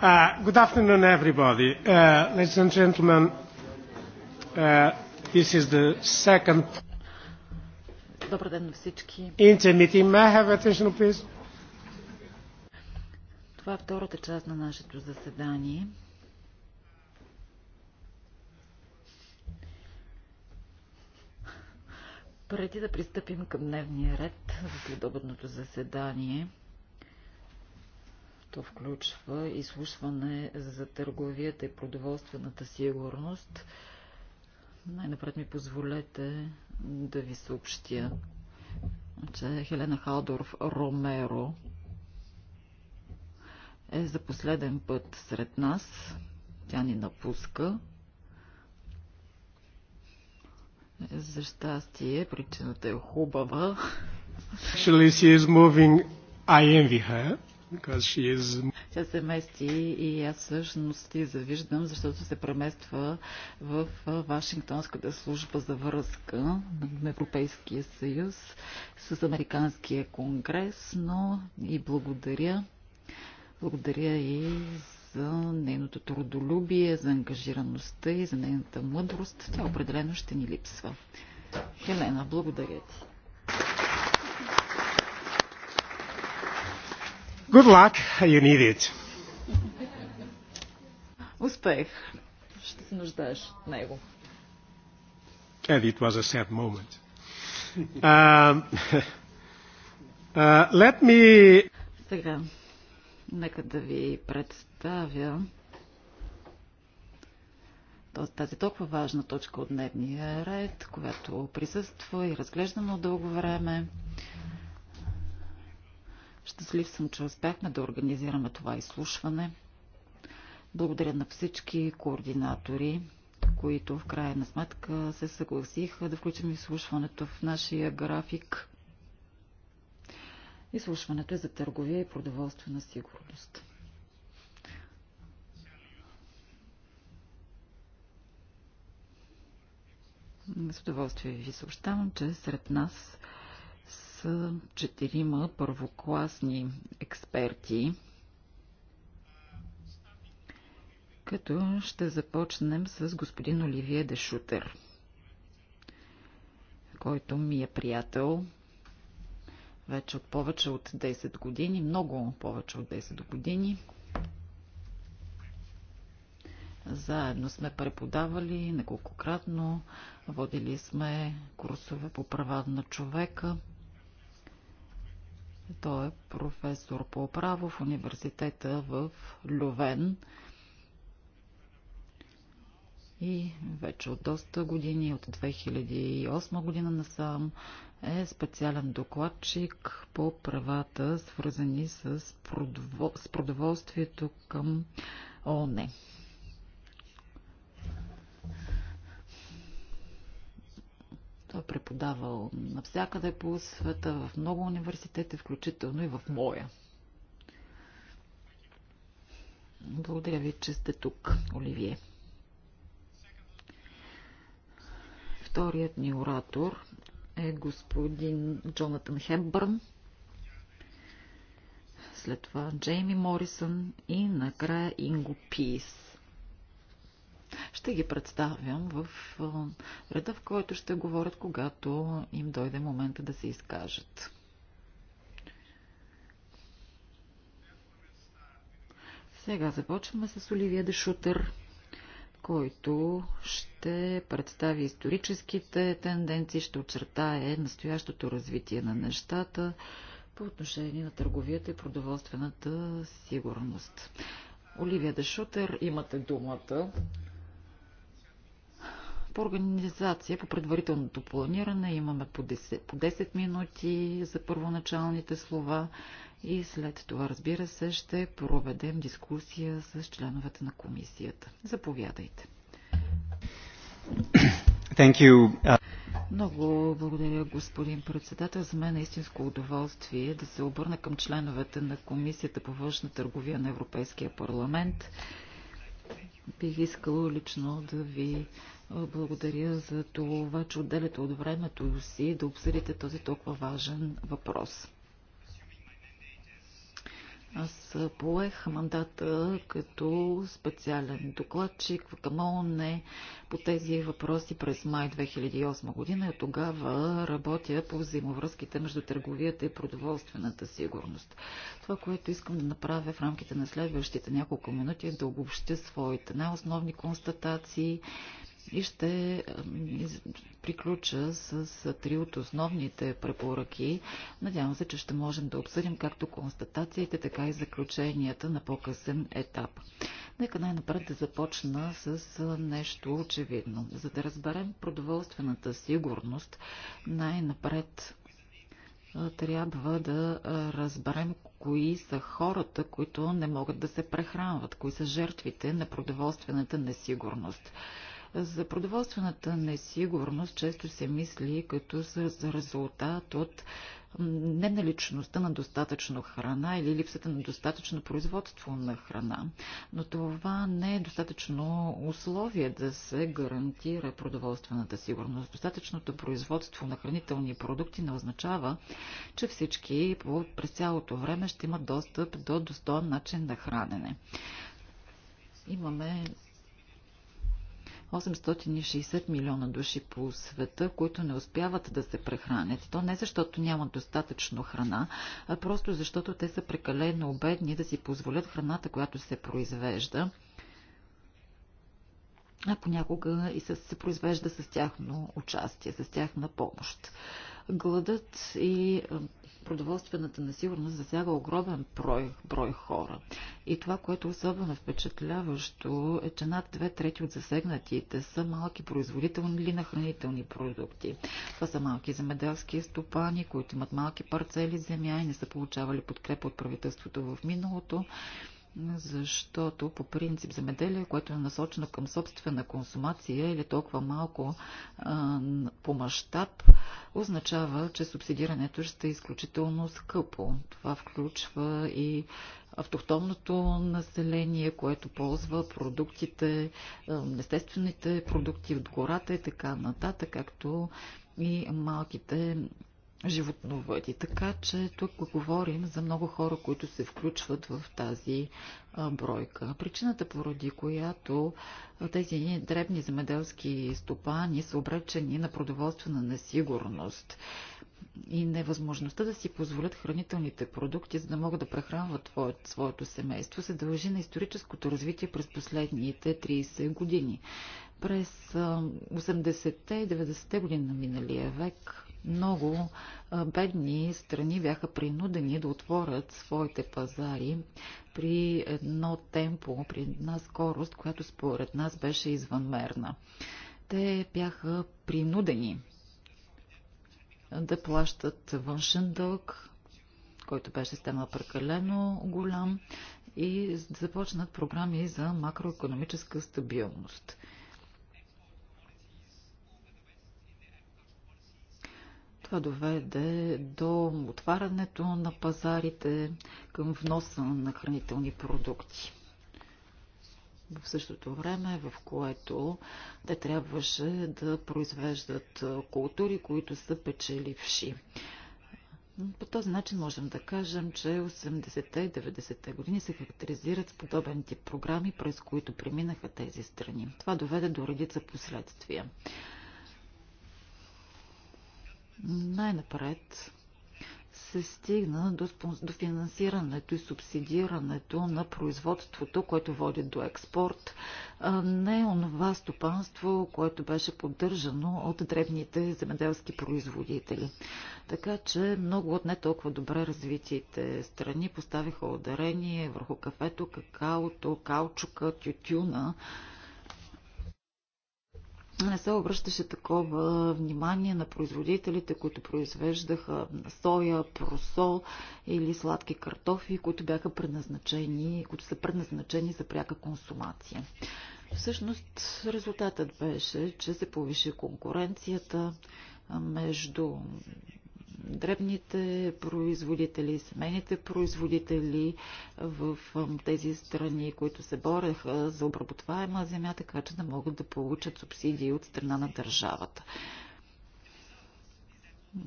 Uh, good afternoon, everybody. Uh, ladies and gentlemen, uh, this is the second Добър Intermeeting. May I have attention, please? Това е втората част на нашето заседание. Преди да пристъпим към дневния ред за следобедното заседание, то включва изслушване за търговията и продоволствената сигурност. Най-напред ми позволете да ви съобщя, че Хелена Халдорф Ромеро е за последен път сред нас. Тя ни напуска. За щастие, причината е хубава. Actually, she is moving. I envy her. Is... Тя се мести и аз всъщност ти завиждам, защото се премества в Вашингтонската служба за връзка на Европейския съюз с Американския конгрес, но и благодаря. Благодаря и за нейното трудолюбие, за ангажираността и за нейната мъдрост. Това определено ще ни липсва. Елена, благодаря ти. Good luck, you need it. Успех. Ще се нуждаеш от него. And it was a sad moment. Uh, uh, let me... Сега, Нека да ви представя тази толкова важна точка от дневния ред, която присъства и разглеждаме от дълго време. Щастлив съм, че успяхме да организираме това изслушване. Благодаря на всички координатори, които в крайна сметка се съгласиха да включим изслушването в нашия график. Изслушването е за търговия и продоволствена сигурност. С удоволствие ви съобщавам, че сред нас са четирима първокласни експерти, като ще започнем с господин Оливия Дешутер, който ми е приятел вече от повече от 10 години, много повече от 10 години. Заедно сме преподавали неколкократно, водили сме курсове по права на човека. Той е професор по право в университета в Лювен. И вече от доста години, от 2008 година насам, е специален докладчик по правата, свързани с, продовол... с продоволствието към ООН. Той е преподавал навсякъде по света, в много университети, включително и в моя. Благодаря ви, че сте тук, Оливие. Вторият ни оратор е господин Джонатан Хепбърн, след това Джейми Морисън и накрая Инго Пис. Ще ги представям в реда, в който ще говорят, когато им дойде момента да се изкажат. Сега започваме с Оливия Дешутер. Шутер който ще представи историческите тенденции, ще очертае настоящото развитие на нещата по отношение на търговията и продоволствената сигурност. Оливия Дешутер, имате думата по организация, по предварителното планиране имаме по 10, по 10 минути за първоначалните слова и след това, разбира се, ще проведем дискусия с членовете на комисията. Заповядайте. Thank you. Много благодаря, господин председател. За мен е истинско удоволствие да се обърна към членовете на Комисията по външна търговия на Европейския парламент. Бих искала лично да ви благодаря за това, че отделяте от времето си да обсъдите този толкова важен въпрос. Аз поех мандата като специален докладчик към ООН по тези въпроси през май 2008 година. и Тогава работя по взаимовръзките между търговията и продоволствената сигурност. Това, което искам да направя в рамките на следващите няколко минути е да обобщя своите най-основни констатации и ще приключа с три от основните препоръки. Надявам се, че ще можем да обсъдим както констатациите, така и заключенията на по-късен етап. Нека най-напред да започна с нещо очевидно. За да разберем продоволствената сигурност, най-напред трябва да разберем кои са хората, които не могат да се прехранват, кои са жертвите на продоволствената несигурност. За продоволствената несигурност често се мисли като за резултат от неналичността на достатъчно храна или липсата на достатъчно производство на храна. Но това не е достатъчно условие да се гарантира продоволствената сигурност. Достатъчното производство на хранителни продукти не означава, че всички през цялото време ще имат достъп до достоен начин на хранене. Имаме 860 милиона души по света, които не успяват да се прехранят. То не защото нямат достатъчно храна, а просто защото те са прекалено обедни да си позволят храната, която се произвежда а понякога и се произвежда с тяхно участие, с тяхна помощ. Гладът и продоволствената несигурност засяга огромен брой, брой хора. И това, което е особено впечатляващо е, че над две трети от засегнатите са малки производителни или на хранителни продукти. Това са малки земеделски стопани, които имат малки парцели земя и не са получавали подкрепа от правителството в миналото защото по принцип земеделие, което е насочено към собствена консумация или толкова малко а, по мащаб, означава, че субсидирането ще е изключително скъпо. Това включва и автохтонното население, което ползва продуктите, естествените продукти от гората и така нататък, както и малките животновъди. Така че тук говорим за много хора, които се включват в тази бройка. Причината, поради която тези дребни земеделски стопани са обречени на продоволствена несигурност и невъзможността да си позволят хранителните продукти, за да могат да прехранват своето семейство, се дължи на историческото развитие през последните 30 години. През 80-те и 90-те години на миналия век много бедни страни бяха принудени да отворят своите пазари при едно темпо, при една скорост, която според нас беше извънмерна. Те бяха принудени да плащат външен дълг, който беше стена прекалено голям, и започнат програми за макроекономическа стабилност. Това доведе до отварянето на пазарите към вноса на хранителни продукти. В същото време, в което те трябваше да произвеждат култури, които са печеливши. По този начин можем да кажем, че 80-те и 90-те години се характеризират с подобен тип програми, през които преминаха тези страни. Това доведе до редица последствия. Най-напред се стигна до, до финансирането и субсидирането на производството, което води до експорт, а не онова стопанство, което беше поддържано от древните земеделски производители. Така че много от не толкова добре развитите страни поставиха ударение върху кафето, какаото, каучука, тютюна, не се обръщаше такова внимание на производителите, които произвеждаха соя, просол или сладки картофи, които бяха предназначени, които са предназначени за пряка консумация. Всъщност резултатът беше, че се повиши конкуренцията между дребните производители, семейните производители в тези страни, които се бореха за обработваема земя, така че да могат да получат субсидии от страна на държавата.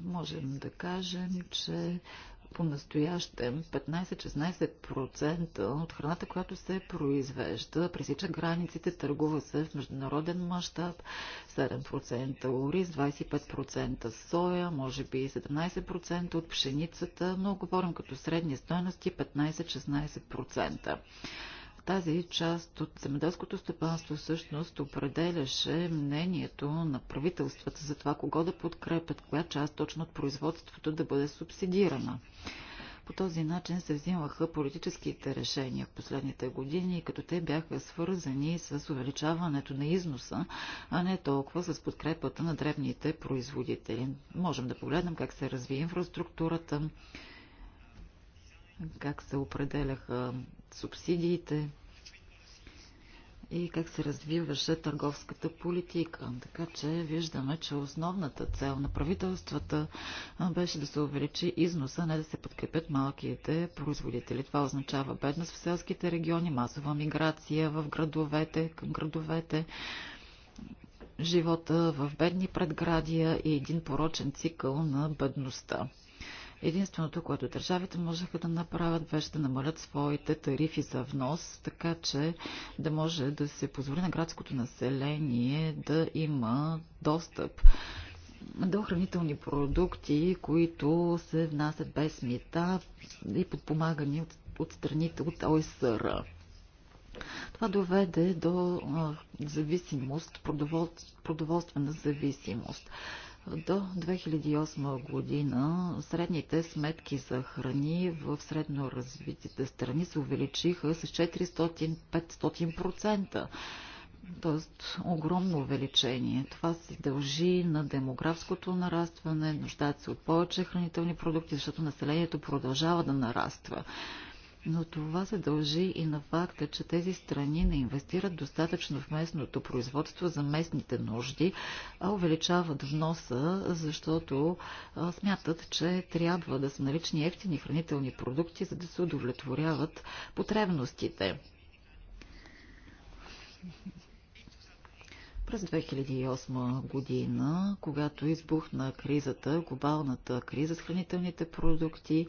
Можем да кажем, че по-настоящем 15-16% от храната, която се произвежда, пресича границите, търгува се в международен мащаб, 7% ориз, 25% соя, може би 17% от пшеницата, но говорим като средни стоености 15-16%. Тази част от земеделското стопанство всъщност определяше мнението на правителствата за това кого да подкрепят, коя част точно от производството да бъде субсидирана. По този начин се взимаха политическите решения в последните години, като те бяха свързани с увеличаването на износа, а не толкова с подкрепата на древните производители. Можем да погледнем как се разви инфраструктурата, как се определяха субсидиите и как се развиваше търговската политика. Така че виждаме, че основната цел на правителствата беше да се увеличи износа, не да се подкрепят малките производители. Това означава бедност в селските региони, масова миграция в градовете, към градовете живота в бедни предградия и един порочен цикъл на бедността. Единственото, което държавите можеха да направят, беше да намалят своите тарифи за внос, така че да може да се позволи на градското население да има достъп до хранителни продукти, които се внасят без мита и подпомагани от, от страните от ОСР. Това доведе до зависимост, продоволствена зависимост. До 2008 година средните сметки за храни в средно развитите страни се увеличиха с 400-500%. Тоест огромно увеличение. Това се дължи на демографското нарастване, нуждаят се от повече хранителни продукти, защото населението продължава да нараства но това се дължи и на факта, че тези страни не инвестират достатъчно в местното производство за местните нужди, а увеличават вноса, защото а, смятат, че трябва да са налични ефтини хранителни продукти, за да се удовлетворяват потребностите. През 2008 година, когато избухна кризата, глобалната криза с хранителните продукти,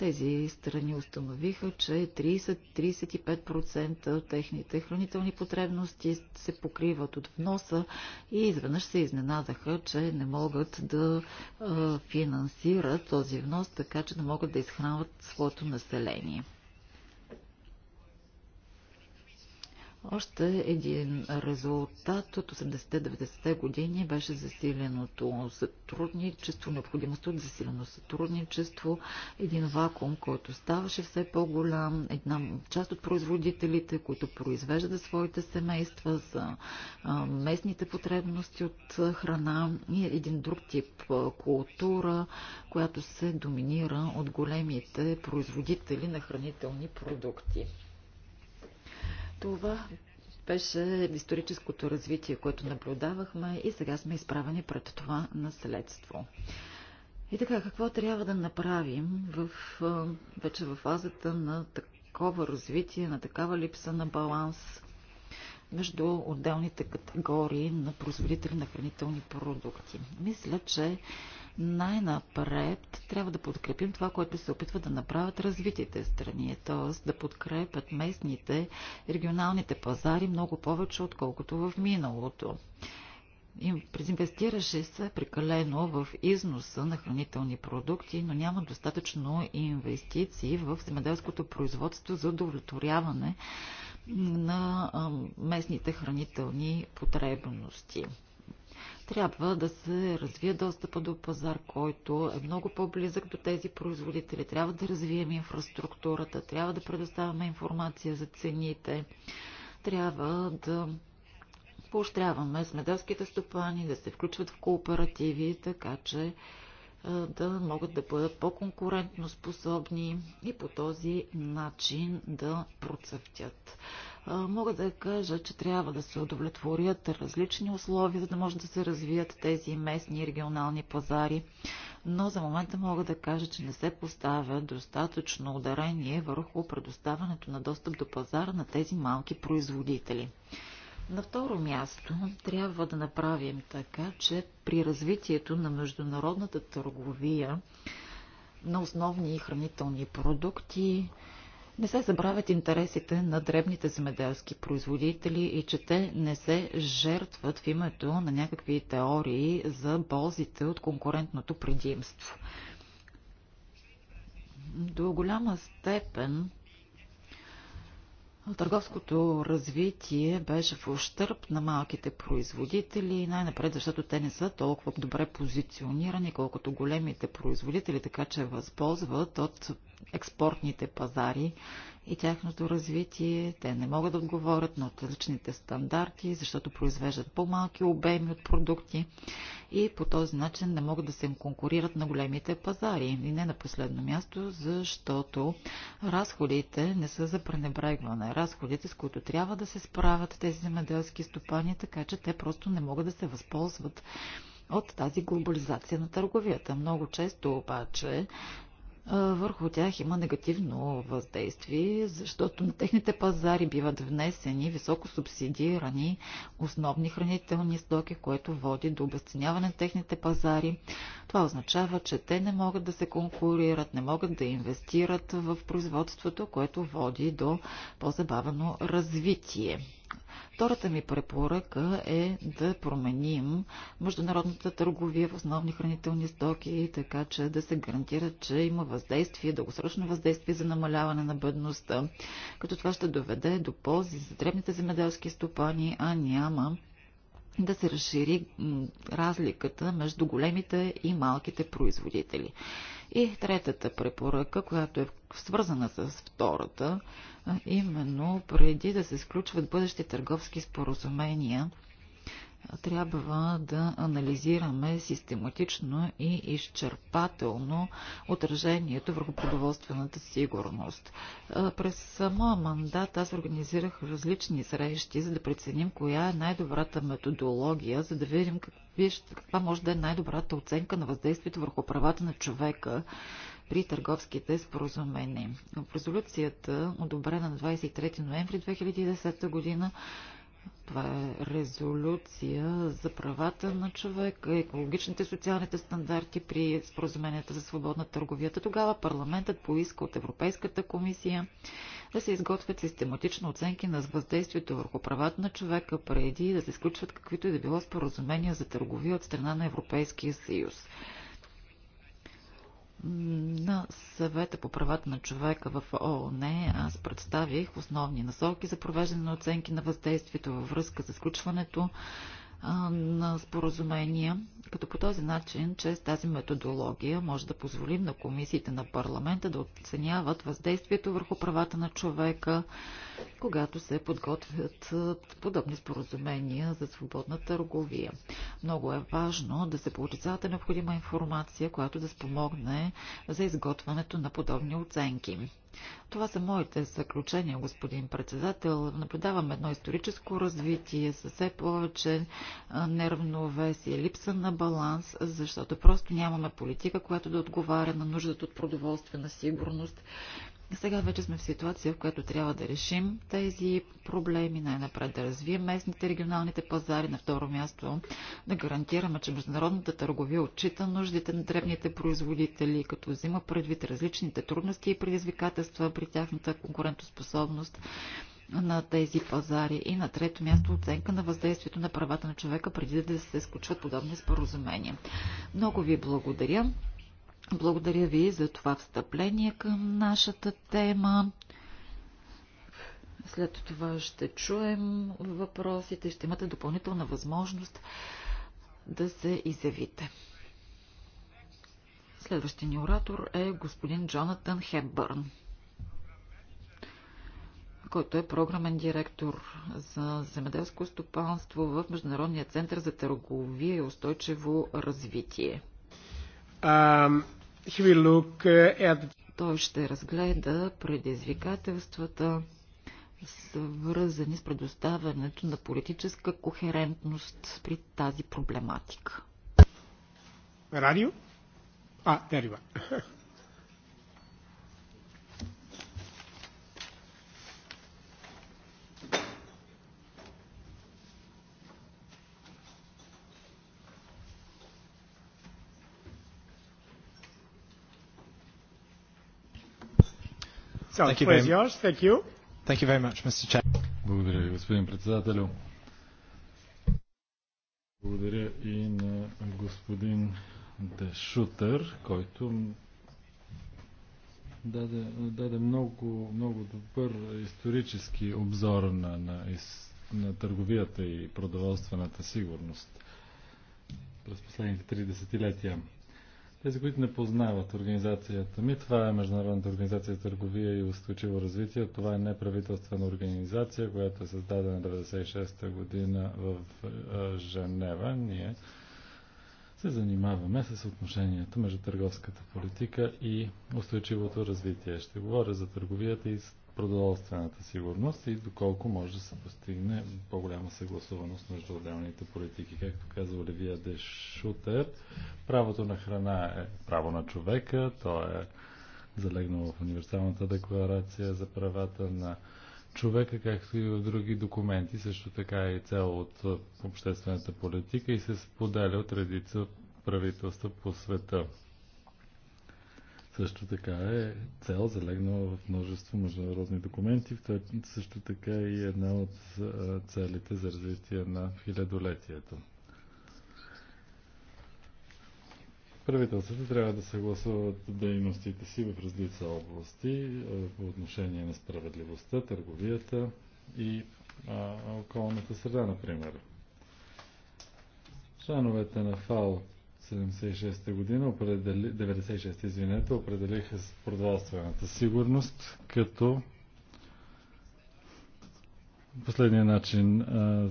тези страни установиха, че 30-35% от техните хранителни потребности се покриват от вноса и изведнъж се изненадаха, че не могат да финансират този внос, така че не могат да изхранват своето население. Още един резултат от 80-90-те години беше засиленото сътрудничество, необходимост от засилено сътрудничество, един вакуум, който ставаше все по-голям, една част от производителите, които произвеждат своите семейства за местните потребности от храна и един друг тип култура, която се доминира от големите производители на хранителни продукти. Това беше историческото развитие, което наблюдавахме и сега сме изправени пред това наследство. И така, какво трябва да направим в, вече в фазата на такова развитие, на такава липса на баланс между отделните категории на производители на хранителни продукти? Мисля, че най-напред трябва да подкрепим това, което се опитва да направят развитите страни, т.е. да подкрепят местните регионалните пазари много повече, отколкото в миналото. Им се прекалено в износа на хранителни продукти, но няма достатъчно инвестиции в земеделското производство за удовлетворяване на местните хранителни потребности трябва да се развие достъпа до пазар, който е много по-близък до тези производители. Трябва да развием инфраструктурата, трябва да предоставяме информация за цените, трябва да поощряваме земеделските стопани да се включват в кооперативи, така че да могат да бъдат по-конкурентно способни и по този начин да процъфтят мога да кажа, че трябва да се удовлетворят различни условия, за да може да се развият тези местни и регионални пазари. Но за момента мога да кажа, че не се поставя достатъчно ударение върху предоставането на достъп до пазара на тези малки производители. На второ място трябва да направим така, че при развитието на международната търговия на основни хранителни продукти, не се забравят интересите на дребните земеделски производители и че те не се жертват в името на някакви теории за ползите от конкурентното предимство. До голяма степен Търговското развитие беше в ущърп на малките производители, най-напред защото те не са толкова добре позиционирани, колкото големите производители, така че възползват от експортните пазари и тяхното развитие. Те не могат да отговорят на отличните стандарти, защото произвеждат по-малки обеми от продукти и по този начин не могат да се им конкурират на големите пазари. И не на последно място, защото разходите не са за пренебрегване. Разходите, с които трябва да се справят тези земеделски стопани, така че те просто не могат да се възползват от тази глобализация на търговията. Много често обаче върху тях има негативно въздействие, защото на техните пазари биват внесени високо субсидирани основни хранителни стоки, което води до обесценяване на техните пазари. Това означава, че те не могат да се конкурират, не могат да инвестират в производството, което води до по-забавено развитие Втората ми препоръка е да променим международната търговия в основни хранителни стоки, така че да се гарантира, че има въздействие, дългосрочно въздействие за намаляване на бедността, като това ще доведе до ползи за древните земеделски стопани, а няма да се разшири разликата между големите и малките производители. И третата препоръка, която е свързана с втората, Именно преди да се сключват бъдещи търговски споразумения, трябва да анализираме систематично и изчерпателно отражението върху продоволствената сигурност. През моя мандат аз организирах различни срещи, за да преценим коя е най-добрата методология, за да видим каква може да е най-добрата оценка на въздействието върху правата на човека при търговските споразумения. В резолюцията, одобрена на 23 ноември 2010 година, това е резолюция за правата на човека, екологичните социалните стандарти при споразуменията за свободна търговията. Тогава парламентът поиска от Европейската комисия да се изготвят систематично оценки на въздействието върху правата на човека преди да се изключват каквито и да било споразумения за търговия от страна на Европейския съюз. На съвета по правата на човека в ООН аз представих основни насоки за провеждане на оценки на въздействието във връзка с включването на споразумения, като по този начин, чрез тази методология, може да позволим на комисиите на парламента да оценяват въздействието върху правата на човека, когато се подготвят подобни споразумения за свободна търговия. Много е важно да се получи цялата необходима информация, която да спомогне за изготвянето на подобни оценки. Това са моите заключения, господин председател. Наблюдаваме едно историческо развитие с все повече неравновесие, липса на баланс, защото просто нямаме политика, която да отговаря на нуждата от продоволствена сигурност сега вече сме в ситуация, в която трябва да решим тези проблеми, най-напред да развием местните регионалните пазари, на второ място да гарантираме, че международната търговия отчита нуждите на древните производители, като взима предвид различните трудности и предизвикателства при тяхната конкурентоспособност на тези пазари и на трето място оценка на въздействието на правата на човека преди да се изключват подобни споразумения. Много ви благодаря. Благодаря ви за това встъпление към нашата тема. След това ще чуем въпросите. Ще имате допълнителна възможност да се изявите. Следващия ни оратор е господин Джонатан Хепбърн, който е програмен директор за земеделско стопанство в Международния център за търговия и устойчиво развитие. Um... Uh, Той ще разгледа предизвикателствата, свързани с предоставянето на политическа кохерентност при тази проблематика. Радио? А, ah, there Благодаря ви, господин председателю. Благодаря и на господин Дешутър, който даде, даде много, много добър исторически обзор на, на, на търговията и продоволствената сигурност през последните три десетилетия. Тези, които не познават организацията ми, това е Международната организация за търговия и устойчиво развитие. Това е неправителствена организация, която е създадена 1996 година в е, Женева. Ние се занимаваме с отношението между търговската политика и устойчивото развитие. Ще говоря за търговията и продоволствената сигурност и доколко може да се постигне по-голяма съгласуваност между отделните политики. Както казва Оливия Дешутер, правото на храна е право на човека, то е залегнало в Универсалната декларация за правата на човека, както и в други документи, също така и цел от обществената политика и се споделя от редица правителства по света също така е цел залегнала в множество международни документи. Той също така е и една от целите за развитие на хилядолетието. Правителствата трябва да съгласуват дейностите си в различни области по отношение на справедливостта, търговията и а, околната среда, например. Членовете на ФАО 76-та година, определи, 96 извинете, определиха продоволствената сигурност като последния начин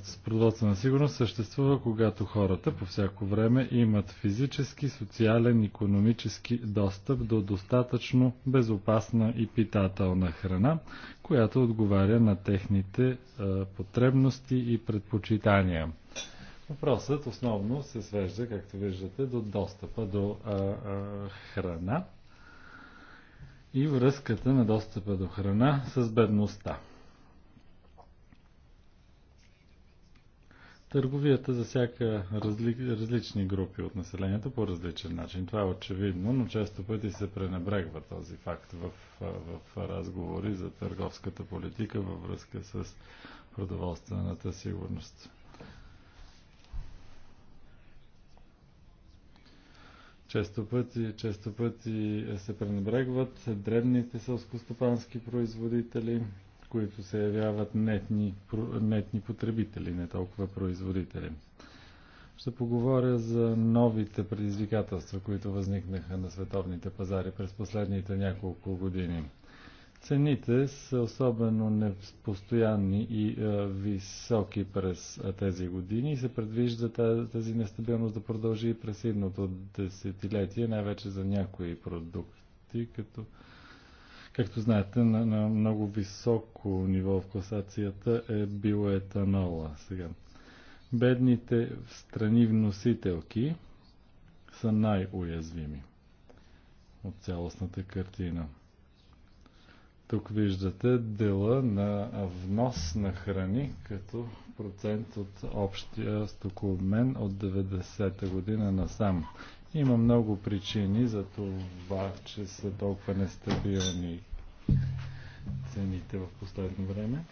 с продоволствена сигурност съществува, когато хората по всяко време имат физически, социален, економически достъп до достатъчно безопасна и питателна храна, която отговаря на техните потребности и предпочитания. Въпросът основно се свежда, както виждате, до достъпа до а, а, храна и връзката на достъпа до храна с бедността. Търговията засяга разли... различни групи от населението по различен начин. Това е очевидно, но често пъти се пренебрегва този факт в, в разговори за търговската политика във връзка с продоволствената сигурност. Често пъти, често пъти се пренебрегват дребните сълскостопански производители, които се явяват нетни, нетни потребители, не толкова производители. Ще поговоря за новите предизвикателства, които възникнаха на световните пазари през последните няколко години. Цените са особено непостоянни и а, е, високи през е, тези години и се предвижда тази нестабилност да продължи и през едното десетилетие, най-вече за някои продукти, като, както знаете, на, на много високо ниво в класацията е биоетанола. Сега. Бедните страни вносителки са най-уязвими от цялостната картина – тук виждате дела на внос на храни като процент от общия стокообмен от 90-та година насам. Има много причини за това, че са толкова нестабилни цените в последно време.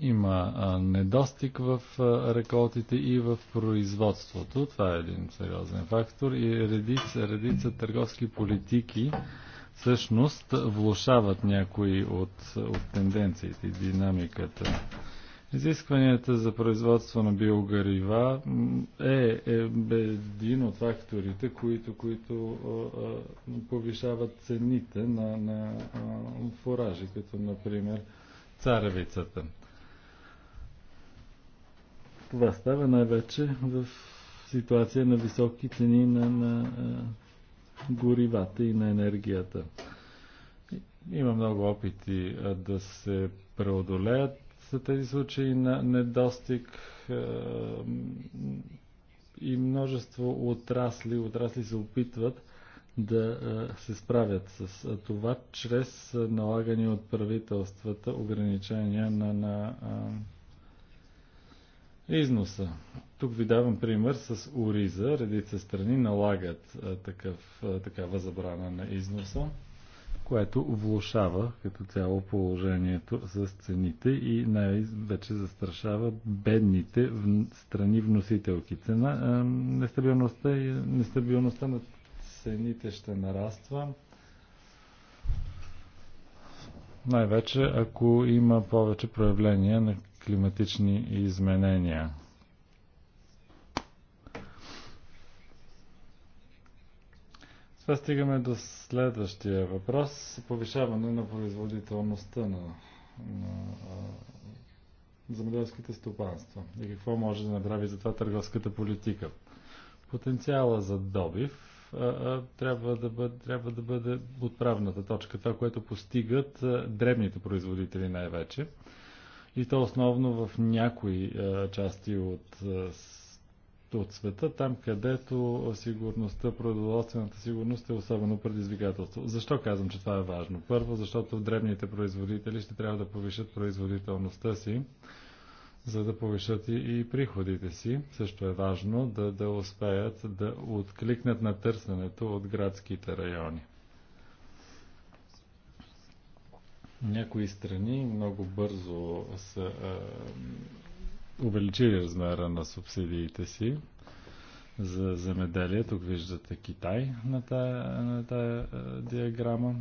Има недостиг в реколтите и в производството. Това е един сериозен фактор. И редица, редица търговски политики всъщност влушават някои от, от тенденциите и динамиката. Изискванията за производство на биогарива е, е един от факторите, които, които а, повишават цените на, на а, фуражи, като например царевицата. Това става най-вече в ситуация на високи цени на, на горивата и на енергията. Има много опити да се преодолеят за тези случаи на недостиг и множество отрасли, отрасли се опитват да се справят с това чрез налагани от правителствата ограничения на, на Износа. Тук ви давам пример с Ориза. Редица страни налагат такъв, такава забрана на износа, което влушава като цяло положението с цените и най-вече застрашава бедните страни вносителки. Цена, нестабилността, и нестабилността на цените ще нараства най-вече ако има повече проявления на климатични изменения. Сега стигаме до следващия въпрос. Повишаване на производителността на, на земеделските стопанства. И какво може да направи за това търговската политика? Потенциала за добив а, а, трябва, да бъде, трябва да бъде отправната точка. Това, което постигат а, дребните производители най-вече и то основно в някои е, части от, е, от света, там където сигурността, продоволствената сигурност е особено предизвикателство. Защо казвам, че това е важно? Първо, защото древните производители ще трябва да повишат производителността си, за да повишат и, и приходите си. Също е важно да, да успеят да откликнат на търсенето от градските райони. Някои страни много бързо са а, увеличили размера на субсидиите си за земеделие. Тук виждате Китай на тая, на тая а, диаграма.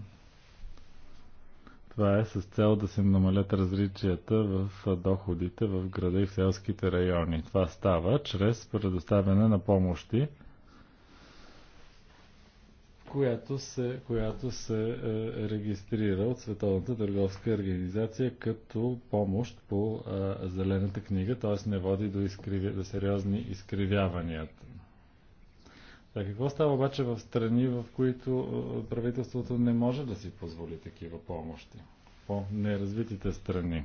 Това е с цел да се намалят различията в доходите в града и в селските райони. Това става чрез предоставяне на помощи която се, която се е, регистрира от Световната търговска организация като помощ по е, Зелената книга, т.е. не води до, изкриви, до сериозни изкривявания. Так, какво става обаче в страни, в които е, правителството не може да си позволи такива помощи? По неразвитите страни.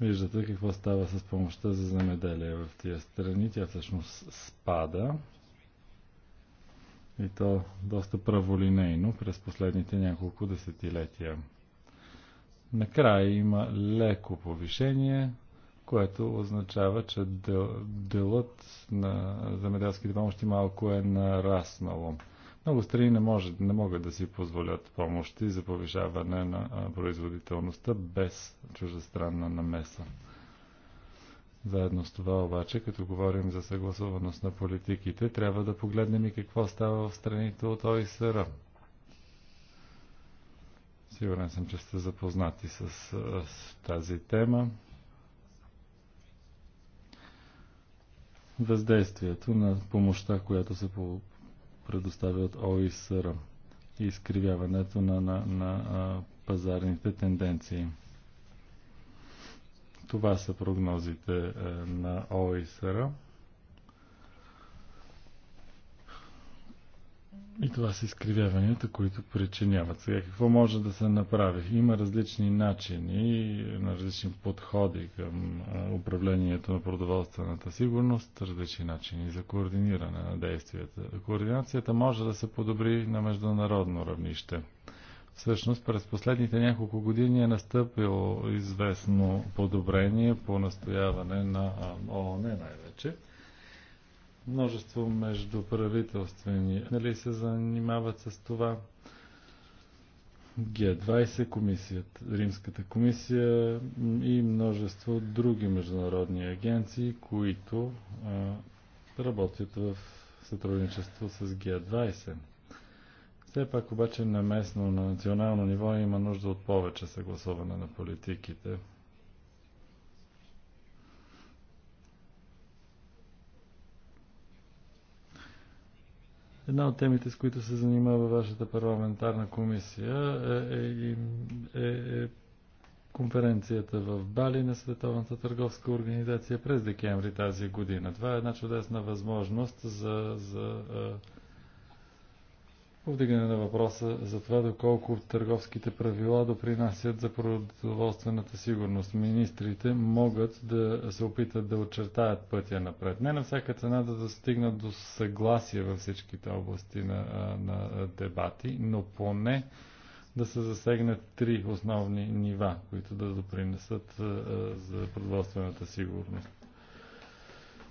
Виждате какво става с помощта за земеделие в тия страни. Тя всъщност спада и то доста праволинейно през последните няколко десетилетия. Накрая има леко повишение, което означава, че делът на земеделските помощи малко е нараснало. Много страни не, може, не могат да си позволят помощи за повишаване на производителността без чуждестранна намеса. Заедно с това обаче, като говорим за съгласуваност на политиките, трябва да погледнем и какво става в страните от ОИСР. Сигурен съм, че сте запознати с, с тази тема. Въздействието на помощта, която се предоставя от ОИСР и изкривяването на, на, на, на пазарните тенденции. Това са прогнозите е, на ОИСР. И това са изкривяванията, които причиняват. Сега какво може да се направи? Има различни начини, на различни подходи към е, управлението на продоволствената сигурност, различни начини за координиране на действията. Координацията може да се подобри на международно равнище – Всъщност през последните няколко години е настъпило известно подобрение по настояване на ООН най-вече. Множество междуправителствени нали се занимават с това. Г20, комисията, Римската комисия и множество други международни агенции, които а, работят в сътрудничество с Г20. Все пак обаче на местно, на национално ниво има нужда от повече съгласуване на политиките. Една от темите, с които се занимава вашата парламентарна комисия е, е, е, е конференцията в Бали на Световната търговска организация през декември тази година. Това е една чудесна възможност за, за е, Повдигане на въпроса за това доколко търговските правила допринасят за продоволствената сигурност. Министрите могат да се опитат да очертаят пътя напред. Не на всяка цена да достигнат до съгласие във всичките области на, на дебати, но поне да се засегнат три основни нива, които да допринесат за продоволствената сигурност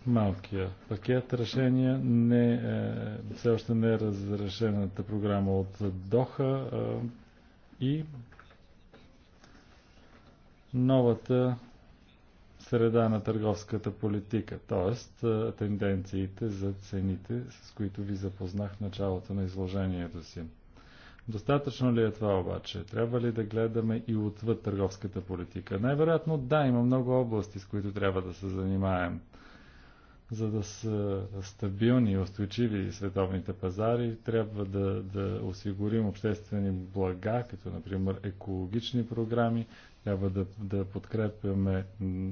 малкия пакет решения, не е, все още не е разрешената програма от Доха е, и новата среда на търговската политика, т.е. тенденциите за цените, с които ви запознах в началото на изложението си. Достатъчно ли е това обаче? Трябва ли да гледаме и отвъд търговската политика? Най-вероятно да, има много области, с които трябва да се занимаем – за да са стабилни и устойчиви световните пазари, трябва да, да осигурим обществени блага, като например екологични програми, трябва да, да подкрепяме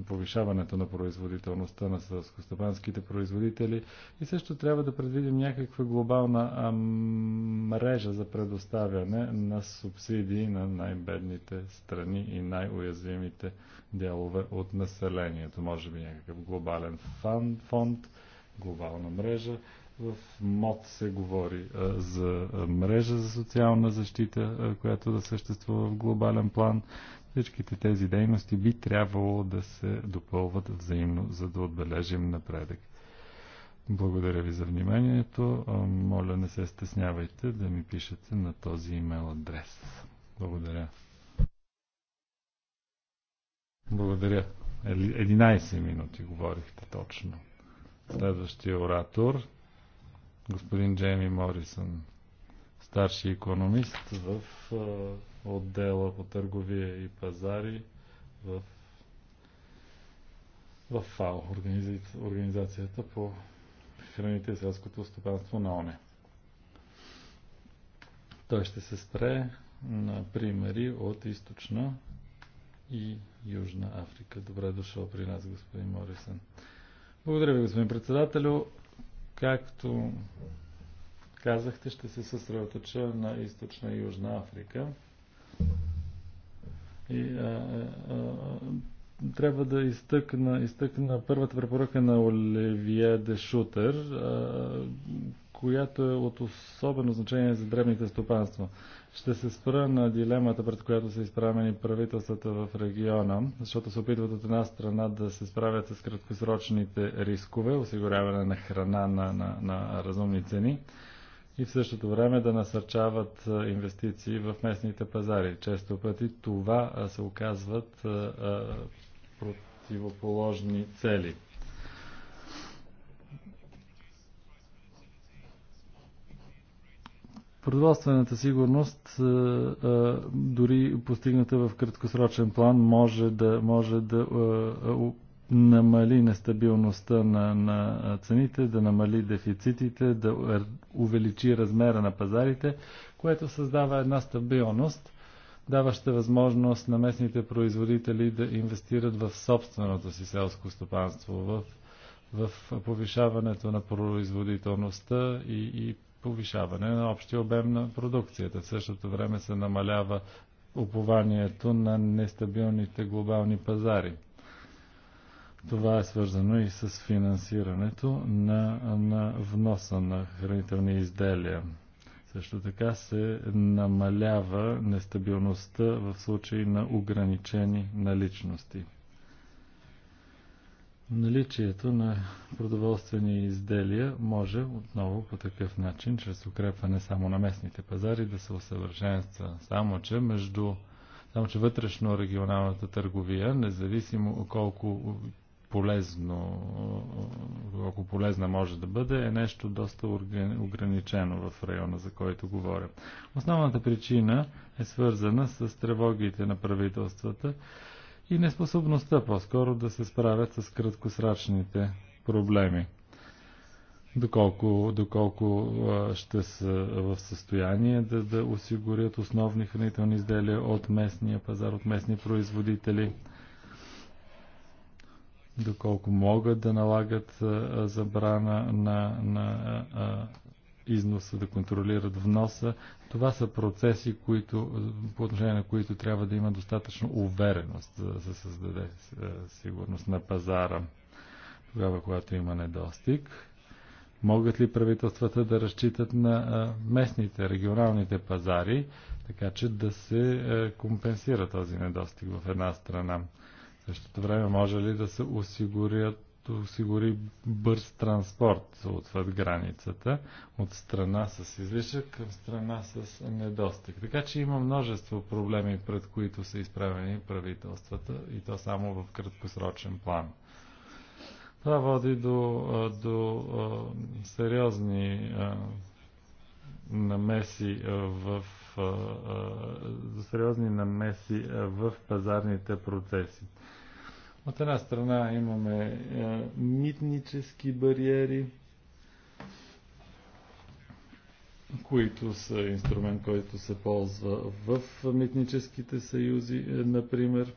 повишаването на производителността на селскостопанските производители и също трябва да предвидим някаква глобална а, мрежа за предоставяне на субсидии на най-бедните страни и най-уязвимите дялове от населението. Може би някакъв глобален фонд, фонд глобална мрежа. В МОД се говори а, за мрежа за социална защита, а, която да съществува в глобален план. Всичките тези дейности би трябвало да се допълват взаимно, за да отбележим напредък. Благодаря ви за вниманието. Моля, не се стеснявайте да ми пишете на този имейл адрес. Благодаря. Благодаря. 11 минути говорихте точно. Следващия оратор, господин Джейми Морисън, старши економист в отдела по търговия и пазари в, в ФАО, Организацията по храните и селското стопанство на ОНЕ. Той ще се спре на примери от източна и Южна Африка. Добре дошъл при нас, господин Морисън. Благодаря ви, господин председателю. Както казахте, ще се съсредоточа на източна и Южна Африка. И, а, а, трябва да изтъкна, изтъкна първата препоръка на Оливия де Шутер, а, която е от особено значение за древните стопанства. Ще се спра на дилемата, пред която са изправени правителствата в региона, защото се опитват от една страна да се справят с краткосрочните рискове, осигуряване на храна на, на, на разумни цени, и в същото време да насърчават инвестиции в местните пазари. Често пъти това се оказват противоположни цели. Продоволствената сигурност, дори постигната в краткосрочен план, може да, може да намали нестабилността на, на цените, да намали дефицитите, да увеличи размера на пазарите, което създава една стабилност, даваща възможност на местните производители да инвестират в собственото си селско стопанство, в, в повишаването на производителността и, и повишаване на общия обем на продукцията. В същото време се намалява упованието на нестабилните глобални пазари. Това е свързано и с финансирането на, на вноса на хранителни изделия. Също така се намалява нестабилността в случай на ограничени наличности. Наличието на продоволствени изделия може отново по такъв начин, чрез укрепване само на местните пазари, да се усъвършенства. Само, че между само, че вътрешно регионалната търговия, независимо колко полезно, колко полезна може да бъде, е нещо доста ограничено в района, за който говоря. Основната причина е свързана с тревогите на правителствата и неспособността по-скоро да се справят с краткосрачните проблеми. Доколко, доколко ще са в състояние да, да осигурят основни хранителни изделия от местния пазар, от местни производители – доколко могат да налагат забрана на, на износа, да контролират вноса. Това са процеси, които, по отношение на които трябва да има достатъчно увереност, за да се създаде сигурност на пазара, тогава, когато има недостиг. Могат ли правителствата да разчитат на местните, регионалните пазари, така че да се компенсира този недостиг в една страна? същото време може ли да се осигурят осигури бърз транспорт отвъд границата, от страна с излишък към страна с недостиг. Така че има множество проблеми, пред които са изправени правителствата и то само в краткосрочен план. Това води до, до сериозни намеси в до сериозни намеси в пазарните процеси. От една страна имаме е, митнически бариери, които са инструмент, който се ползва в митническите съюзи, е, например.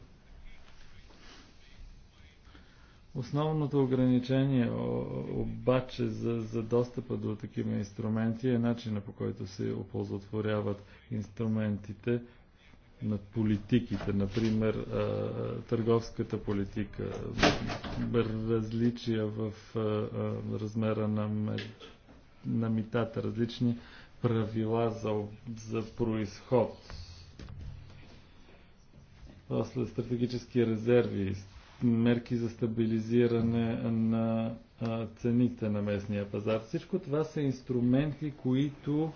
Основното ограничение обаче за, за достъпа до такива инструменти е начина по който се оползотворяват инструментите на политиките, например търговската политика, различия в размера на, на митата, различни правила за, за происход. После стратегически резерви, мерки за стабилизиране на цените на местния пазар. Всичко това са инструменти, които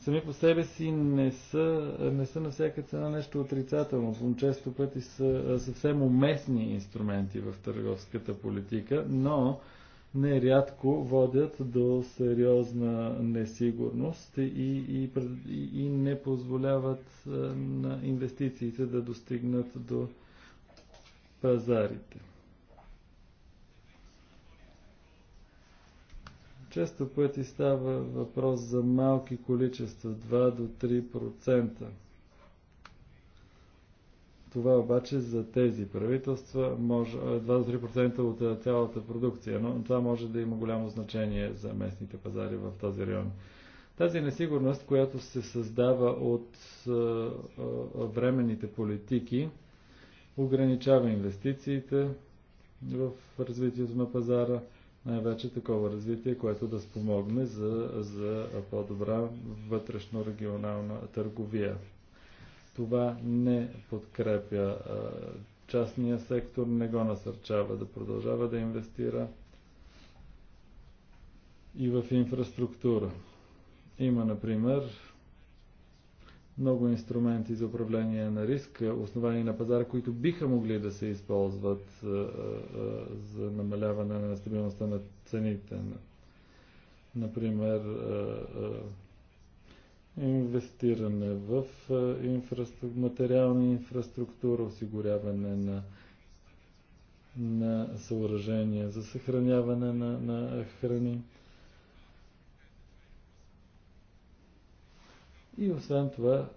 сами по себе си не са, не са на всяка цена нещо отрицателно. Често пъти са съвсем уместни инструменти в търговската политика, но нерядко водят до сериозна несигурност и, и, и, и не позволяват на инвестициите да достигнат до пазарите. Често пъти става въпрос за малки количества, 2 до 3%. Това обаче за тези правителства може 2-3% е, от е, цялата продукция, но това може да има голямо значение за местните пазари в този район. Тази несигурност, която се създава от е, временните политики, ограничава инвестициите в развитието на пазара – най-вече такова развитие, което да спомогне за, за по-добра вътрешно-регионална търговия. Това не подкрепя частния сектор, не го насърчава да продължава да инвестира и в инфраструктура. Има, например, много инструменти за управление на риск, основани на пазара, които биха могли да се използват за намаляване на стабилността на цените. Например, инвестиране в инфраструк... материална инфраструктура, осигуряване на, на съоръжения за съхраняване на, на храни. И освен това,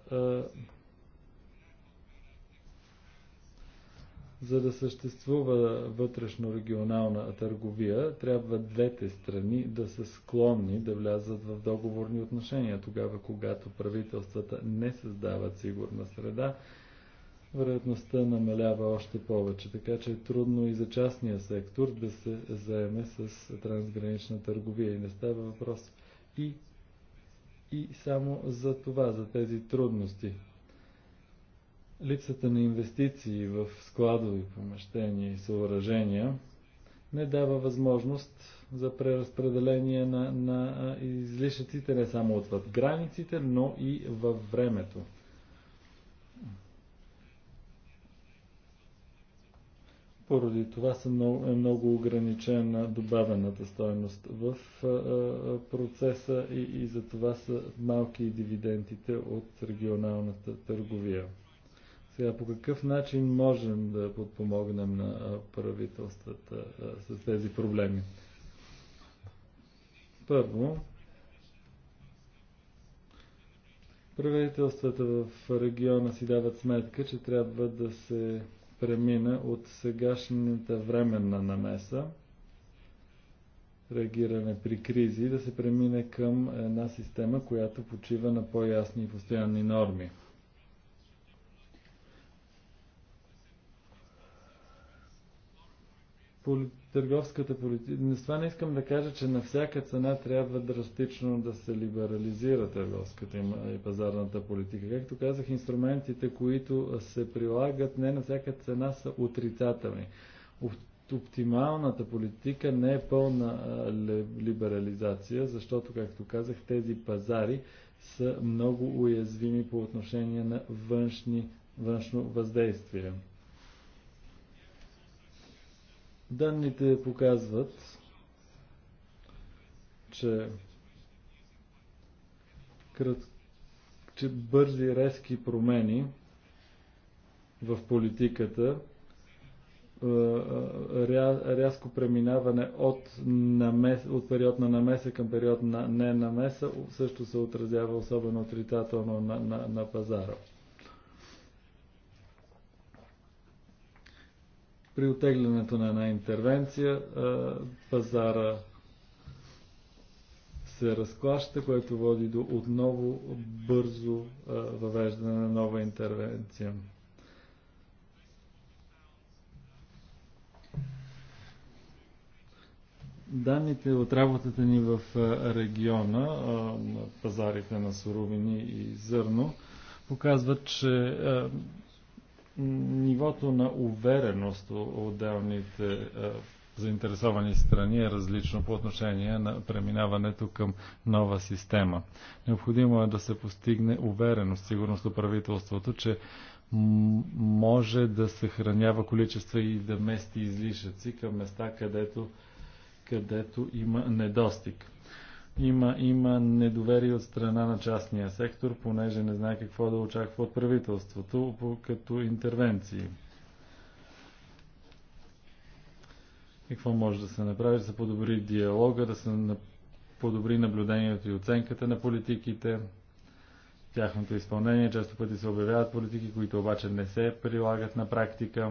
за да съществува вътрешно-регионална търговия, трябва двете страни да са склонни да влязат в договорни отношения. Тогава, когато правителствата не създават сигурна среда, вероятността намалява още повече. Така че е трудно и за частния сектор да се заеме с трансгранична търговия. И не става въпрос и и само за това, за тези трудности. Липсата на инвестиции в складови помещения и съоръжения не дава възможност за преразпределение на, на излишъците не само отвъд границите, но и във времето. Поради това са много, е много ограничена добавената стоеност в а, процеса и, и за това са малки дивидендите от регионалната търговия. Сега по какъв начин можем да подпомогнем на правителствата а, с тези проблеми? Първо, правителствата в региона си дават сметка, че трябва да се премина от сегашната временна намеса, реагиране при кризи, да се премине към една система, която почива на по-ясни и постоянни норми. поли... търговската политика. С това не искам да кажа, че на всяка цена трябва драстично да се либерализира търговската и пазарната политика. Както казах, инструментите, които се прилагат, не на всяка цена са отрицателни. Оптималната политика не е пълна либерализация, защото, както казах, тези пазари са много уязвими по отношение на външни, външно въздействие. Данните показват, че, крат... че бързи резки промени в политиката, рязко преминаване от, намес, от период на намеса към период на ненамеса също се отразява особено отрицателно на, на, на пазара. при отеглянето на една интервенция пазара се разклаща, което води до отново бързо въвеждане на нова интервенция. Данните от работата ни в региона, на пазарите на суровини и зърно, показват, че нивото на увереност от отделните заинтересовани страни е различно по отношение на преминаването към нова система. Необходимо е да се постигне увереност, сигурност от правителството, че може да съхранява количества и да мести излишъци към места, където, където има недостиг. Има, има недоверие от страна на частния сектор, понеже не знае какво да очаква от правителството като интервенции. Какво може да се направи? Да се подобри диалога, да се подобри наблюдението и оценката на политиките, тяхното изпълнение. Често пъти се обявяват политики, които обаче не се прилагат на практика.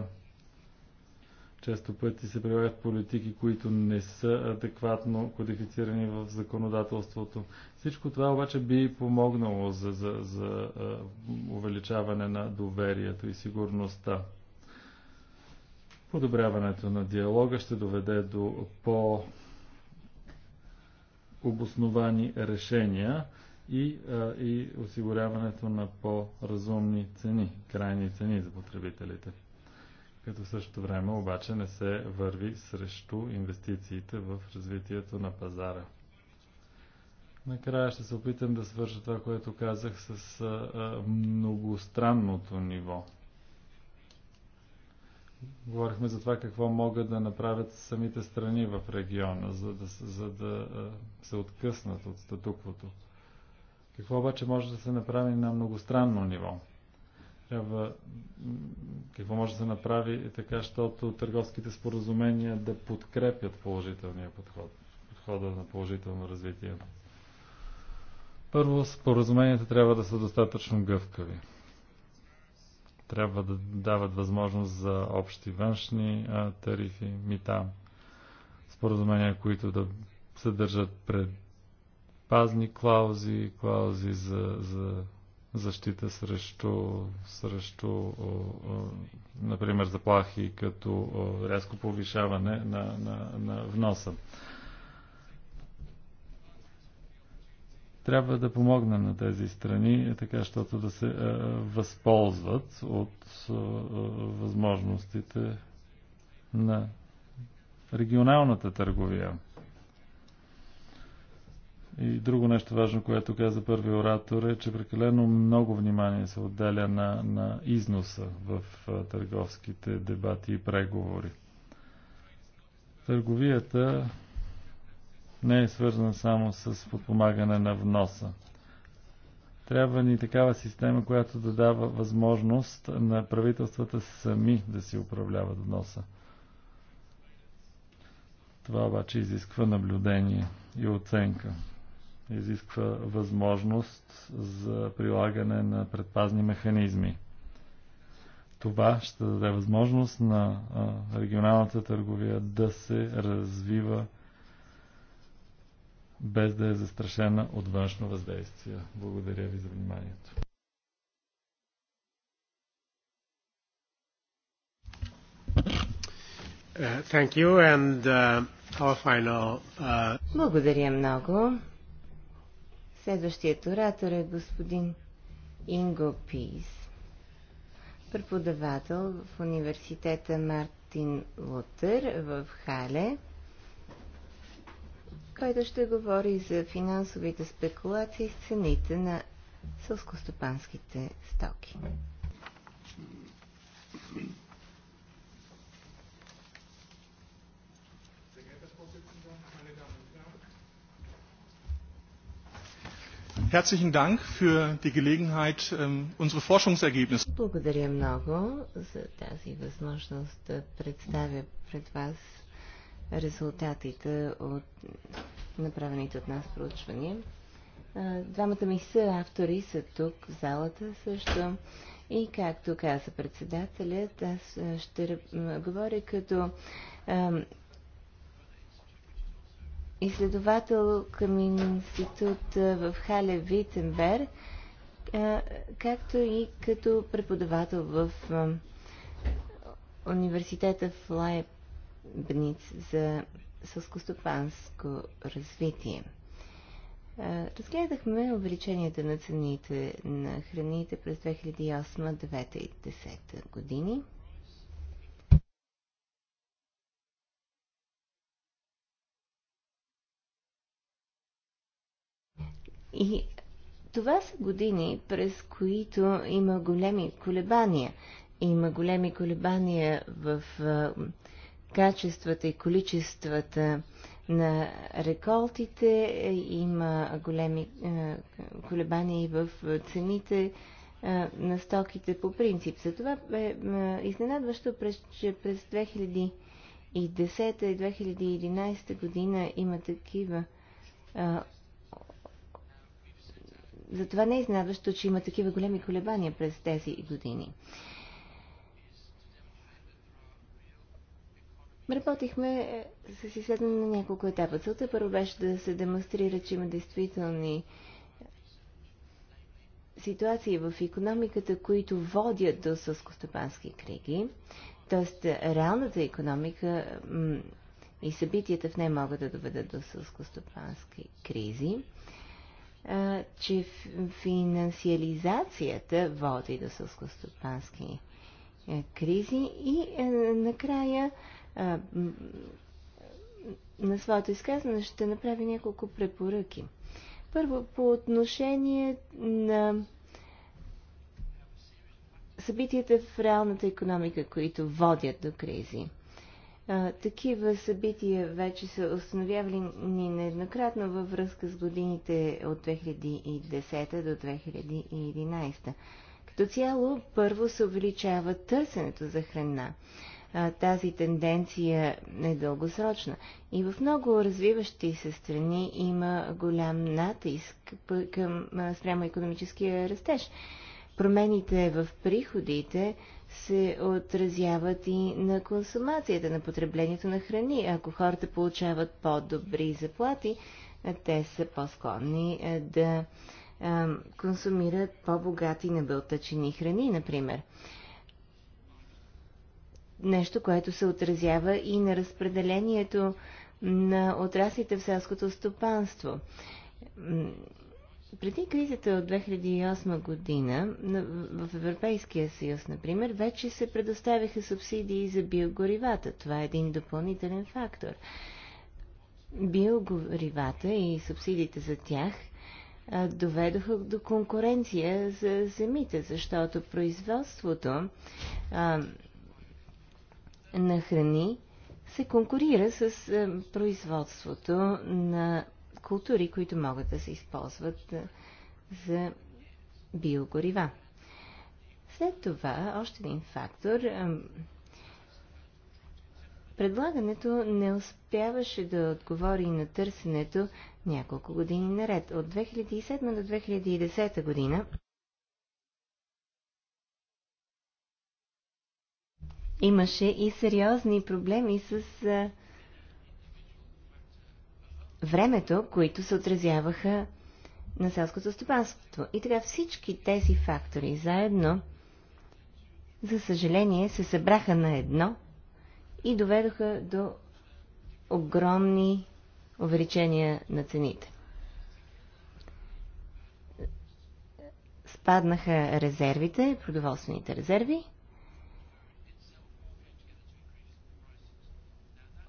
Често пъти се прилагат политики, които не са адекватно кодифицирани в законодателството. Всичко това обаче би помогнало за, за, за увеличаване на доверието и сигурността. Подобряването на диалога ще доведе до по обосновани решения и, и осигуряването на по-разумни цени, крайни цени за потребителите като в същото време обаче не се върви срещу инвестициите в развитието на пазара. Накрая ще се опитам да свържа това, което казах с а, многостранното ниво. Говорихме за това какво могат да направят самите страни в региона, за да, за да се откъснат от статуквото. Какво обаче може да се направи на многостранно ниво? трябва, какво може да се направи е така, защото търговските споразумения да подкрепят положителния подход, подхода на положително развитие. Първо, споразуменията трябва да са достатъчно гъвкави. Трябва да дават възможност за общи външни а, тарифи, мита, споразумения, които да съдържат предпазни клаузи, клаузи за, за защита срещу, срещу например, заплахи като рязко повишаване на, на, на вноса. Трябва да помогнем на тези страни, е така, защото да се е, възползват от възможностите на регионалната търговия. И друго нещо важно, което каза първи оратор е, че прекалено много внимание се отделя на, на износа в търговските дебати и преговори. Търговията не е свързана само с подпомагане на вноса. Трябва ни такава система, която да дава възможност на правителствата сами да си управляват вноса. Това обаче изисква наблюдение и оценка изисква възможност за прилагане на предпазни механизми. Това ще даде възможност на регионалната търговия да се развива без да е застрашена от външно въздействие. Благодаря ви за вниманието. Uh, thank you and uh, our final, uh... Благодаря много. Следващият оратор е господин Инго Пис, преподавател в университета Мартин Лутер в Хале, който ще говори за финансовите спекулации с цените на сълскостопанските стоки. Herzlichen Dank für die Gelegenheit, ähm, unsere Forschungsergebnisse. Благодаря много за тази възможност да представя пред вас резултатите от направените от нас проучвания. Двамата ми са автори са тук в залата също. И както каза председателят, аз ще говоря като изследовател към институт в Хале Витенберг, както и като преподавател в университета в Лайбниц за сълскостопанско развитие. Разгледахме увеличението на цените на храните през 2008, 2009 и 2010 години. И това са години, през които има големи колебания. Има големи колебания в качествата и количествата на реколтите, има големи колебания и в цените на стоките по принцип. За това е изненадващо, че през 2010 и 2011 година има такива затова не е изнадващо, че има такива големи колебания през тези години. Работихме е, с изследване на няколко етапа. Целта първо беше да се демонстрира, че има действителни ситуации в економиката, които водят до сълскостопански криги. Тоест, реалната економика и събитията в нея могат да доведат до сълскостопански кризи че финансиализацията води до сълскостопански е, кризи и е, накрая на своето изказване ще направя няколко препоръки. Първо, по отношение на събитията в реалната економика, които водят до кризи. А, такива събития вече са установявани нееднократно във връзка с годините от 2010 до 2011. Като цяло, първо се увеличава търсенето за храна. тази тенденция е дългосрочна. И в много развиващи се страни има голям натиск към, спрямо економическия растеж. Промените в приходите се отразяват и на консумацията, на потреблението на храни. Ако хората получават по-добри заплати, те са по-склонни да консумират по-богати на бълтъчени храни, например. Нещо, което се отразява и на разпределението на отраслите в селското стопанство. Преди кризата от 2008 година в Европейския съюз, например, вече се предоставяха субсидии за биогоривата. Това е един допълнителен фактор. Биогоривата и субсидиите за тях доведоха до конкуренция за земите, защото производството а, на храни се конкурира с а, производството на култури, които могат да се използват за биогорива. След това, още един фактор. Предлагането не успяваше да отговори на търсенето няколко години наред. От 2007 до 2010 година имаше и сериозни проблеми с времето, които се отразяваха на селското стопанство. И така всички тези фактори заедно, за съжаление, се събраха на едно и доведоха до огромни увеличения на цените. Спаднаха резервите, продоволствените резерви,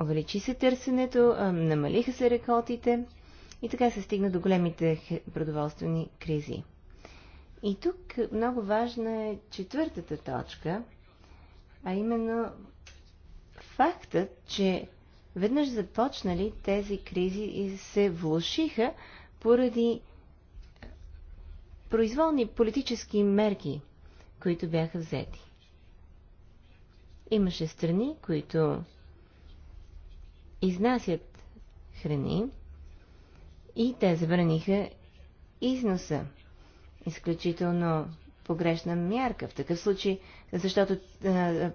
увеличи се търсенето, намалиха се реколтите и така се стигна до големите продоволствени кризи. И тук много важна е четвъртата точка, а именно фактът, че веднъж започнали тези кризи и се влушиха поради произволни политически мерки, които бяха взети. Имаше страни, които изнасят храни и те забраниха износа. Изключително погрешна мярка в такъв случай, защото а,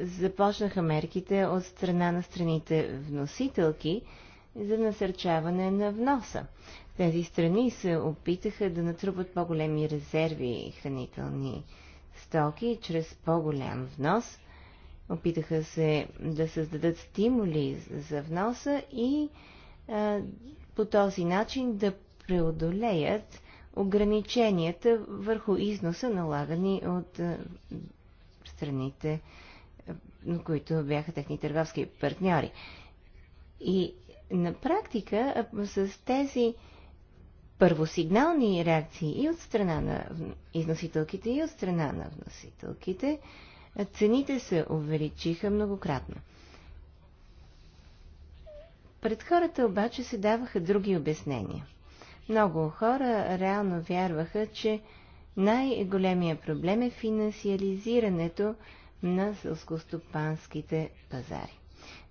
започнаха мерките от страна на страните вносителки за насърчаване на вноса. Тези страни се опитаха да натрупат по-големи резерви хранителни стоки чрез по-голям внос Опитаха се да създадат стимули за вноса и а, по този начин да преодолеят ограниченията върху износа, налагани от а, страните, на които бяха техни търговски партньори. И на практика а, с тези първосигнални реакции и от страна на износителките, и от страна на вносителките, цените се увеличиха многократно. Пред хората обаче се даваха други обяснения. Много хора реално вярваха, че най-големия проблем е финансиализирането на сълскостопанските пазари.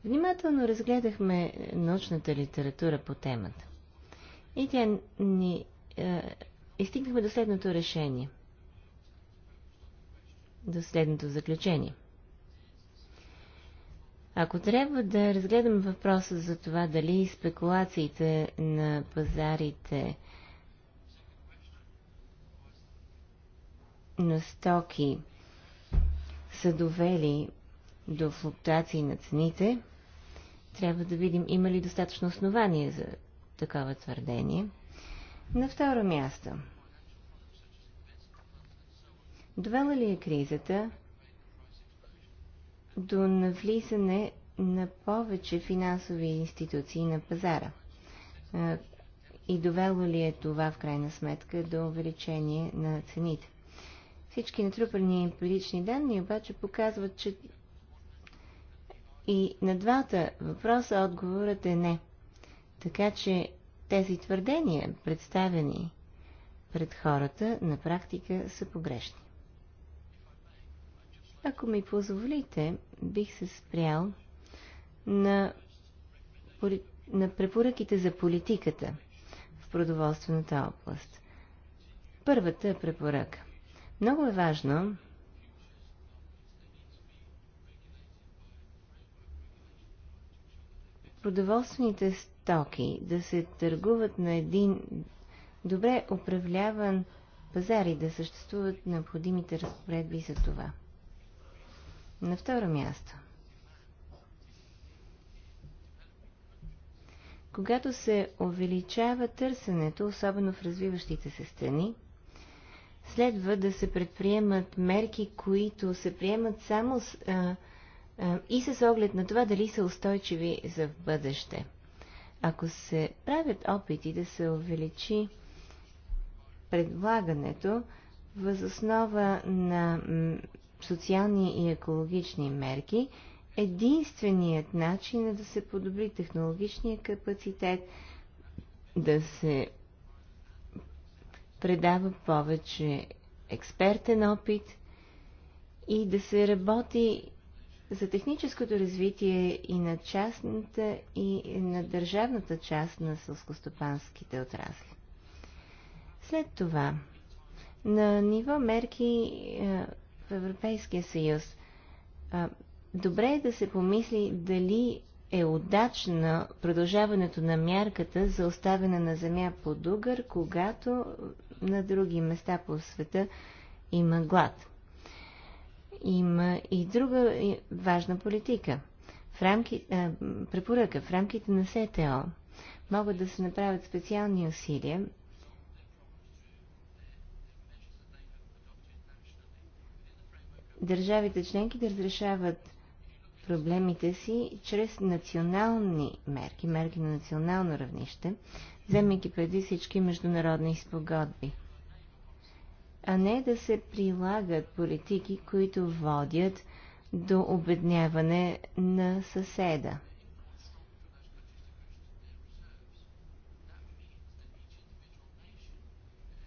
Внимателно разгледахме научната литература по темата. И тя ни... Е, и стигнахме до следното решение – до следното заключение. Ако трябва да разгледам въпроса за това дали спекулациите на пазарите на стоки са довели до флуктуации на цените, трябва да видим има ли достатъчно основание за такова твърдение. На второ място – Довела ли е кризата до навлизане на повече финансови институции на пазара? И довело ли е това в крайна сметка до увеличение на цените? Всички натрупани емпирични данни обаче показват, че и на двата въпроса отговорът е не. Така че тези твърдения, представени пред хората, на практика са погрешни. Ако ми позволите, бих се спрял на, на препоръките за политиката в продоволствената област. Първата е препоръка. Много е важно продоволствените стоки да се търгуват на един добре управляван пазар и да съществуват необходимите разпоредби за това. На второ място. Когато се увеличава търсенето, особено в развиващите се страни, следва да се предприемат мерки, които се приемат само с, а, а, и с оглед на това дали са устойчиви за в бъдеще. Ако се правят опити да се увеличи предлагането, възоснова на социални и екологични мерки, единственият начин е да се подобри технологичния капацитет, да се предава повече експертен опит и да се работи за техническото развитие и на частната и на държавната част на сълскостопанските отрасли. След това, на ниво мерки е, Европейския съюз. Добре е да се помисли дали е удачно продължаването на мярката за оставяне на земя под угър, когато на други места по света има глад. Има и друга важна политика. В рамки, а, препоръка в рамките на СТО могат да се направят специални усилия държавите членки да разрешават проблемите си чрез национални мерки, мерки на национално равнище, вземайки преди всички международни спогодби, а не да се прилагат политики, които водят до обедняване на съседа.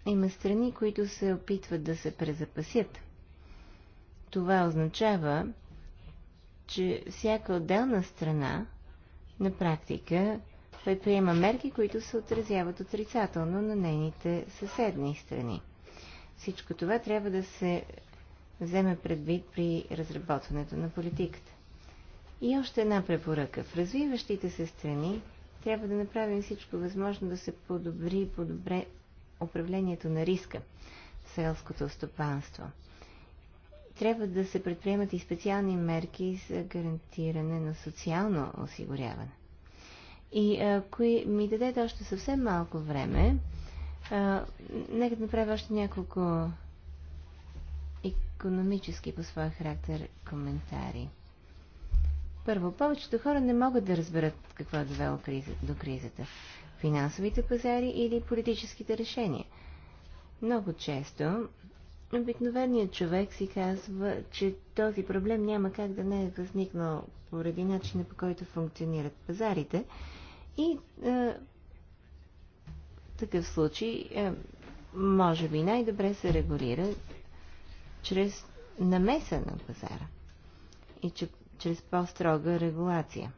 Има страни, които се опитват да се презапасят – това означава, че всяка отделна страна на практика предприема мерки, които се отразяват отрицателно на нейните съседни страни. Всичко това трябва да се вземе предвид при разработването на политиката. И още една препоръка. В развиващите се страни трябва да направим всичко възможно да се подобри и подобре управлението на риска в селското стопанство трябва да се предприемат и специални мерки за гарантиране на социално осигуряване. И ако ми дадете още съвсем малко време, а, нека да направя още няколко економически по своя характер коментари. Първо, повечето хора не могат да разберат какво е довело криза, до кризата. Финансовите пазари или политическите решения. Много често Обикновеният човек си казва, че този проблем няма как да не е възникнал поради начина по който функционират пазарите. И е, в такъв случай, е, може би най-добре се регулира чрез намеса на пазара и че, чрез по-строга регулация.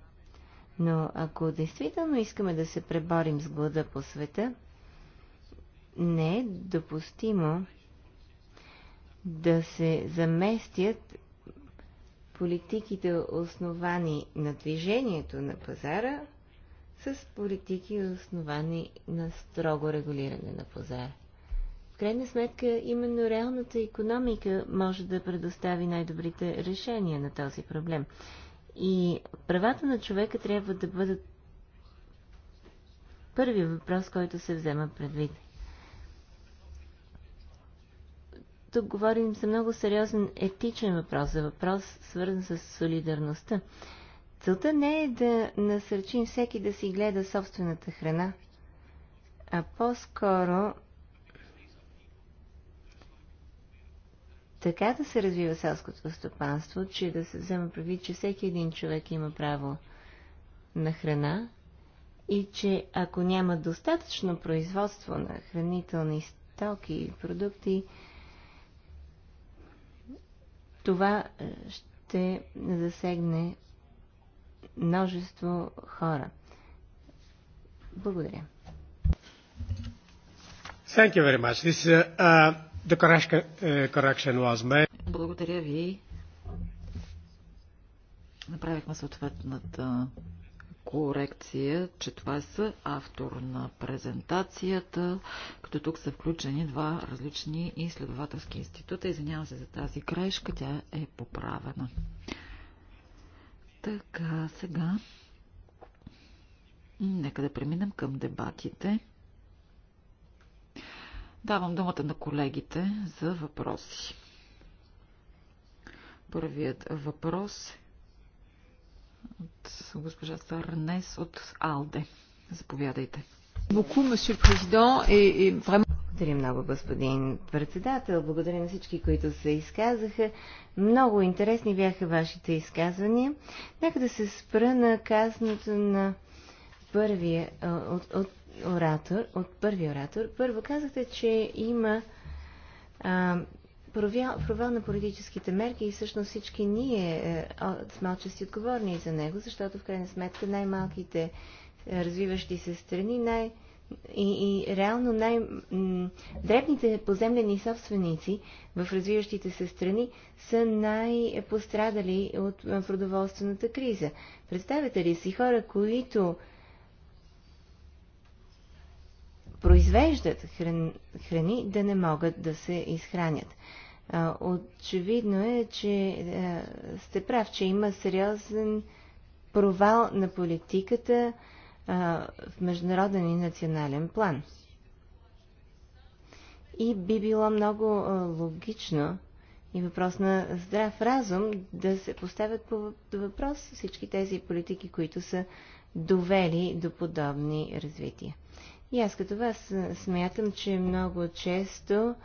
Но ако действително искаме да се преборим с глада по света, не е допустимо да се заместят политиките основани на движението на пазара с политики основани на строго регулиране на пазара. В крайна сметка, именно реалната економика може да предостави най-добрите решения на този проблем. И правата на човека трябва да бъдат първият въпрос, който се взема предвид. тук говорим за много сериозен етичен въпрос, за въпрос свързан с солидарността. Целта не е да насърчим всеки да си гледа собствената храна, а по-скоро така да се развива селското стопанство, че да се взема прави, че всеки един човек има право на храна и че ако няма достатъчно производство на хранителни стоки и продукти, това е, ще засегне множество хора. Благодаря. Thank you very much. This, uh, the correction, uh, was made. Благодаря ви. Направихме съответната корекция, че това е съ автор на презентацията, като тук са включени два различни изследователски института. Извинявам се за тази грешка, тя е поправена. Така, сега нека да преминем към дебатите. Давам думата на колегите за въпроси. Първият въпрос е от госпожа Сарнес от АЛДЕ. Заповядайте. Благодаря много, господин председател. Благодаря на всички, които се изказаха. Много интересни бяха вашите изказвания. Нека да се спра на казаното на първия от, от оратор, от първия оратор. Първо казахте, че има а, провал, на политическите мерки и всъщност всички ние е, сме отчасти отговорни за него, защото в крайна сметка най-малките е, развиващи се страни, най- и, и реално най-дребните поземлени собственици в развиващите се страни са най-пострадали от е, продоволствената криза. Представете ли си хора, които произвеждат хран, храни, да не могат да се изхранят. Очевидно е, че сте прав, че има сериозен провал на политиката в международен и национален план. И би било много логично и въпрос на здрав разум да се поставят по въпрос всички тези политики, които са довели до подобни развития. И аз като вас смятам, че много често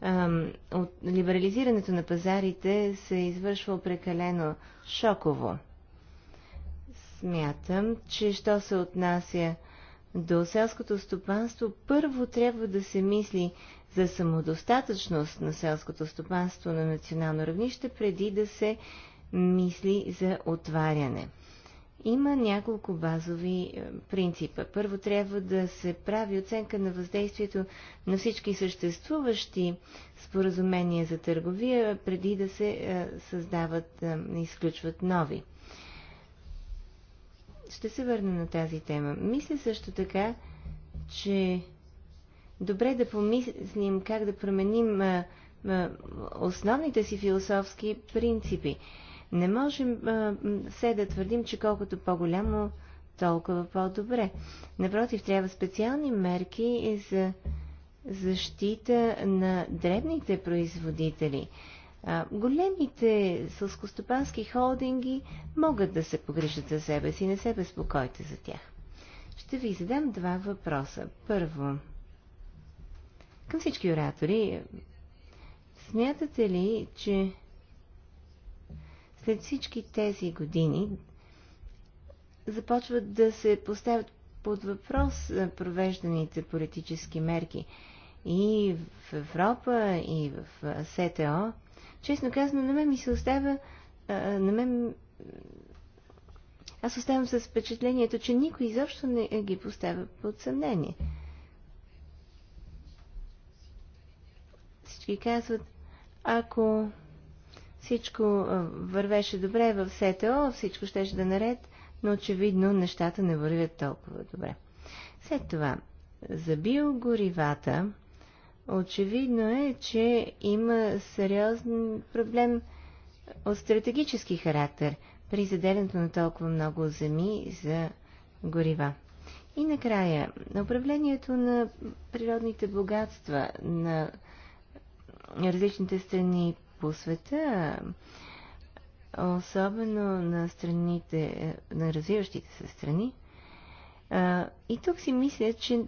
ам, от либерализирането на пазарите се е извършва прекалено шоково. Смятам, че що се отнася до селското стопанство, първо трябва да се мисли за самодостатъчност на селското стопанство на национално равнище, преди да се мисли за отваряне. Има няколко базови е, принципа. Първо трябва да се прави оценка на въздействието на всички съществуващи споразумения за търговия, преди да се е, създават и е, изключват нови. Ще се върна на тази тема. Мисля също така, че добре да помислим как да променим основните си философски принципи. Не можем все да твърдим, че колкото по-голямо, толкова по-добре. Напротив, трябва специални мерки за защита на дребните производители. А, големите сълскостопански холдинги могат да се погрижат за себе си, не се безпокойте за тях. Ще ви задам два въпроса. Първо, към всички оратори, смятате ли, че след всички тези години започват да се поставят под въпрос провежданите политически мерки и в Европа, и в СТО. Честно казано, на мен ми се остава... На мен... Аз оставам с впечатлението, че никой изобщо не ги поставя под съмнение. Всички казват, ако всичко вървеше добре в СТО, всичко щеше да е наред, но очевидно нещата не вървят толкова добре. След това, за биогоривата, очевидно е, че има сериозен проблем от стратегически характер при заделянето на толкова много земи за горива. И накрая, управлението на природните богатства на различните страни по света, особено на страните, е, на развиващите се страни. И тук си мисля, че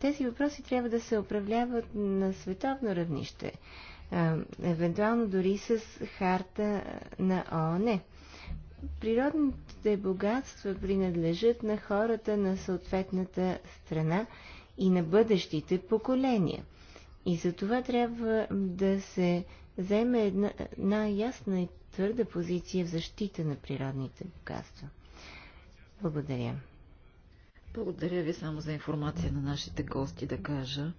тези въпроси трябва да се управляват на световно равнище, евентуално дори с харта на ООН. Природните богатства принадлежат на хората на съответната страна и на бъдещите поколения. И за това трябва да се вземе една, една ясна и твърда позиция в защита на природните богатства. Благодаря. Благодаря ви само за информация на нашите гости да кажа,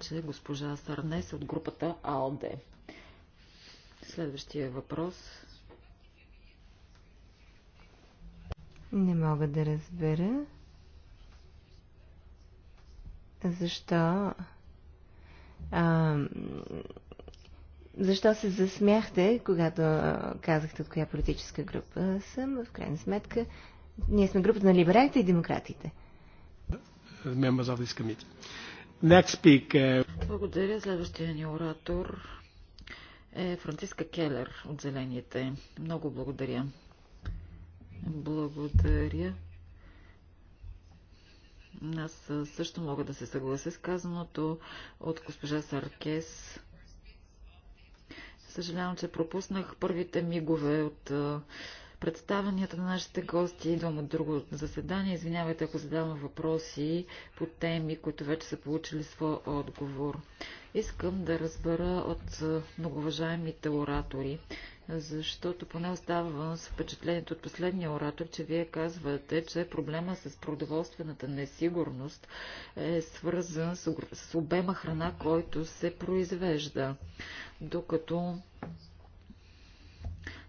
че госпожа Сарнес от групата АЛДЕ. Следващия въпрос. Не мога да разбера защо а, защо се засмяхте, когато казахте от коя политическа група съм. В крайна сметка, ние сме групата на либералите и демократите. Благодаря. Следващия ни оратор е Франциска Келер от Зелените. Много благодаря. Благодаря. Аз също мога да се съглася с казаното от госпожа Саркес. Съжалявам, че пропуснах първите мигове от представенията на нашите гости. Идвам от друго заседание. Извинявайте, ако задавам въпроси по теми, които вече са получили своя отговор. Искам да разбера от многоважаемите оратори защото поне оставам с впечатлението от последния оратор, че вие казвате, че проблема с продоволствената несигурност е свързан с, обема храна, който се произвежда. Докато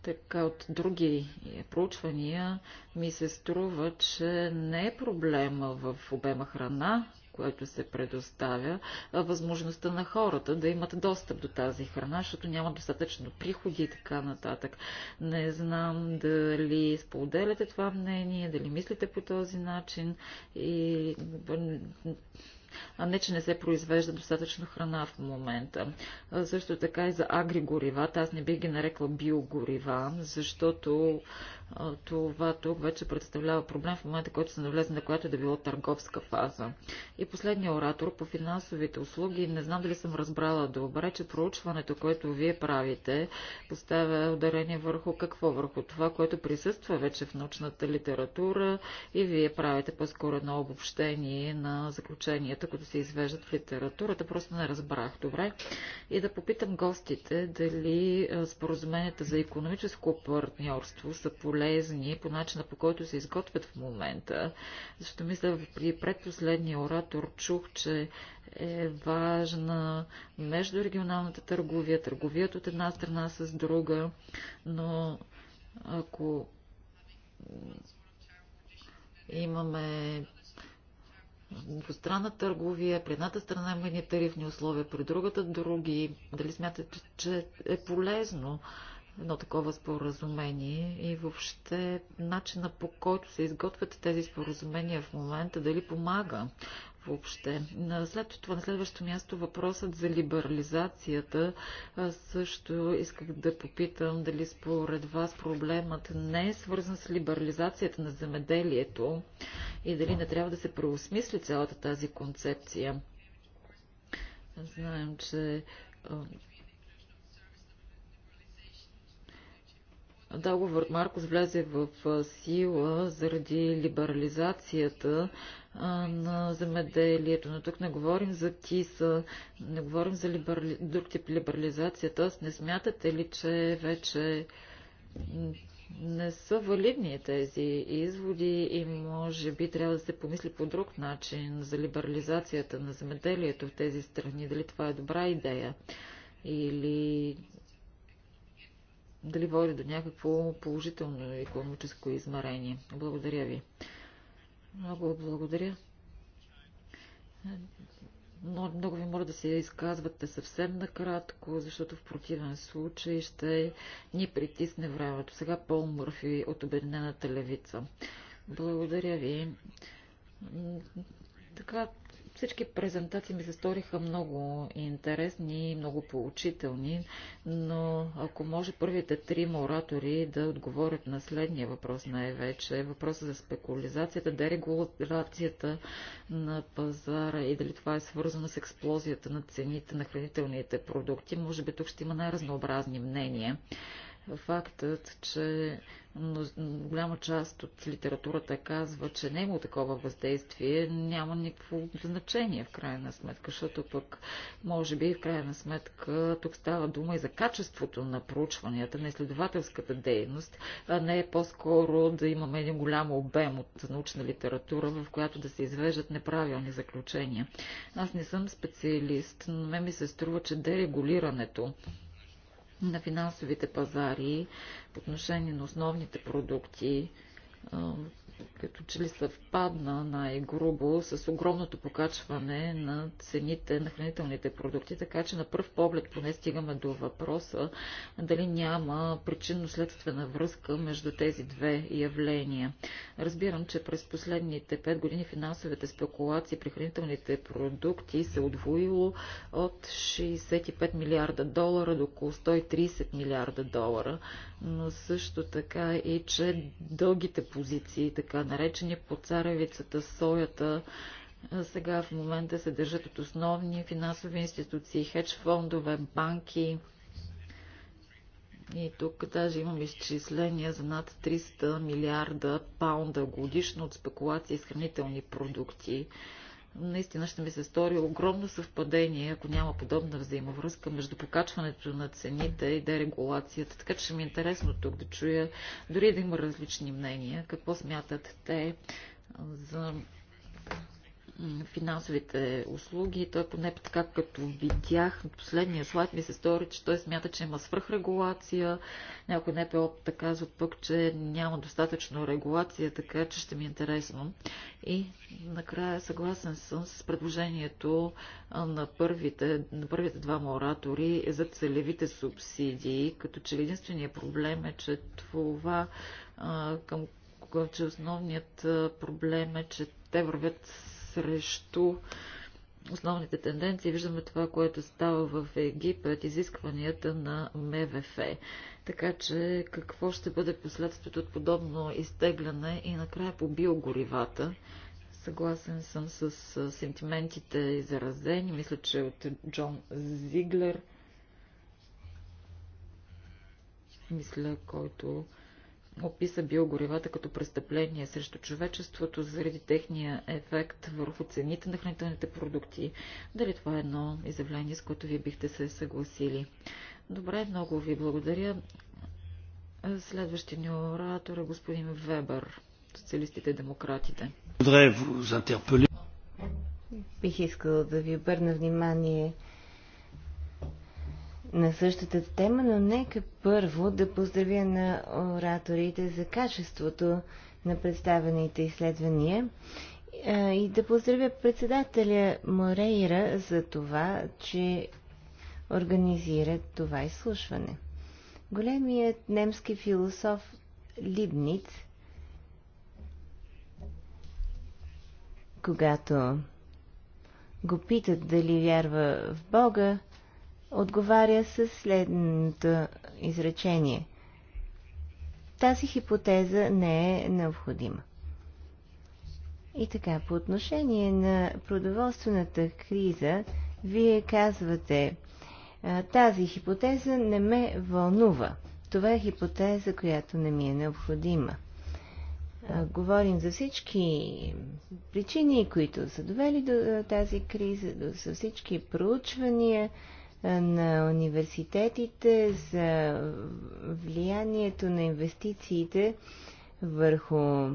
така от други проучвания ми се струва, че не е проблема в обема храна, което се предоставя, възможността на хората да имат достъп до тази храна, защото няма достатъчно приходи и така нататък. Не знам дали споделяте това мнение, дали мислите по този начин и а не, че не се произвежда достатъчно храна в момента. А, също така и за агригорива, Аз не бих ги нарекла биогорива, защото това тук вече представлява проблем в момента, който се навлезе на която да било търговска фаза. И последния оратор по финансовите услуги, не знам дали съм разбрала добре, че проучването, което вие правите, поставя ударение върху какво? Върху това, което присъства вече в научната литература и вие правите по-скоро едно обобщение на заключенията, които се извеждат в литературата. Просто не разбрах добре. И да попитам гостите дали споразуменията за економическо партньорство са по полезни по начина по който се изготвят в момента, защото мисля при предпоследния оратор чух, че е важна междурегионалната търговия, търговият от една страна с друга, но ако имаме двустранна търговия, при едната страна има едни тарифни условия, при другата други. Дали смятате, че е полезно едно такова споразумение и въобще начина по който се изготвят тези споразумения в момента, дали помага въобще. След това на следващото място въпросът за либерализацията. Аз също исках да попитам дали според вас проблемът не е свързан с либерализацията на земеделието и дали не трябва да се преосмисли цялата тази концепция. Знаем, че Договорът Маркос влезе в сила заради либерализацията на земеделието. Но тук не говорим за ТИСа, не говорим за либерали... друг тип либерализация. Тоест не смятате ли, че вече не са валидни тези изводи и може би трябва да се помисли по друг начин за либерализацията на земеделието в тези страни. Дали това е добра идея? Или дали води до някакво положително економическо измерение. Благодаря ви. Много благодаря. Но много ви моля да се изказвате съвсем накратко, защото в противен случай ще ни притисне времето. Сега Пол Мърфи от Обединената левица. Благодаря ви. Така, всички презентации ми се сториха много интересни и много поучителни, но ако може първите три оратори да отговорят на следния въпрос най-вече, въпроса за спекулизацията, дерегулацията на пазара и дали това е свързано с експлозията на цените на хранителните продукти, може би тук ще има най-разнообразни мнения фактът, че голяма част от литературата казва, че не е такова въздействие, няма никакво значение в крайна сметка, защото пък, може би, в крайна сметка, тук става дума и за качеството на проучванията, на изследователската дейност, а не е по-скоро да имаме един голям обем от научна литература, в която да се извеждат неправилни заключения. Аз не съм специалист, но ме ми се струва, че дерегулирането на финансовите пазари по отношение на основните продукти като че ли съвпадна най-грубо с огромното покачване на цените на хранителните продукти, така че на пръв поглед поне стигаме до въпроса дали няма причинно-следствена връзка между тези две явления. Разбирам, че през последните пет години финансовите спекулации при хранителните продукти се отвоило от 65 милиарда долара до около 130 милиарда долара, но също така и, че дългите позиции, така така наречени по царевицата, соята, сега в момента се държат от основни финансови институции, хедж фондове, банки. И тук даже имам изчисления за над 300 милиарда паунда годишно от спекулации с хранителни продукти наистина ще ми се стори огромно съвпадение, ако няма подобна взаимовръзка между покачването на цените и дерегулацията. Така че ще ми е интересно тук да чуя, дори да има различни мнения, какво смятат те за финансовите услуги. Той поне така, като видях на последния слайд, ми се стори, че той смята, че има свръхрегулация. Някои НПО казват пък, че няма достатъчно регулация, така че ще ми е интересно. И накрая съгласен съм с предложението на първите, на първите два оратори за целевите субсидии, като че единственият проблем е, че това към че основният проблем е, че те вървят срещу основните тенденции. Виждаме това, което става в Египет, изискванията на МВФ. Така че какво ще бъде последствието от подобно изтегляне и накрая по биогоривата? Съгласен съм с сентиментите изразени. Мисля, че от Джон Зиглер, мисля, който описа биогоривата като престъпление срещу човечеството заради техния ефект върху цените на хранителните продукти. Дали това е едно изявление, с което вие бихте се съгласили? Добре, много ви благодаря. Следващия ни оратор е господин Вебър, социалистите и демократите. Бих искал да ви обърна внимание на същата тема, но нека първо да поздравя на ораторите за качеството на представените изследвания и да поздравя председателя Морейра за това, че организира това изслушване. Големият немски философ Либниц, когато го питат дали вярва в Бога, отговаря с следното изречение. Тази хипотеза не е необходима. И така, по отношение на продоволствената криза, вие казвате, тази хипотеза не ме вълнува. Това е хипотеза, която не ми е необходима. Говорим за всички причини, които са довели до тази криза, до, за всички проучвания, на университетите, за влиянието на инвестициите върху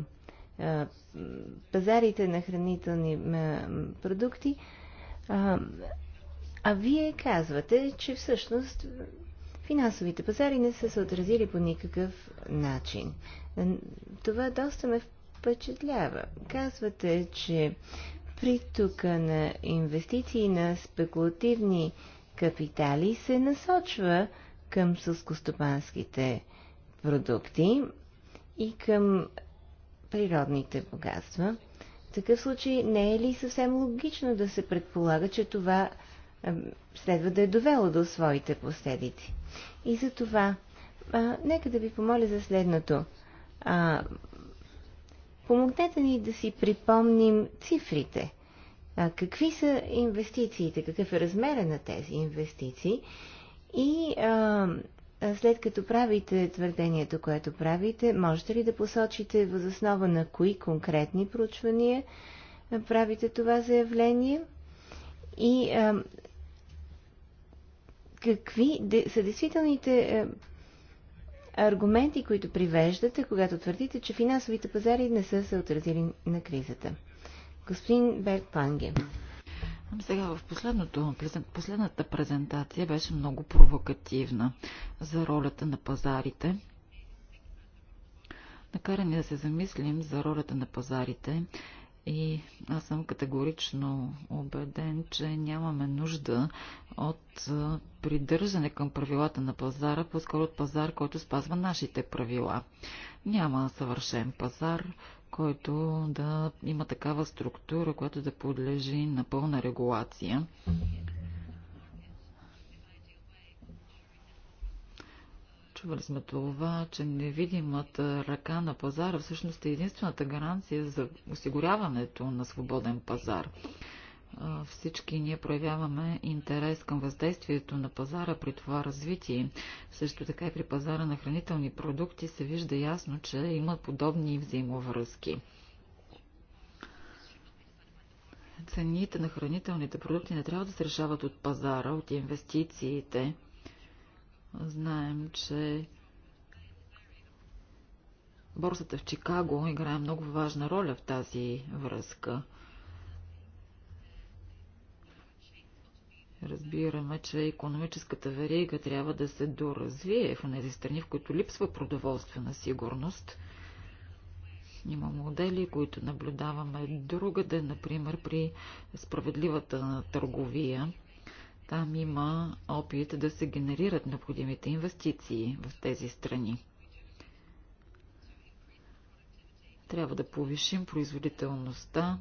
пазарите на хранителни продукти. А, а вие казвате, че всъщност финансовите пазари не са се отразили по никакъв начин. Това доста ме впечатлява. Казвате, че притока на инвестиции на спекулативни капитали се насочва към сълскостопанските продукти и към природните богатства. В такъв случай не е ли съвсем логично да се предполага, че това следва да е довело до своите последици? И за това, а, нека да ви помоля за следното. А, помогнете ни да си припомним цифрите. А, какви са инвестициите? Какъв е размера на тези инвестиции? И а, след като правите твърдението, което правите, можете ли да посочите възоснова на кои конкретни проучвания правите това заявление? И а, какви са действителните аргументи, които привеждате, когато твърдите, че финансовите пазари не са се отразили на кризата? Господин Бертанге. Ами сега в последното, последната презентация беше много провокативна за ролята на пазарите. ни да се замислим за ролята на пазарите и аз съм категорично убеден, че нямаме нужда от придържане към правилата на пазара, по-скоро от пазар, който спазва нашите правила. Няма съвършен пазар, който да има такава структура, която да подлежи на пълна регулация. Чували сме това, че невидимата ръка на пазара всъщност е единствената гаранция за осигуряването на свободен пазар всички ние проявяваме интерес към въздействието на пазара при това развитие. Също така и при пазара на хранителни продукти се вижда ясно, че има подобни взаимовръзки. Цените на хранителните продукти не трябва да се решават от пазара, от инвестициите. Знаем, че борсата в Чикаго играе много важна роля в тази връзка – Разбираме, че економическата верига трябва да се доразвие в тези страни, в които липсва продоволствена сигурност. Има модели, които наблюдаваме другаде, например при справедливата търговия. Там има опит да се генерират необходимите инвестиции в тези страни. Трябва да повишим производителността,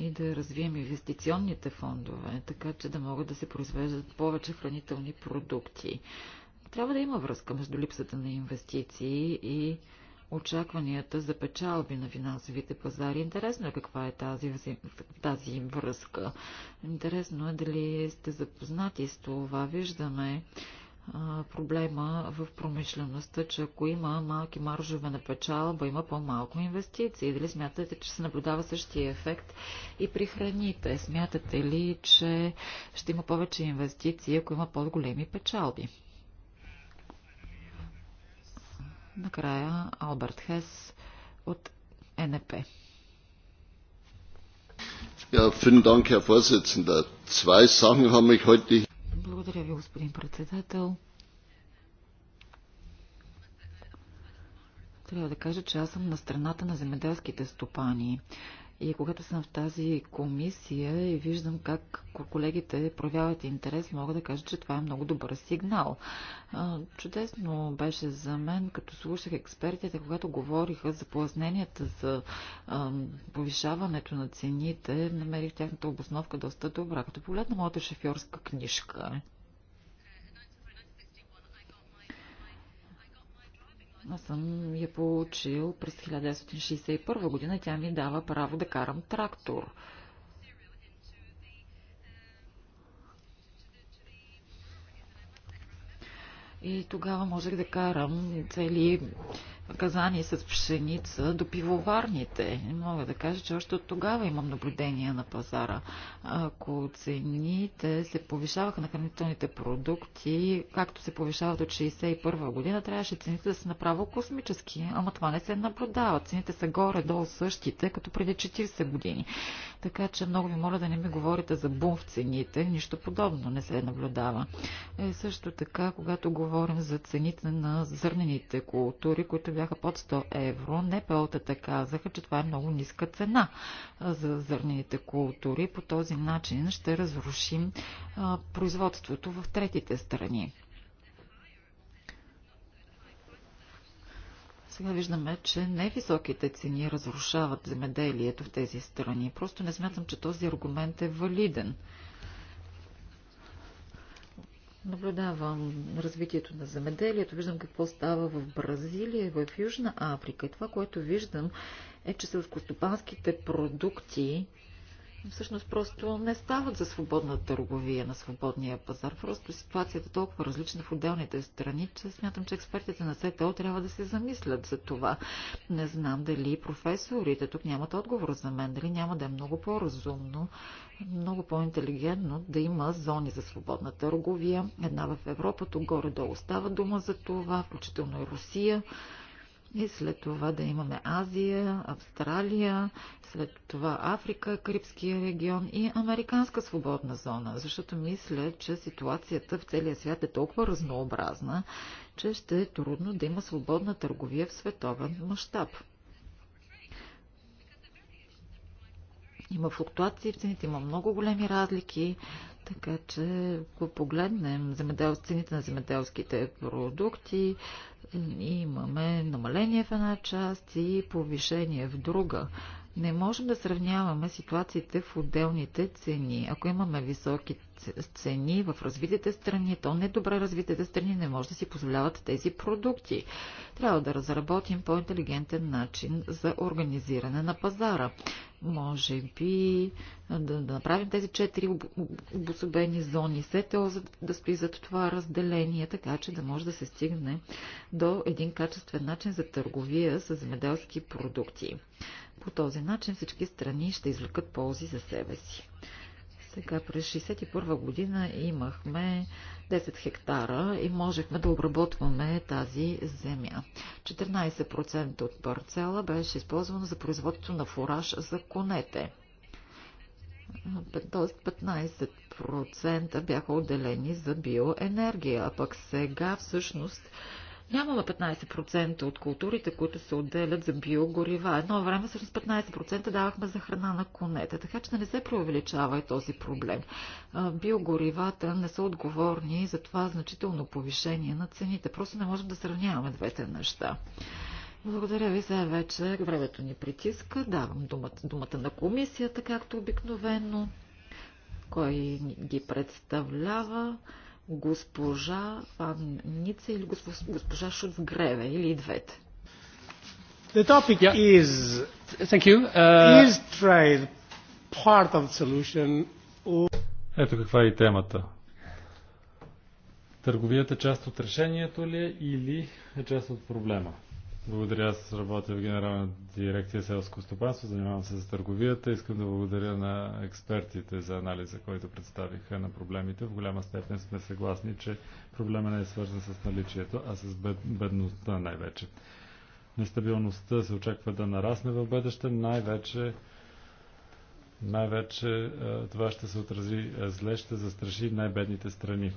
и да развием инвестиционните фондове, така че да могат да се произвеждат повече хранителни продукти. Трябва да има връзка между липсата на инвестиции и очакванията за печалби на финансовите пазари. Интересно е каква е тази, тази връзка. Интересно е дали сте запознати с това. Виждаме, проблема в промишлеността, че ако има малки маржове на печалба, има по-малко инвестиции. Дали смятате, че се наблюдава същия ефект и при храните? Смятате ли, че ще има повече инвестиции, ако има по-големи печалби? Накрая Алберт Хес от НП. Ja, vielen Dank, Herr Vorsitzender. Zwei Sachen haben mich heute благодаря ви, господин председател. Трябва да кажа, че аз съм на страната на земеделските стопани. И когато съм в тази комисия и виждам как колегите проявяват интерес, мога да кажа, че това е много добър сигнал. Чудесно беше за мен, като слушах експертите, когато говориха за поясненията за повишаването на цените, намерих тяхната обосновка доста добра. Като погледна моята шофьорска книжка, Аз съм я получил през 1961 година и тя ми дава право да карам трактор. И тогава можех да карам цели казани с пшеница до пивоварните. Мога да кажа, че още от тогава имам наблюдение на пазара. Ако цените се повишаваха на хранителните продукти, както се повишават от 1961 година, трябваше цените да са направо космически. Ама това не се наблюдава. Цените са горе-долу същите, като преди 40 години. Така че много ви моля да не ми говорите за бум в цените. Нищо подобно не се наблюдава. Е, също така, когато говорим за цените на зърнените култури, които бяха под 100 евро, НПО-тата казаха, че това е много ниска цена за зърнените култури. По този начин ще разрушим а, производството в третите страни. сега виждаме, че невисоките цени разрушават земеделието в тези страни. Просто не смятам, че този аргумент е валиден. Наблюдавам развитието на земеделието, виждам какво става в Бразилия и в Южна Африка. И това, което виждам, е, че селскостопанските продукти всъщност просто не стават за свободна търговия на свободния пазар. Просто ситуацията е толкова различна в отделните страни, че смятам, че експертите на СТО трябва да се замислят за това. Не знам дали професорите тук нямат отговор за мен, дали няма да е много по-разумно, много по-интелигентно да има зони за свободна търговия. Една в Европа, тук горе-долу става дума за това, включително и Русия. И след това да имаме Азия, Австралия, след това Африка, Карибския регион и Американска свободна зона, защото мисля, че ситуацията в целия свят е толкова разнообразна, че ще е трудно да има свободна търговия в световен мащаб. Има флуктуации в цените, има много големи разлики, така че ако погледнем цените на земеделските продукти, имаме намаление в една част и повишение в друга. Не можем да сравняваме ситуациите в отделните цени. Ако имаме високи цени в развитите страни, то не добре развитите страни не може да си позволяват тези продукти. Трябва да разработим по-интелигентен начин за организиране на пазара. Може би да, да направим тези четири обособени зони СТО, за да стои зад това разделение, така че да може да се стигне до един качествен начин за търговия с земеделски продукти. По този начин всички страни ще извлекат ползи за себе си. Сега през 61 година имахме 10 хектара и можехме да обработваме тази земя. 14% от парцела беше използвано за производство на фураж за конете. Тоест 15% бяха отделени за биоенергия, а пък сега всъщност Нямаме 15% от културите, които се отделят за биогорива. Едно време с 15% давахме за храна на конете, така че не се преувеличава и този проблем. Биогоривата не са отговорни за това значително повишение на цените. Просто не можем да сравняваме двете неща. Благодаря ви за вече. Времето ни притиска. Давам думата, думата на комисията, както обикновено. Кой ги представлява? госпожа Ван Ница или госпожа Шуцгреве, или и двете. The topic yeah. is, Thank you. Uh... is trade part of solution or... Ето каква е темата. Търговията е част от решението ли е или е част от проблема? Благодаря. Аз работя в Генерална дирекция селско стопанство, занимавам се за търговията. Искам да благодаря на експертите за анализа, който представиха на проблемите. В голяма степен сме съгласни, че проблема не е свързан с наличието, а с бед... бедността най-вече. Нестабилността се очаква да нарасне в бъдеще, най-вече най-вече това ще се отрази зле, ще застраши най-бедните страни.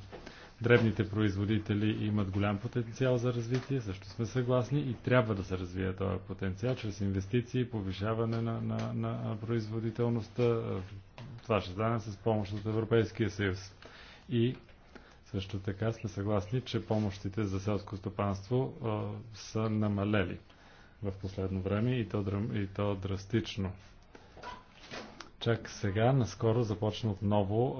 Дребните производители имат голям потенциал за развитие, също сме съгласни и трябва да се развие този потенциал чрез инвестиции, повишаване на, на, на производителността. Това ще стане с помощ от Европейския съюз. И също така сме съгласни, че помощите за селско стопанство а, са намалели в последно време и то, и то драстично чак сега, наскоро започна отново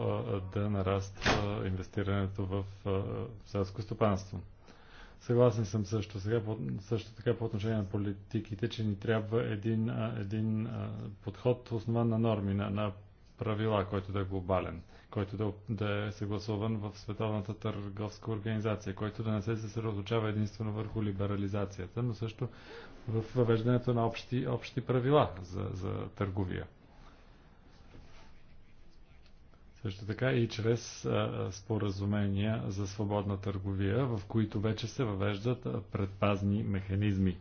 да нараства инвестирането в селско стопанство. Съгласен съм също, сега, също така по отношение на политиките, че ни трябва един, един подход, основан на норми, на, на правила, който да е глобален, който да, да е съгласуван в Световната търговска организация, който да не се съсредоточава единствено върху либерализацията, но също в въвеждането на общи, общи правила за, за търговия. Също така и чрез споразумения за свободна търговия, в които вече се въвеждат предпазни механизми.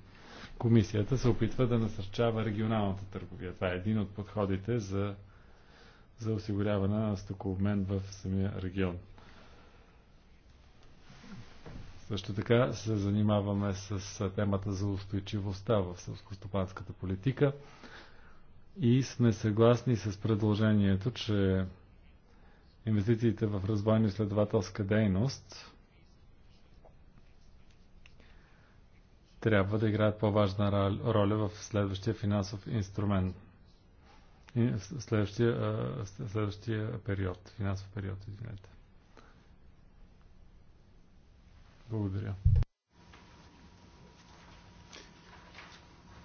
Комисията се опитва да насърчава регионалната търговия. Това е един от подходите за, за осигуряване на стокообмен в самия регион. Също така се занимаваме с темата за устойчивостта в селскостопанската политика и сме съгласни с предложението, че инвестициите в развойно изследователска дейност трябва да играят по-важна роля в следващия финансов инструмент. В следващия, в следващия период, финансов период, извинете. Благодаря.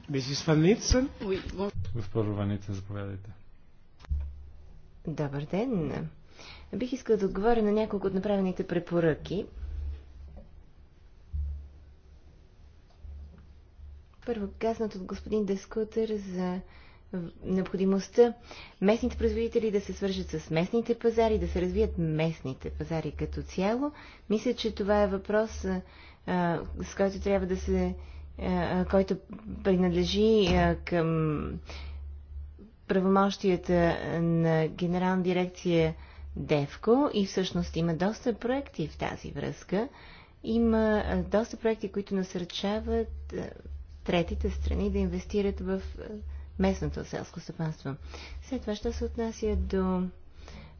Мисис Ваницен? Госпожо Ваницен, заповядайте. Добър ден. Бих искал да отговоря на няколко от направените препоръки. Първо, казаното от господин Дескутер за необходимостта местните производители да се свържат с местните пазари, да се развият местните пазари като цяло. Мисля, че това е въпрос, а, с който трябва да се. А, който принадлежи а, към правомощията на Генерална дирекция Девко и всъщност има доста проекти в тази връзка. Има доста проекти, които насърчават третите страни да инвестират в местното селско стопанство. След това, що се отнася до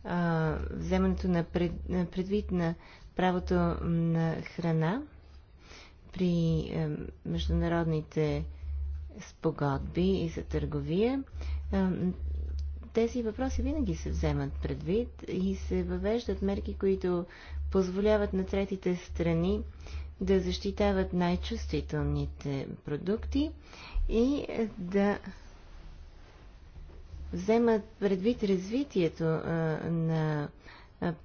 а, вземането на, пред, на предвид на правото на храна при а, международните спогодби и за търговия, а, тези въпроси винаги се вземат предвид и се въвеждат мерки, които позволяват на третите страни да защитават най-чувствителните продукти и да вземат предвид развитието на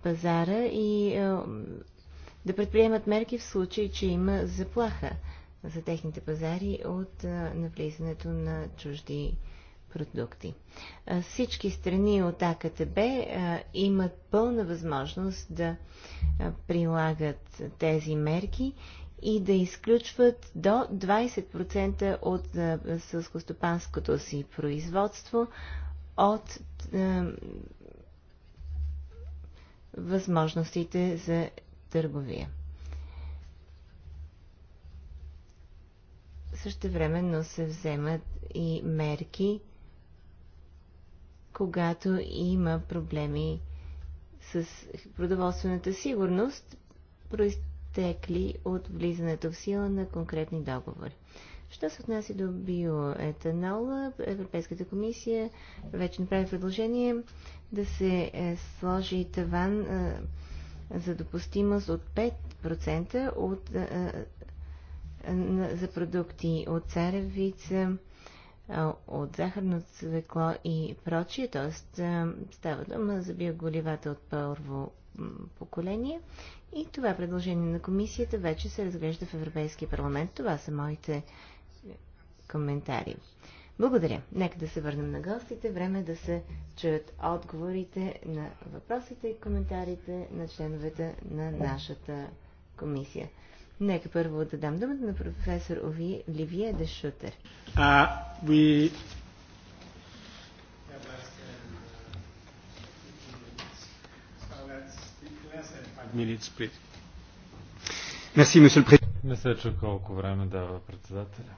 пазара и да предприемат мерки в случай, че има заплаха за техните пазари от навлизането на чужди продукти. Всички страни от АКТБ имат пълна възможност да прилагат тези мерки и да изключват до 20% от сълскостопанското си производство от възможностите за търговия. времено се вземат и мерки когато има проблеми с продоволствената сигурност, проистекли от влизането в сила на конкретни договори. Що се отнася до биоетанола, Европейската комисия вече направи предложение да се е, сложи таван е, за допустимост от 5% от, е, за продукти от царевица, от захарно свекло и прочие, т.е. става дума за биоголивата от първо поколение. И това предложение на комисията вече се разглежда в Европейския парламент. Това са моите коментари. Благодаря. Нека да се върнем на гостите. Време е да се чуят отговорите на въпросите и коментарите на членовете на нашата комисия. Нека първо да дам думата на професор Ови Ливие де Шутер. Uh, we... Не се чу колко време дава председателя.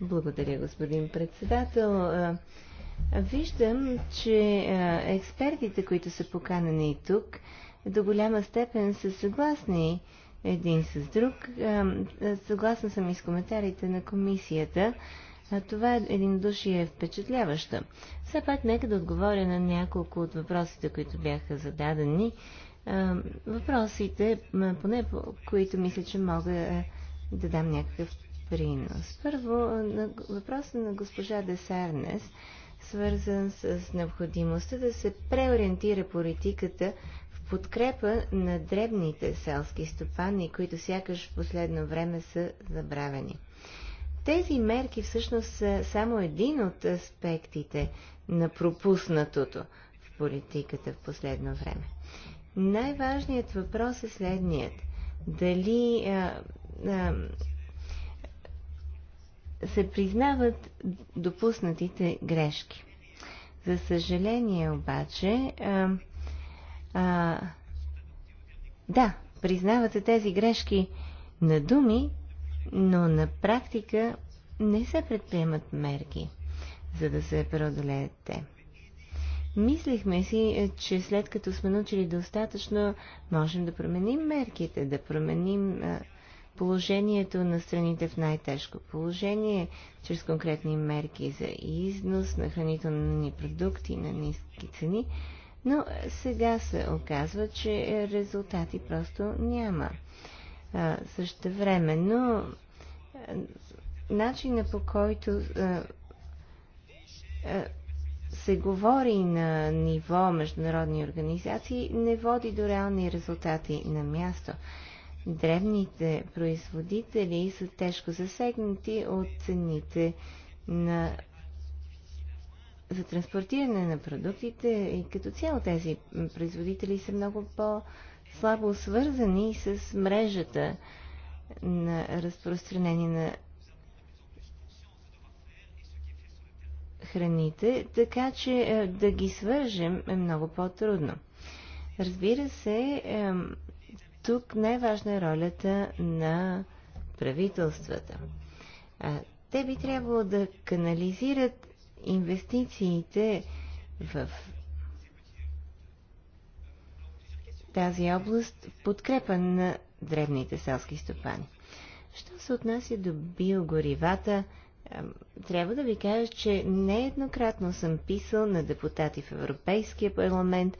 Благодаря, господин председател. Виждам, че експертите, които са поканени тук, до голяма степен са съгласни един с друг. Съгласна съм и с коментарите на комисията. А това е, е впечатляващо. впечатляваща. Все пак нека да отговоря на няколко от въпросите, които бяха зададени. Въпросите, поне по които мисля, че мога е, да дам някакъв принос. Първо, въпросът на госпожа Десарнес, свързан с необходимостта да се преориентира политиката подкрепа на дребните селски стопани, които сякаш в последно време са забравени. Тези мерки всъщност са само един от аспектите на пропуснатото в политиката в последно време. Най-важният въпрос е следният. Дали а, а, се признават допуснатите грешки? За съжаление обаче, а, а, да, признавате тези грешки на думи, но на практика не се предприемат мерки, за да се преодолеят те. Мислихме си, е, че след като сме научили достатъчно, можем да променим мерките, да променим е, положението на страните в най-тежко положение, чрез конкретни мерки за износ на хранителни продукти на ниски цени, но сега се оказва, че резултати просто няма. също време, но начина по който се говори на ниво международни организации, не води до реални резултати на място. Древните производители са тежко засегнати от цените на за транспортиране на продуктите и като цяло тези производители са много по-слабо свързани с мрежата на разпространение на храните, така че е, да ги свържем е много по-трудно. Разбира се, е, тук най-важна е ролята на правителствата. Те би трябвало да канализират инвестициите в тази област в подкрепа на древните селски стопани. Що се отнася до биогоривата, трябва да ви кажа, че нееднократно съм писал на депутати в Европейския парламент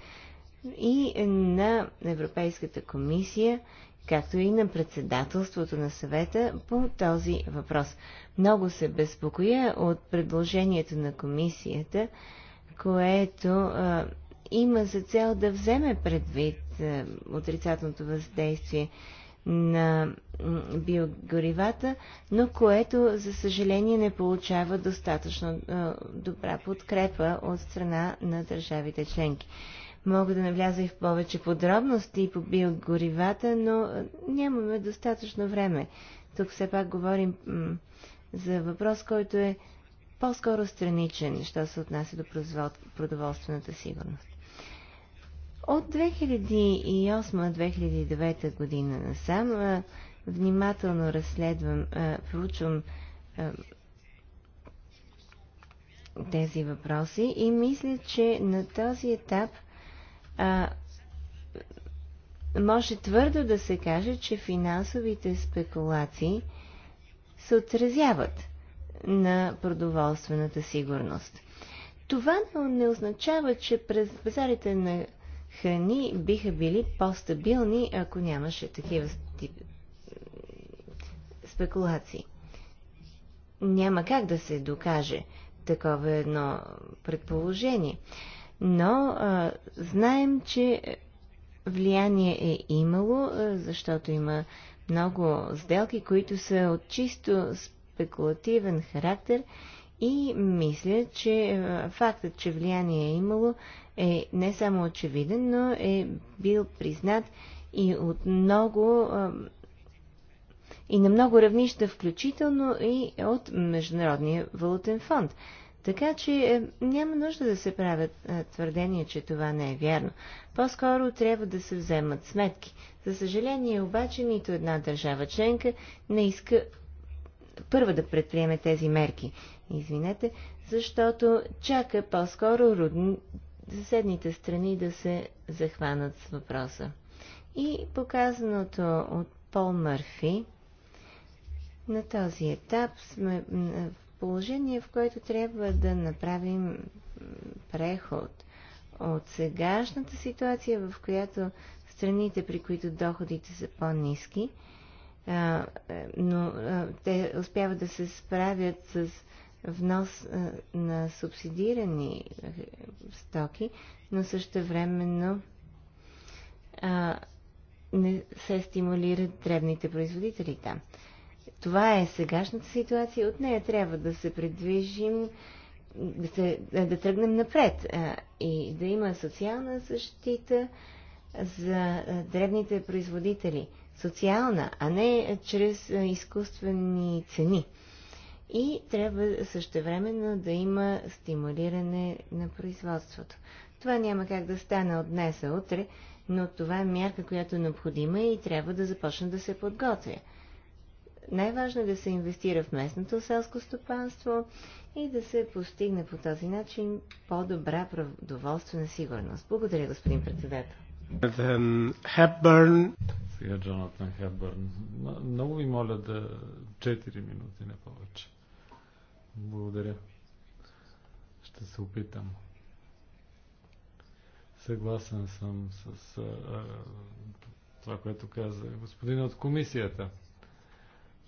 и на Европейската комисия както и на председателството на съвета по този въпрос. Много се безпокоя от предложението на комисията, което а, има за цел да вземе предвид а, отрицателното въздействие на биогоривата, но което, за съжаление, не получава достатъчно а, добра подкрепа от страна на държавите членки. Мога да навляза и в повече подробности по биогоривата, но нямаме достатъчно време. Тук все пак говорим за въпрос, който е по-скоро страничен, що се отнася до продоволствената сигурност. От 2008-2009 година насам внимателно разследвам, проучвам тези въпроси и мисля, че на този етап – а, може твърдо да се каже, че финансовите спекулации се отразяват на продоволствената сигурност. Това не означава, че през пазарите на храни биха били по-стабилни, ако нямаше такива тип... спекулации. Няма как да се докаже такова едно предположение но а, знаем, че влияние е имало, защото има много сделки, които са от чисто спекулативен характер и мисля, че а, фактът, че влияние е имало е не само очевиден, но е бил признат и от много а, и на много равнища, включително и от Международния валутен фонд. Така че е, няма нужда да се правят е, твърдения, че това не е вярно. По-скоро трябва да се вземат сметки. За съжаление обаче нито една държава членка не иска първа да предприеме тези мерки. Извинете, защото чака по-скоро родни... съседните страни да се захванат с въпроса. И показаното от Пол Мърфи, на този етап сме в положение, в което трябва да направим преход от сегашната ситуация, в която страните, при които доходите са по-низки, е, но те успяват да се справят с внос на субсидирани е, стоки, но също времено не се стимулират древните производители там. Да. Това е сегашната ситуация. От нея трябва да се предвижим, да, се, е, да тръгнем напред а, е, и да има социална защита за е, древните производители. Социална, а не чрез изкуствени цени. И трябва същевременно да има стимулиране на производството. Това няма как да стане от днес а утре, но това е мярка, която е необходима и трябва да започне да се подготвя най-важно е да се инвестира в местното селско стопанство и да се постигне по този начин по-добра продоволствена сигурност. Благодаря, господин председател. Хепбърн. Сега Джонатан Хепбърн. Много ви моля да 4 минути, не повече. Благодаря. Ще се опитам. Съгласен съм с а, това, което каза господин от комисията.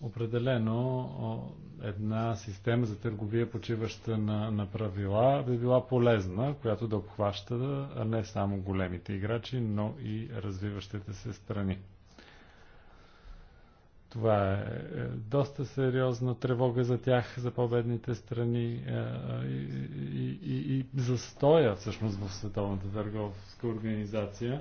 Определено една система за търговия, почиваща на, на правила, би била полезна, която да обхваща не само големите играчи, но и развиващите се страни. Това е, е доста сериозна тревога за тях, за победните страни е, е, и, и, и, и застоя всъщност в Световната търговска организация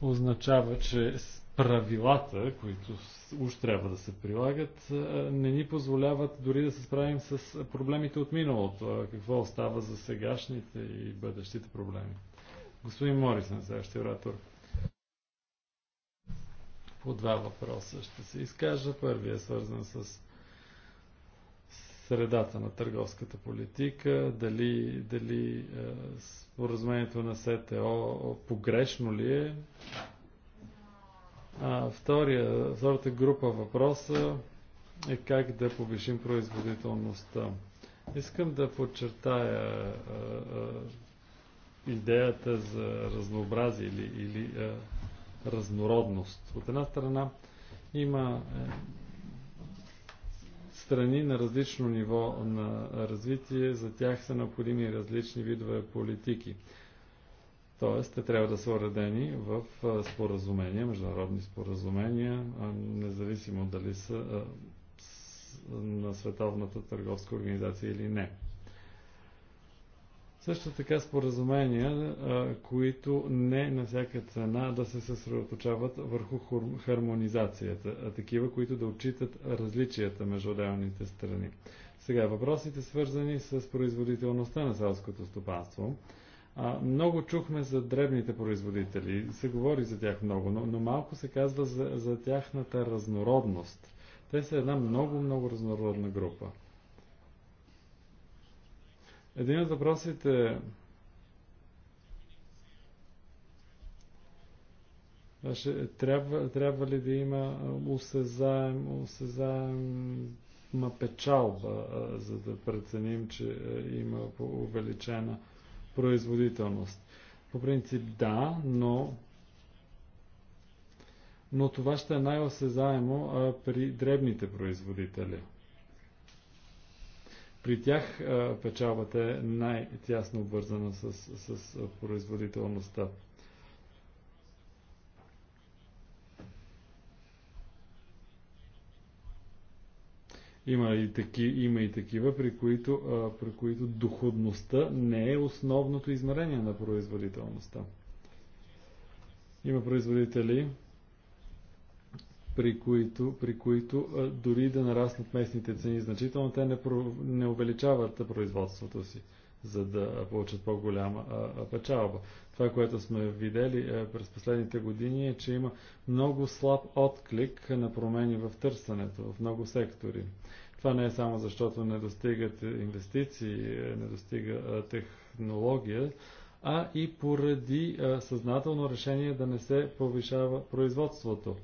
означава, че правилата, които уж трябва да се прилагат, не ни позволяват дори да се справим с проблемите от миналото. Какво остава за сегашните и бъдещите проблеми? Господин Морисен, следващия оратор. По два въпроса ще се изкажа. Първият е свързан с средата на търговската политика, дали, дали споразумението на СТО погрешно ли е а, втория, втората група въпроса е как да повишим производителността. Искам да подчертая а, а, идеята за разнообразие или, или а, разнородност. От една страна има е, страни на различно ниво на развитие, за тях са необходими различни видове политики. Тоест, те трябва да са уредени в споразумения, международни споразумения, независимо дали са на Световната търговска организация или не. Също така споразумения, които не на всяка цена да се съсредоточават върху хармонизацията, а такива, които да отчитат различията между отделните страни. Сега въпросите свързани с производителността на селското стопанство. А, много чухме за дребните производители, се говори за тях много, но, но малко се казва за, за тяхната разнородност. Те са една много, много разнородна група. Един от въпросите беше, трябва, трябва ли да има усезаем, осезаем печалба, за да преценим, че има увеличена производителност. По принцип да, но но това ще е най-осезаемо при дребните производители. При тях а, печалбата е най-тясно обвързана с, с производителността. Има и, таки, има и такива, при които, а, при които доходността не е основното измерение на производителността. Има производители, при които, при които а, дори да нараснат местните цени значително, те не, про, не увеличават производството си, за да получат по-голяма печалба. Това, което сме видели е, през последните години е, че има много слаб отклик на промени в търсенето в много сектори. Това не е само защото не достигат инвестиции, е, не достига е, технология, а и поради съзнателно решение да не се повишава производството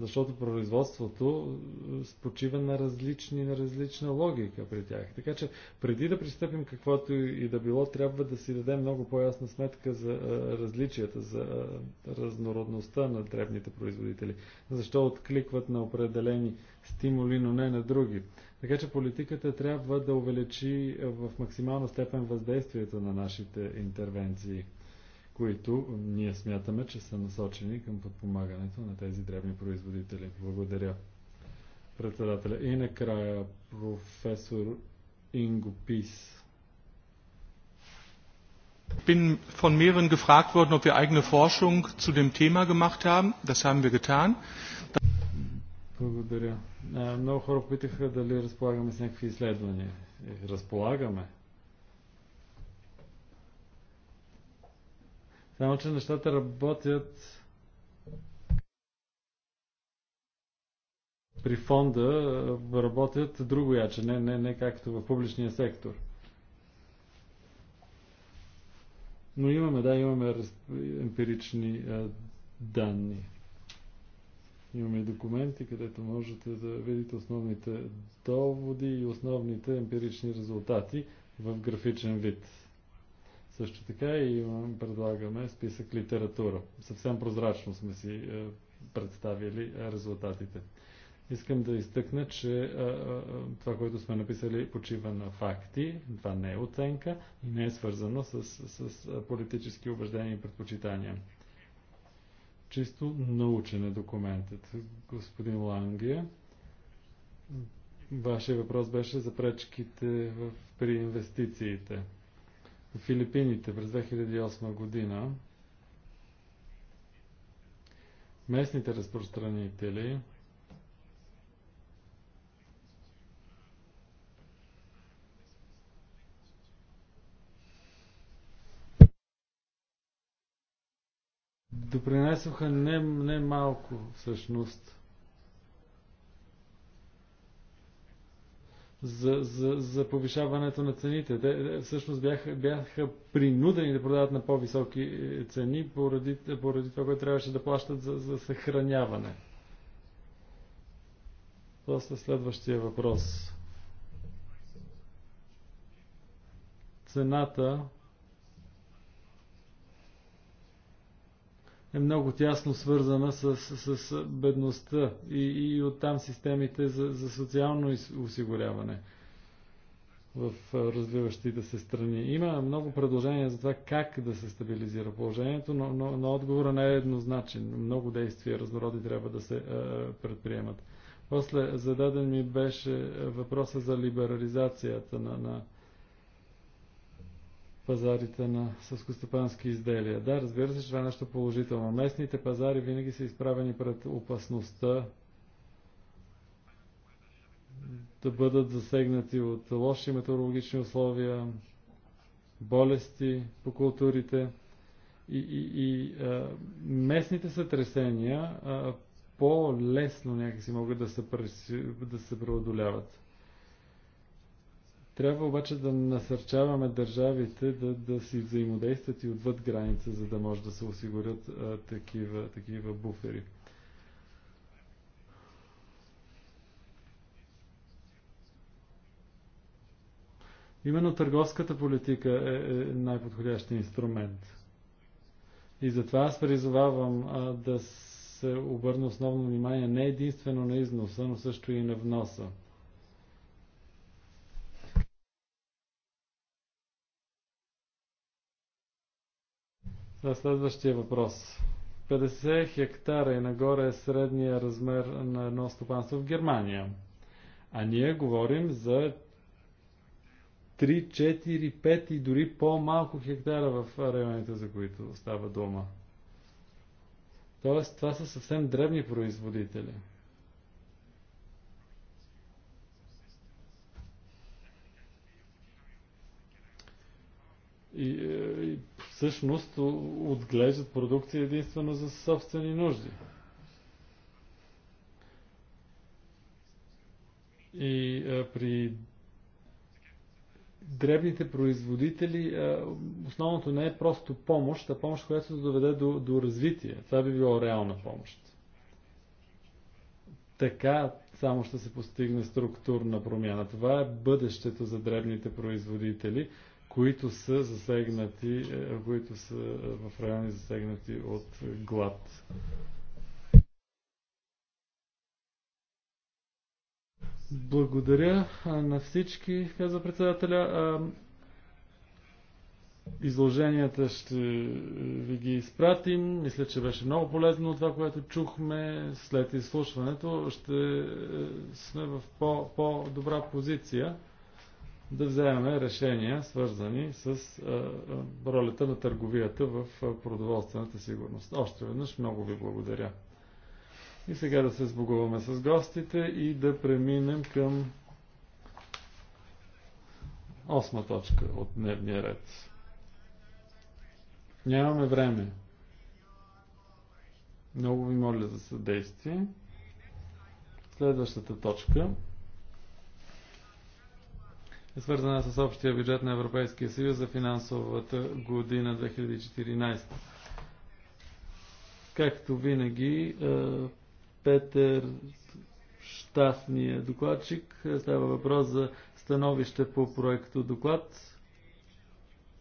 защото производството е, спочива на различни, на различна логика при тях. Така че преди да пристъпим каквото и да било, трябва да си дадем много по-ясна сметка за а, е, различията, за а, е, разнородността на древните производители. Защо откликват на определени стимули, но не на други. Така че политиката трябва да увеличи в максимална степен въздействието на нашите интервенции които ние смятаме, че са насочени към подпомагането на тези древни производители. Благодаря. Председателя. И накрая професор Инго Пис. Ich bin von mehreren gefragt worden, ob wir eigene Forschung zu dem Thema gemacht haben. Das haben wir getan. Благодаря. Е, много хора попитаха дали разполагаме с някакви изследвания. Е, разполагаме. Само, че нещата работят при фонда работят друго яче, не, не, не както в публичния сектор. Но имаме, да, имаме емпирични а, данни. Имаме и документи, където можете да видите основните доводи и основните емпирични резултати в графичен вид. Също така и предлагаме списък литература. Съвсем прозрачно сме си е, представили е, резултатите. Искам да изтъкна, че е, това, което сме написали, почива на факти. Това не е оценка и не е свързано с, с, с политически убеждения и предпочитания. Чисто научен е документът. Господин Лангия, вашия въпрос беше за пречките в, при инвестициите в Филипините през 2008 година местните разпространители допринесоха не, не малко всъщност за, за, за повишаването на цените. Те е, всъщност бяха, бяха принудени да продават на по-високи е, цени поради, поради това, което трябваше да плащат за, за съхраняване. После следващия въпрос. Цената е много тясно свързана с, с, с бедността и, и оттам системите за, за социално осигуряване в развиващите се страни. Има много предложения за това как да се стабилизира положението, но, но, но отговора не е еднозначен. Много действия разнороди трябва да се е, предприемат. После зададен ми беше въпроса за либерализацията на, на пазарите на съскостопански изделия. Да, разбира се, че това е нещо положително. Местните пазари винаги са изправени пред опасността да бъдат засегнати от лоши метеорологични условия, болести по културите. И, и, и а, местните сътресения по-лесно някакси могат да се, да се преодоляват. Трябва обаче да насърчаваме държавите да, да си взаимодействат и отвъд граница, за да може да се осигурят а, такива, такива буфери. Именно търговската политика е, е най-подходящия инструмент. И затова аз призовавам а, да се обърне основно внимание не единствено на износа, но също и на вноса. Да, следващия въпрос. 50 хектара и нагоре е средния размер на едно стопанство в Германия. А ние говорим за 3, 4, 5 и дори по-малко хектара в районите, за които става дома. Тоест, това са съвсем древни производители. И, е, и всъщност отглеждат продукция единствено за собствени нужди. И а, при дребните производители а, основното не е просто помощ, а помощ, която да доведе до, до развитие. Това би било реална помощ. Така само ще се постигне структурна промяна. Това е бъдещето за дребните производители – които са засегнати, е, които са е, в райони засегнати от глад. Благодаря на всички, каза председателя. Изложенията ще е, ви ги изпратим. Мисля, че беше много полезно това, което чухме. След изслушването ще сме в по-добра -по позиция да вземем решения, свързани с а, ролята на търговията в продоволствената сигурност. Още веднъж много ви благодаря. И сега да се сбогуваме с гостите и да преминем към осма точка от дневния ред. Нямаме време. Много ви моля за съдействие. Следващата точка е свързана с общия бюджет на Европейския съюз за финансовата година 2014. Както винаги, е, Петър Щастния докладчик е, става въпрос за становище по проекто доклад.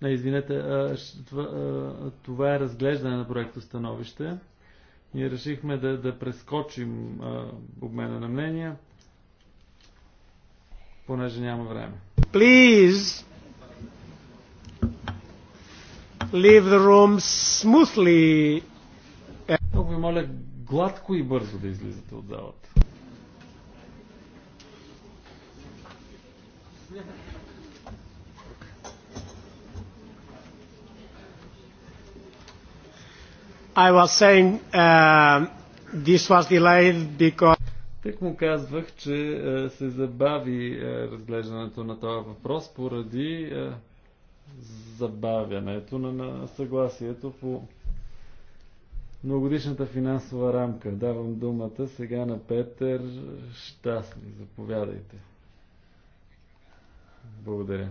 Не, извинете, това е разглеждане на проекто становище. Ние решихме да, да прескочим а, обмена на мнения, понеже няма време. Please leave the room smoothly. Много ви моля гладко и бързо да излизате от залата. I was saying uh, this was delayed because Тък му казвах, че е, се забави е, разглеждането на този въпрос поради е, забавянето на, съгласието по многодишната финансова рамка. Давам думата сега на Петър Щастли. Заповядайте. Благодаря.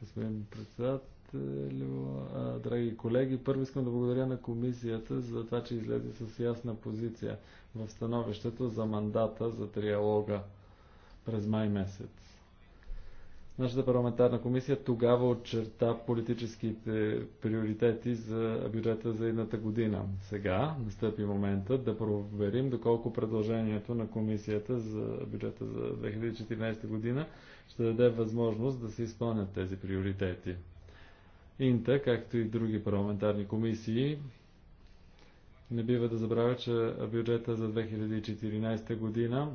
Господин председател, председателю, драги колеги. Първо искам да благодаря на комисията за това, че излезе с ясна позиция в становището за мандата за триалога през май месец. Нашата парламентарна комисия тогава очерта политическите приоритети за бюджета за едната година. Сега настъпи момента да проверим доколко предложението на комисията за бюджета за 2014 година ще даде възможност да се изпълнят тези приоритети. Инта, както и други парламентарни комисии, не бива да забравя, че бюджета за 2014 година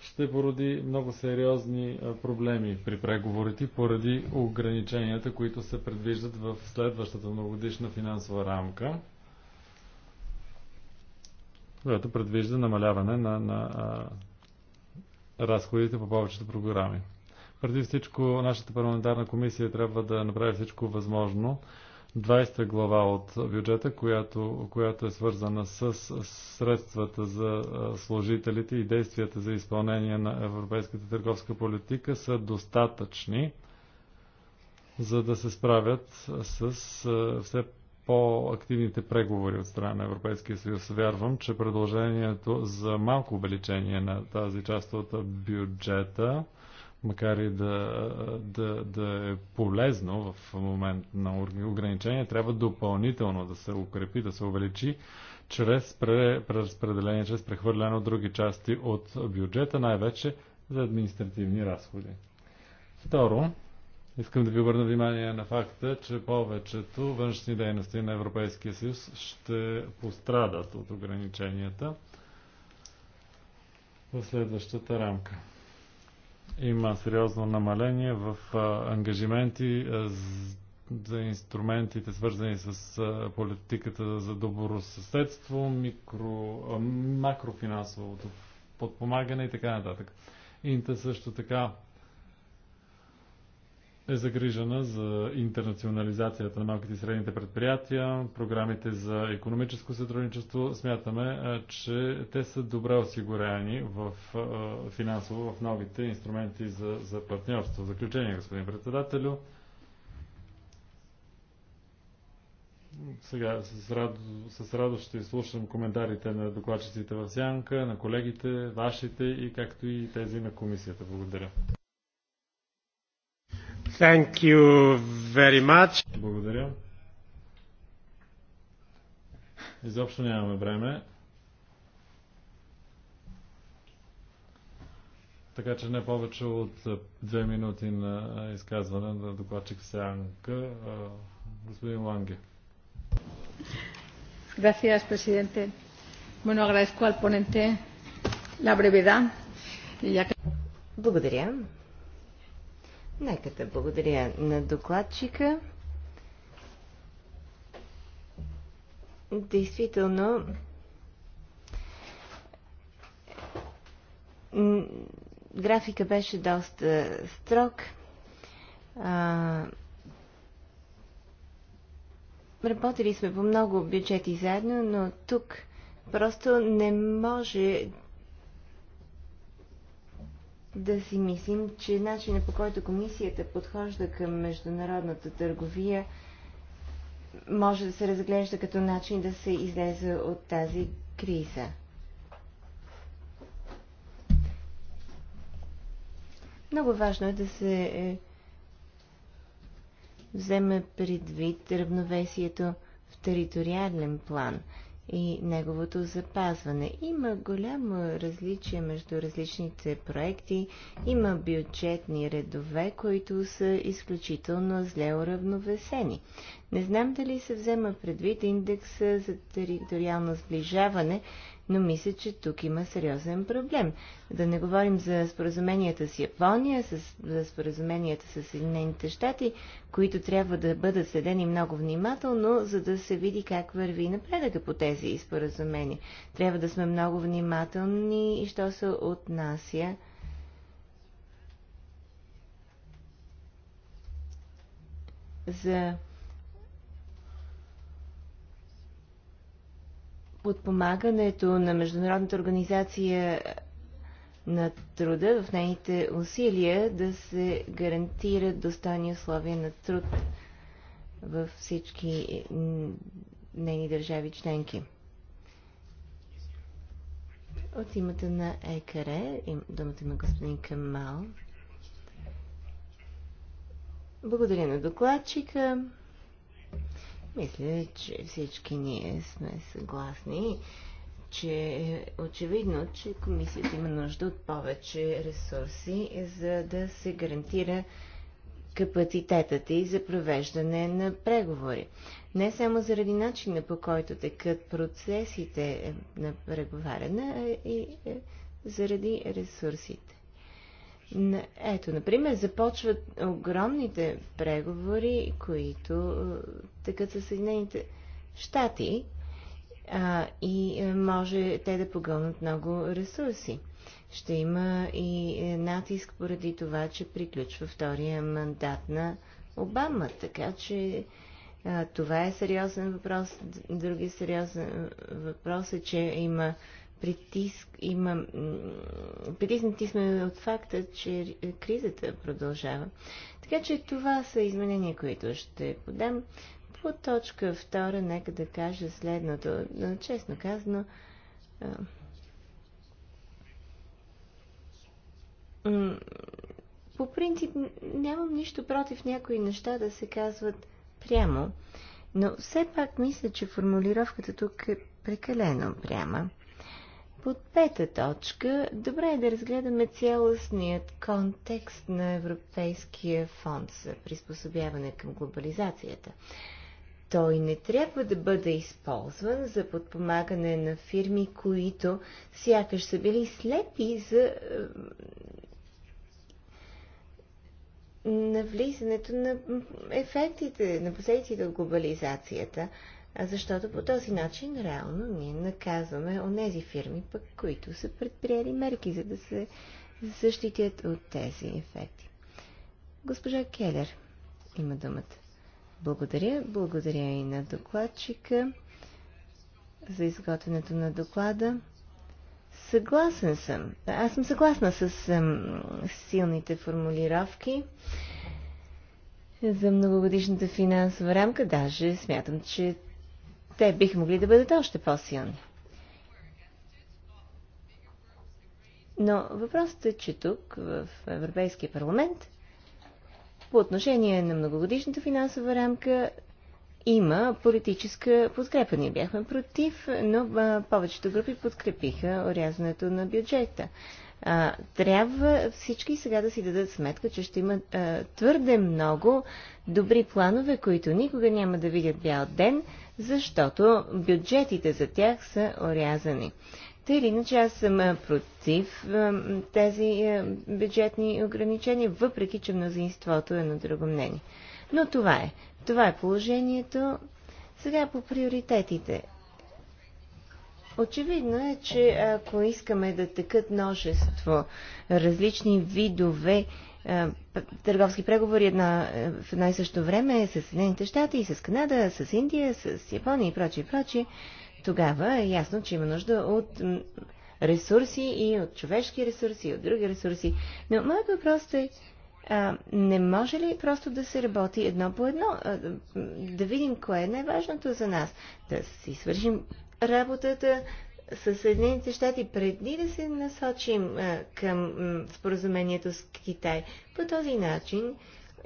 ще породи много сериозни проблеми при преговорите поради ограниченията, които се предвиждат в следващата многодишна финансова рамка, която предвижда намаляване на, на а, разходите по повечето програми. Преди всичко, нашата парламентарна комисия трябва да направи всичко възможно. 20 глава от бюджета, която, която е свързана с средствата за служителите и действията за изпълнение на европейската търговска политика, са достатъчни, за да се справят с все по-активните преговори от страна на Европейския съюз. Вярвам, че предложението за малко увеличение на тази част от бюджета макар и да, да, да е полезно в момент на ограничение, трябва допълнително да се укрепи, да се увеличи чрез преразпределение, чрез прехвърляне от други части от бюджета, най-вече за административни разходи. Второ, искам да ви обърна внимание на факта, че повечето външни дейности на Европейския съюз ще пострадат от ограниченията в следващата рамка. Има сериозно намаление в ангажименти за инструментите, свързани с политиката за добро съседство, микро, макрофинансовото подпомагане и така нататък. Инта също така е загрижена за интернационализацията на малките и средните предприятия, програмите за економическо сътрудничество. Смятаме, че те са добре осигурени в, финансово в новите инструменти за, за партньорство. В заключение, господин председателю, сега с, радо, с радост ще слушам коментарите на докладчиците в Сянка, на колегите, вашите и както и тези на комисията. Благодаря. Thank you very much. Благодаря. Изобщо нямаме време. Така че не повече от две минути на изказване на докладчик Сянка, господин Ланге. Gracias, presidente. Bueno, agradezco al ponente la brevedad. Благодаря. Нека да благодаря на докладчика. Действително, графика беше доста строг. работили сме по много бюджети заедно, но тук просто не може да си мислим, че начинът по който комисията подхожда към международната търговия може да се разглежда като начин да се излезе от тази криза. Много важно е да се е, вземе предвид равновесието в териториален план – и неговото запазване. Има голямо различие между различните проекти, има бюджетни редове, които са изключително зле уравновесени. Не знам дали се взема предвид индекса за териториално сближаване, но мисля, че тук има сериозен проблем. Да не говорим за споразуменията с Япония, с, за споразуменията с Съединените щати, които трябва да бъдат следени много внимателно, за да се види как върви напредъка по тези споразумения. Трябва да сме много внимателни и що се отнася за подпомагането на Международната организация на труда в нейните усилия да се гарантират достойни условия на труд във всички нейни държави членки. От името на ЕКР, думата има господин Камал. Благодаря на докладчика. Мисля, че всички ние сме съгласни, че е очевидно, че комисията има нужда от повече ресурси, за да се гарантира капацитетът и за провеждане на преговори. Не само заради начина по който текат процесите на преговаряне, а и е, заради ресурсите. Ето, например, започват огромните преговори, които е, тъкат със Съединените щати а, и е, може те да погълнат много ресурси. Ще има и е, натиск поради това, че приключва втория мандат на Обама, така че а, това е сериозен въпрос. Други сериозен въпрос е, че има притиск, има, притиснати сме от факта, че кризата продължава. Така че това са изменения, които ще подам. По точка втора, нека да кажа следното. Честно казано, по принцип нямам нищо против някои неща да се казват прямо, но все пак мисля, че формулировката тук е прекалено пряма. Под пета точка, добре е да разгледаме цялостният контекст на Европейския фонд за приспособяване към глобализацията. Той не трябва да бъде използван за подпомагане на фирми, които сякаш са били слепи за навлизането на ефектите, на последиците от глобализацията, защото по този начин реално ние наказваме онези фирми, пък, които са предприели мерки, за да се защитят от тези ефекти. Госпожа Келер има думата. Благодаря. Благодаря и на докладчика за изготвянето на доклада. Съгласен съм. Аз съм съгласна с силните формулировки за многогодишната финансова рамка. Даже смятам, че те биха могли да бъдат още по-силни. Но въпросът е, че тук, в Европейския парламент, по отношение на многогодишната финансова рамка, има политическа подкрепа. Ние бяхме против, но повечето групи подкрепиха орязването на бюджета. трябва всички сега да си дадат сметка, че ще има твърде много добри планове, които никога няма да видят бял ден защото бюджетите за тях са орязани. Тъй или иначе аз съм против тези бюджетни ограничения, въпреки че мнозинството е на друго мнение. Но това е. Това е положението. Сега по приоритетите. Очевидно е, че ако искаме да текат множество различни видове е, търговски преговори една, е, в едно и също време с Съединените щати и с Канада, с Индия, с Япония и прочие, и прочие, тогава е ясно, че има нужда от ресурси и от човешки ресурси, и от други ресурси. Но моят въпрос е, а, не може ли просто да се работи едно по едно? А, да видим кое е най-важното за нас. Да си свършим работата, със Съединените щати преди да се насочим а, към м, споразумението с Китай. По този начин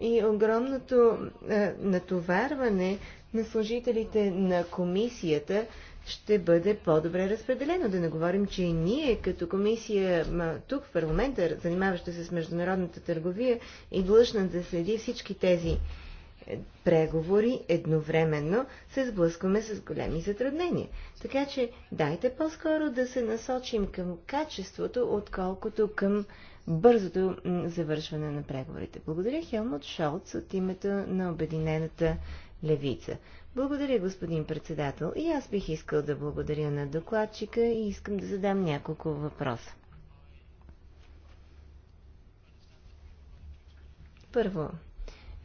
и огромното а, натоварване на служителите на комисията ще бъде по-добре разпределено. Да не говорим, че и ние като комисия ма, тук в парламента, занимаваща се с международната търговия, и длъжна да следи всички тези преговори едновременно се сблъскваме с големи затруднения. Така че дайте по-скоро да се насочим към качеството, отколкото към бързото завършване на преговорите. Благодаря Хелмут Шолц от името на Обединената левица. Благодаря, господин председател. И аз бих искал да благодаря на докладчика и искам да задам няколко въпроса. Първо,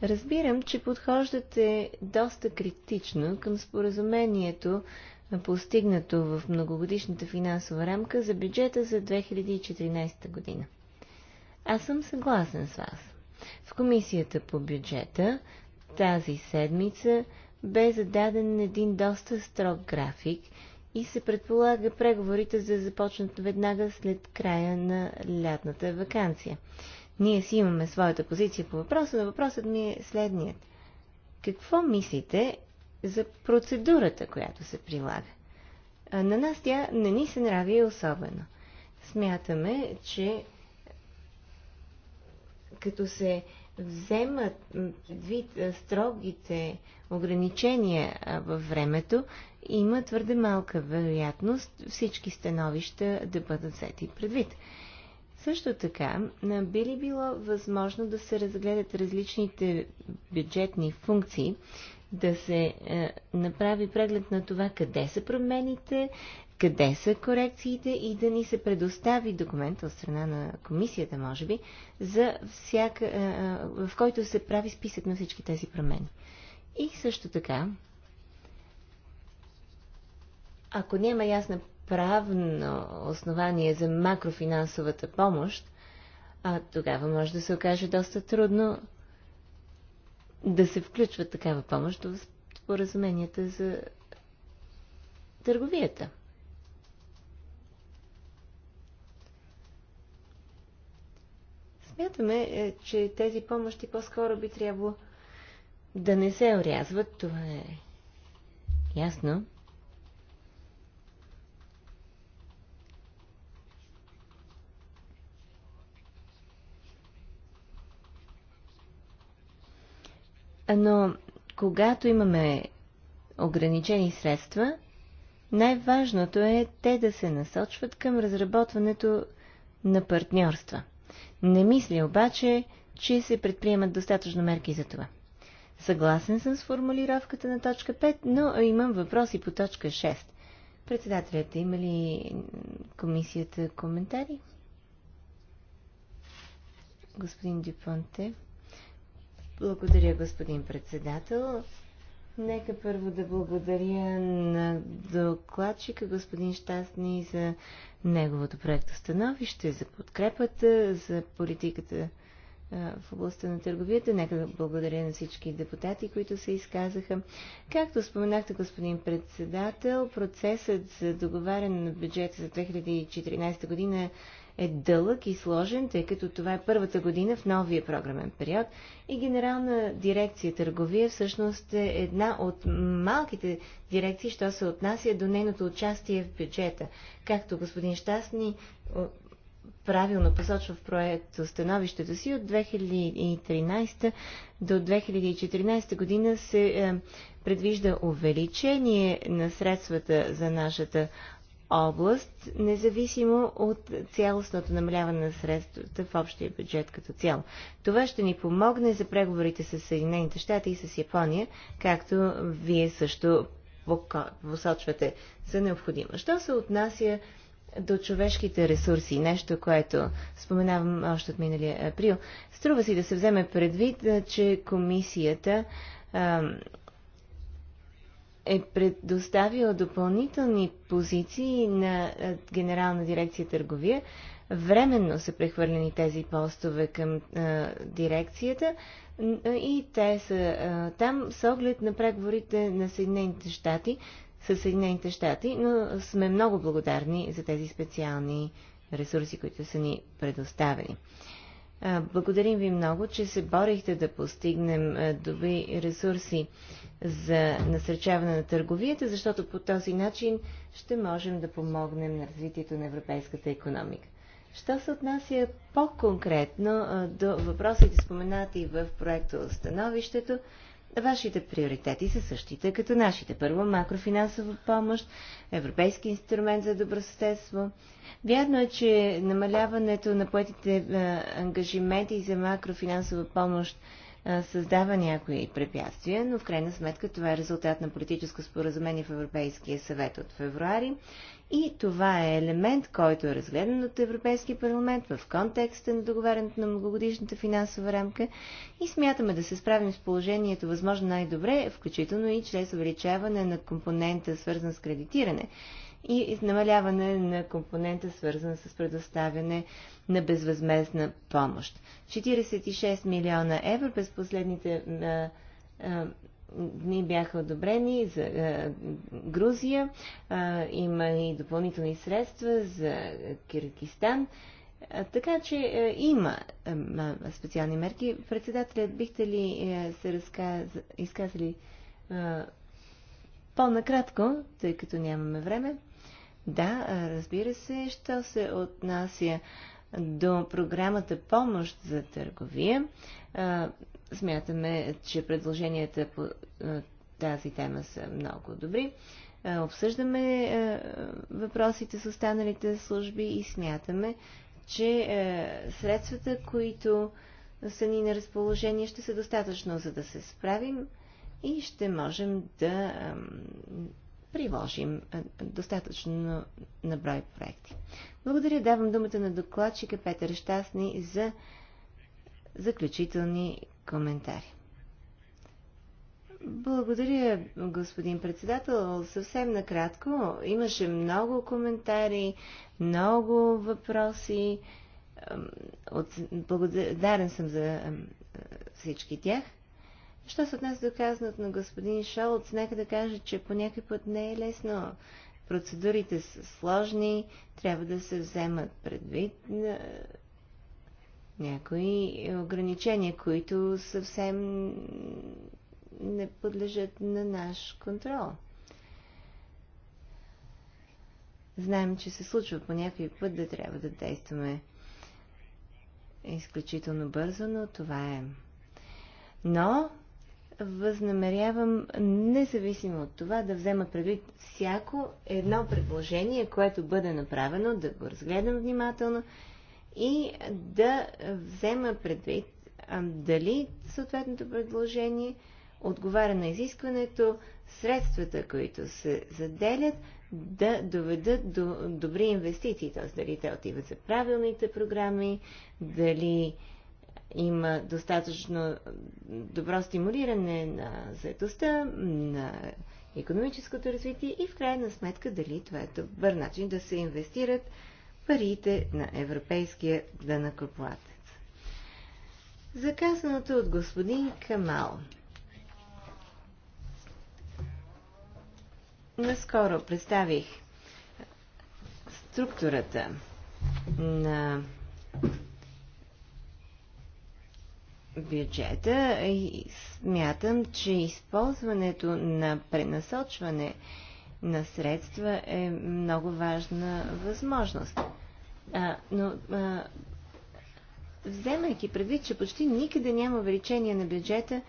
Разбирам, че подхождате доста критично към споразумението, постигнато в многогодишната финансова рамка за бюджета за 2014 година. Аз съм съгласен с вас. В комисията по бюджета тази седмица бе зададен един доста строг график и се предполага преговорите да започнат веднага след края на лятната вакансия. Ние си имаме своята позиция по въпроса, но въпросът ми е следният. Какво мислите за процедурата, която се прилага? На нас тя не ни се нрави особено. Смятаме, че като се вземат предвид строгите ограничения във времето, има твърде малка вероятност всички становища да бъдат взети предвид. Също така, би ли било възможно да се разгледат различните бюджетни функции, да се е, направи преглед на това къде са промените, къде са корекциите и да ни се предостави документ от страна на комисията, може би, за всяка, е, в който се прави списък на всички тези промени. И също така, ако няма ясна правно основание за макрофинансовата помощ, а тогава може да се окаже доста трудно да се включва такава помощ в споразуменията за търговията. Смятаме, е, че тези помощи по-скоро би трябвало да не се орязват, това е ясно. Но когато имаме ограничени средства, най-важното е те да се насочват към разработването на партньорства. Не мисля обаче, че се предприемат достатъчно мерки за това. Съгласен съм с формулировката на точка 5, но имам въпроси по точка 6. Председателят, има ли комисията коментари? Господин Дюпонте. Благодаря, господин председател. Нека първо да благодаря на докладчика господин Щастни за неговото проекто становище, за подкрепата, за политиката в областта на търговията. Нека да благодаря на всички депутати, които се изказаха. Както споменахте, господин председател, процесът за договаряне на бюджета за 2014 година е дълъг и сложен, тъй като това е първата година в новия програмен период и Генерална дирекция търговия всъщност е една от малките дирекции, що се отнася до нейното участие в бюджета. Както господин Щастни правилно посочва в проекто становището си, от 2013 до 2014 година се е, предвижда увеличение на средствата за нашата област, независимо от цялостното намаляване на средствата в общия бюджет като цяло. Това ще ни помогне за преговорите с Съединените щати и с Япония, както вие също посочвате за необходимо. Що се отнася до човешките ресурси, нещо, което споменавам още от миналия април, струва си да се вземе предвид, че комисията е предоставила допълнителни позиции на Генерална дирекция търговия. Временно са прехвърлени тези постове към а, дирекцията и те са а, там с оглед на преговорите на Съединените щати със Съединените щати, но сме много благодарни за тези специални ресурси, които са ни предоставени. Благодарим ви много, че се борихте да постигнем добри ресурси за насърчаване на търговията, защото по този начин ще можем да помогнем на развитието на европейската економика. Що се отнася по-конкретно до въпросите споменати в проекта Остановището, Вашите приоритети са същите като нашите. Първо макрофинансова помощ, Европейски инструмент за добросъседство. Вярно е, че намаляването на поетите е, ангажименти за макрофинансова помощ е, създава някои препятствия, но в крайна сметка това е резултат на политическо споразумение в Европейския съвет от февруари. И това е елемент, който е разгледан от Европейския парламент в контекста на договарянето на многогодишната финансова рамка и смятаме да се справим с положението възможно най-добре, включително и чрез увеличаване на компонента, свързан с кредитиране и намаляване на компонента, свързан с предоставяне на безвъзмезна помощ. 46 милиона евро през последните а, а, дни бяха одобрени за е, Грузия. Е, има и допълнителни средства за Киргистан. Е, така че е, има е, специални мерки. Председателят, бихте ли е, се разказ... изказали по-накратко, тъй като нямаме време? Да, разбира се, що се отнася до програмата Помощ за търговия. Смятаме, че предложенията по е, тази тема са много добри. Е, обсъждаме е, въпросите с останалите служби и смятаме, че средствата, които са ни на разположение, ще са достатъчно, за да се справим и ще можем да приложим достатъчно наброй проекти. Благодаря, давам думата на докладчика Петър Щастни за заключителни коментари. Благодаря, господин председател. Съвсем накратко. Имаше много коментари, много въпроси. От... Благодарен съм за всички тях. Що се отнася до казаното на господин Шолц, нека да кажа, че по някой път не е лесно. Процедурите са сложни, трябва да се вземат предвид някои е, ограничения, които съвсем не подлежат на наш контрол. Знаем, че се случва по някой път да трябва да действаме изключително бързо, но това е. Но възнамерявам, независимо от това, да взема предвид всяко едно предложение, което бъде направено, да го разгледам внимателно и да взема предвид дали съответното предложение отговаря на изискването средствата, които се заделят, да доведат до добри инвестиции, т.е. дали те отиват за правилните програми, дали има достатъчно добро стимулиране на заедостта, на економическото развитие и в крайна сметка дали това е добър начин да се инвестират парите на европейския дънакоплатец. Заказаното от господин Камал. Наскоро представих структурата на бюджета и смятам, че използването на пренасочване на средства е много важна възможност. А, но а, вземайки предвид, че почти никъде няма увеличение на бюджета,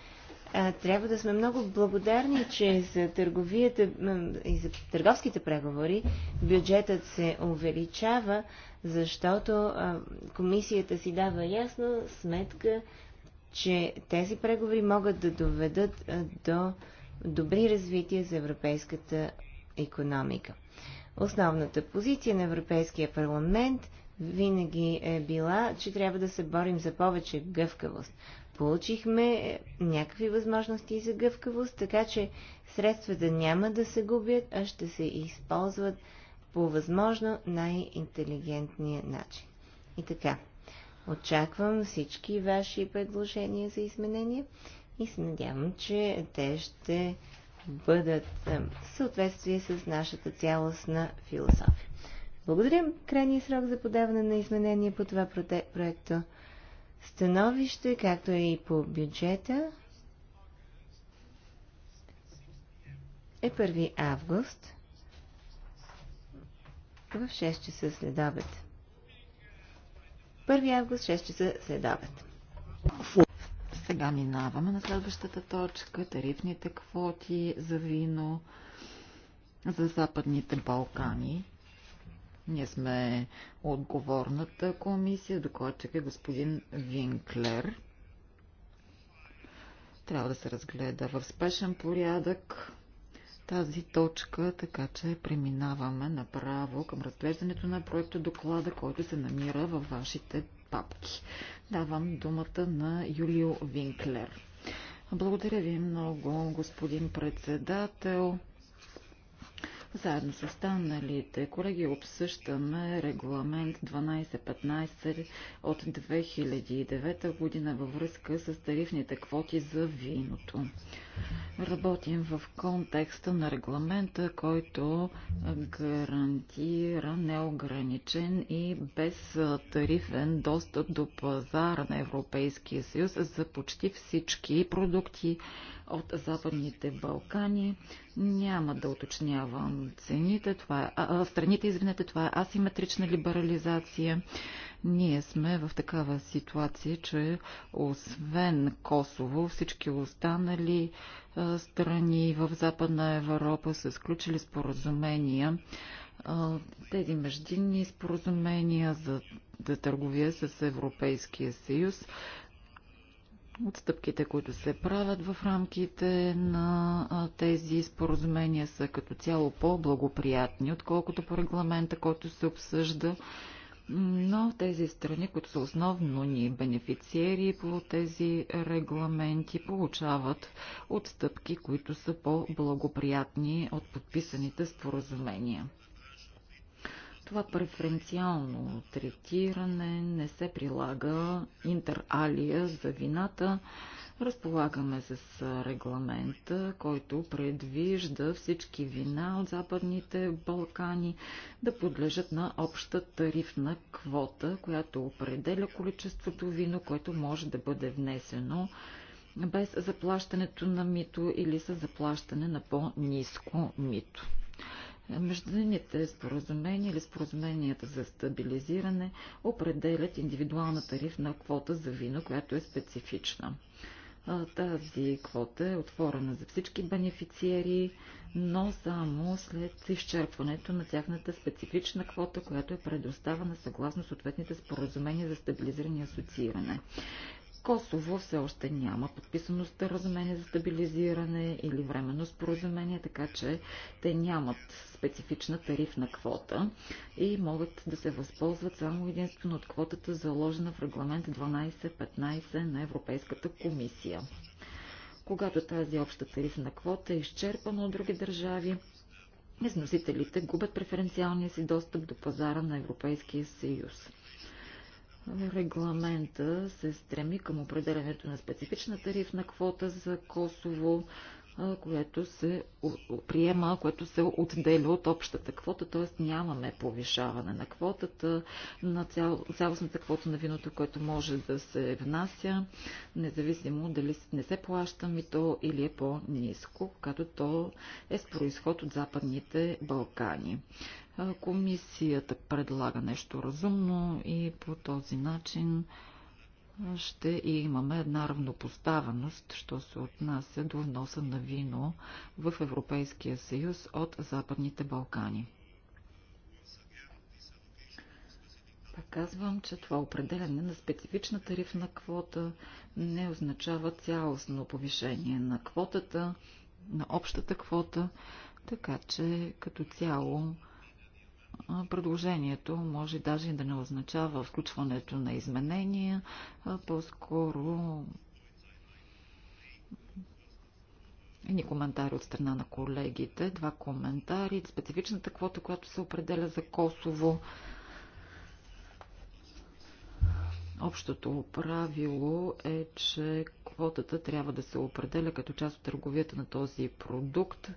а, трябва да сме много благодарни, че за търговията и за търговските преговори бюджетът се увеличава, защото а, комисията си дава ясна сметка, че тези преговори могат да доведат а, до добри развития за Европейската економика. Основната позиция на Европейския парламент винаги е била, че трябва да се борим за повече гъвкавост. Получихме някакви възможности за гъвкавост, така че средствата няма да се губят, а ще се използват по възможно най-интелигентния начин. И така, очаквам всички ваши предложения за изменения и се надявам, че те ще бъдат е, в съответствие с нашата цялостна философия. Благодарим крайния срок за подаване на изменения по това проекто становище, както и по бюджета, е 1 август в 6 часа след обед. 1 август, 6 часа след обед. Сега минаваме на следващата точка. Тарифните квоти за вино за Западните Балкани. Ние сме отговорната комисия, докладчик е господин Винклер. Трябва да се разгледа в спешен порядък тази точка, така че преминаваме направо към разглеждането на проекта доклада, който се намира във вашите папки. Давам думата на Юлио Винклер. Благодаря ви много, господин председател. Заедно с останалите колеги обсъщаме регламент 1215 от 2009 година във връзка с тарифните квоти за виното. Работим в контекста на регламента, който гарантира неограничен и безтарифен достъп до пазара на Европейския съюз за почти всички продукти, от Западните Балкани. Няма да уточнявам цените. Това е, а, страните, извинете, това е асиметрична либерализация. Ние сме в такава ситуация, че освен Косово, всички останали а, страни в Западна Европа са сключили споразумения тези междинни споразумения за, за търговия с Европейския съюз Отстъпките, които се правят в рамките на тези споразумения са като цяло по-благоприятни, отколкото по регламента, който се обсъжда. Но тези страни, които са основно ни бенефициери по тези регламенти, получават отстъпки, които са по-благоприятни от подписаните споразумения. Това преференциално третиране не се прилага интералия за вината. Разполагаме с регламента, който предвижда всички вина от Западните Балкани да подлежат на обща тарифна квота, която определя количеството вино, което може да бъде внесено без заплащането на мито или с заплащане на по-низко мито. Международните споразумения или споразуменията за стабилизиране определят индивидуална тарифна квота за вино, която е специфична. Тази квота е отворена за всички бенефициери, но само след изчерпването на тяхната специфична квота, която е предоставена съгласно съответните споразумения за стабилизиране и асоцииране. Косово все още няма подписано споразумение за стабилизиране или временно споразумение, така че те нямат специфична тарифна квота и могат да се възползват само единствено от квотата, заложена в регламент 1215 на Европейската комисия. Когато тази обща тарифна квота е изчерпана от други държави, износителите губят преференциалния си достъп до пазара на Европейския съюз. Регламента се стреми към определенето на специфична тарифна квота за Косово, което се приема, което се отделя от общата квота, т.е. нямаме повишаване на квотата, на цялостната квота на виното, което може да се внася, независимо дали не се плаща ми то или е по-низко, като то е с происход от Западните Балкани. Комисията предлага нещо разумно и по този начин ще имаме една равнопоставеност, що се отнася до вноса на вино в Европейския съюз от Западните Балкани. Пак казвам, че това определене на специфична тарифна квота не означава цялостно повишение на квотата, на общата квота, така че като цяло предложението може даже да не означава включването на изменения, по-скоро Едни коментари от страна на колегите, два коментари, специфичната квота, която се определя за Косово, Общото правило е, че квотата трябва да се определя като част от търговията на този продукт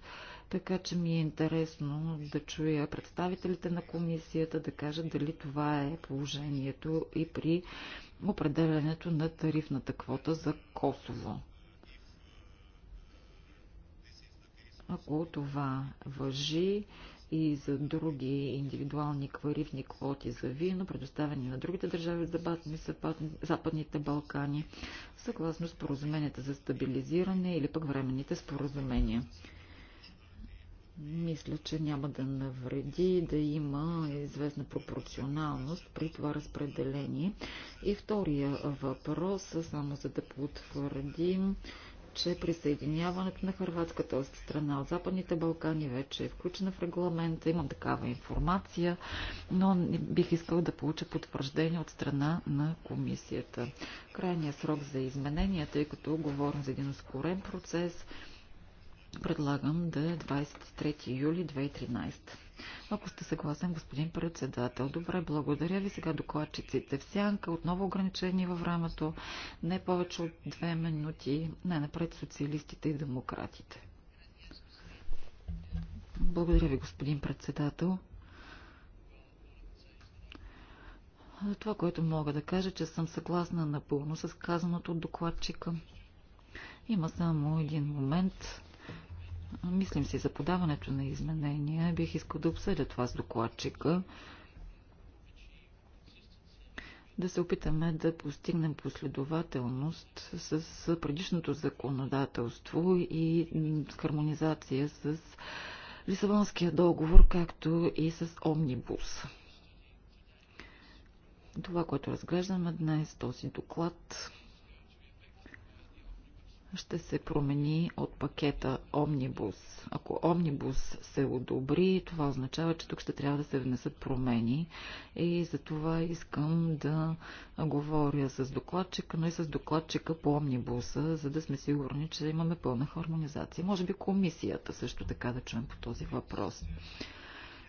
така че ми е интересно да чуя представителите на комисията да кажат дали това е положението и при определенето на тарифната квота за Косово. Ако това въжи, и за други индивидуални кварифни квоти за вино, предоставени на другите държави от Западните Балкани, съгласно споразуменията за стабилизиране или пък временните споразумения. Мисля, че няма да навреди да има известна пропорционалност при това разпределение. И втория въпрос, само за да потвърдим, че присъединяването на Харватската страна от Западните Балкани вече е включена в регламента. Имам такава информация, но бих искал да получа потвърждение от страна на комисията. Крайният срок за изменения, тъй като говорим за един ускорен процес, която предлагам да е 23 юли 2013. Ако сте съгласен, господин председател. Добре, благодаря ви. Сега докладчиците в сянка, отново ограничени във времето, не повече от две минути, не напред социалистите и демократите. Благодаря ви, господин председател. Това, което мога да кажа, че съм съгласна напълно с казаното от докладчика. Има само един момент, Мислим си за подаването на изменения. Бих искал да обсъдя това с докладчика. Да се опитаме да постигнем последователност с предишното законодателство и хармонизация с Лисабонския договор, както и с Омнибус. Това, което разглеждаме днес, този доклад, ще се промени от пакета Омнибус. Ако Омнибус се одобри, това означава, че тук ще трябва да се внесат промени и за това искам да говоря с докладчика, но и с докладчика по Омнибуса, за да сме сигурни, че имаме пълна хармонизация. Може би комисията също така да чуем по този въпрос.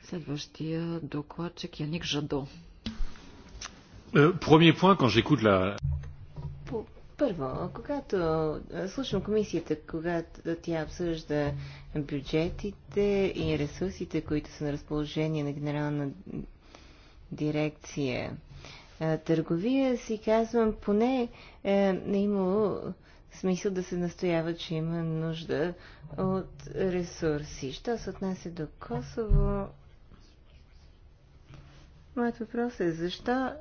Следващия докладчик Яник Жадо. Е, Първият пункт, когато първо, когато слушам комисията, когато тя обсъжда бюджетите и ресурсите, които са на разположение на генерална дирекция търговия, си казвам, поне е, не имало смисъл да се настоява, че има нужда от ресурси. Що се отнася до Косово? Моят въпрос е, защо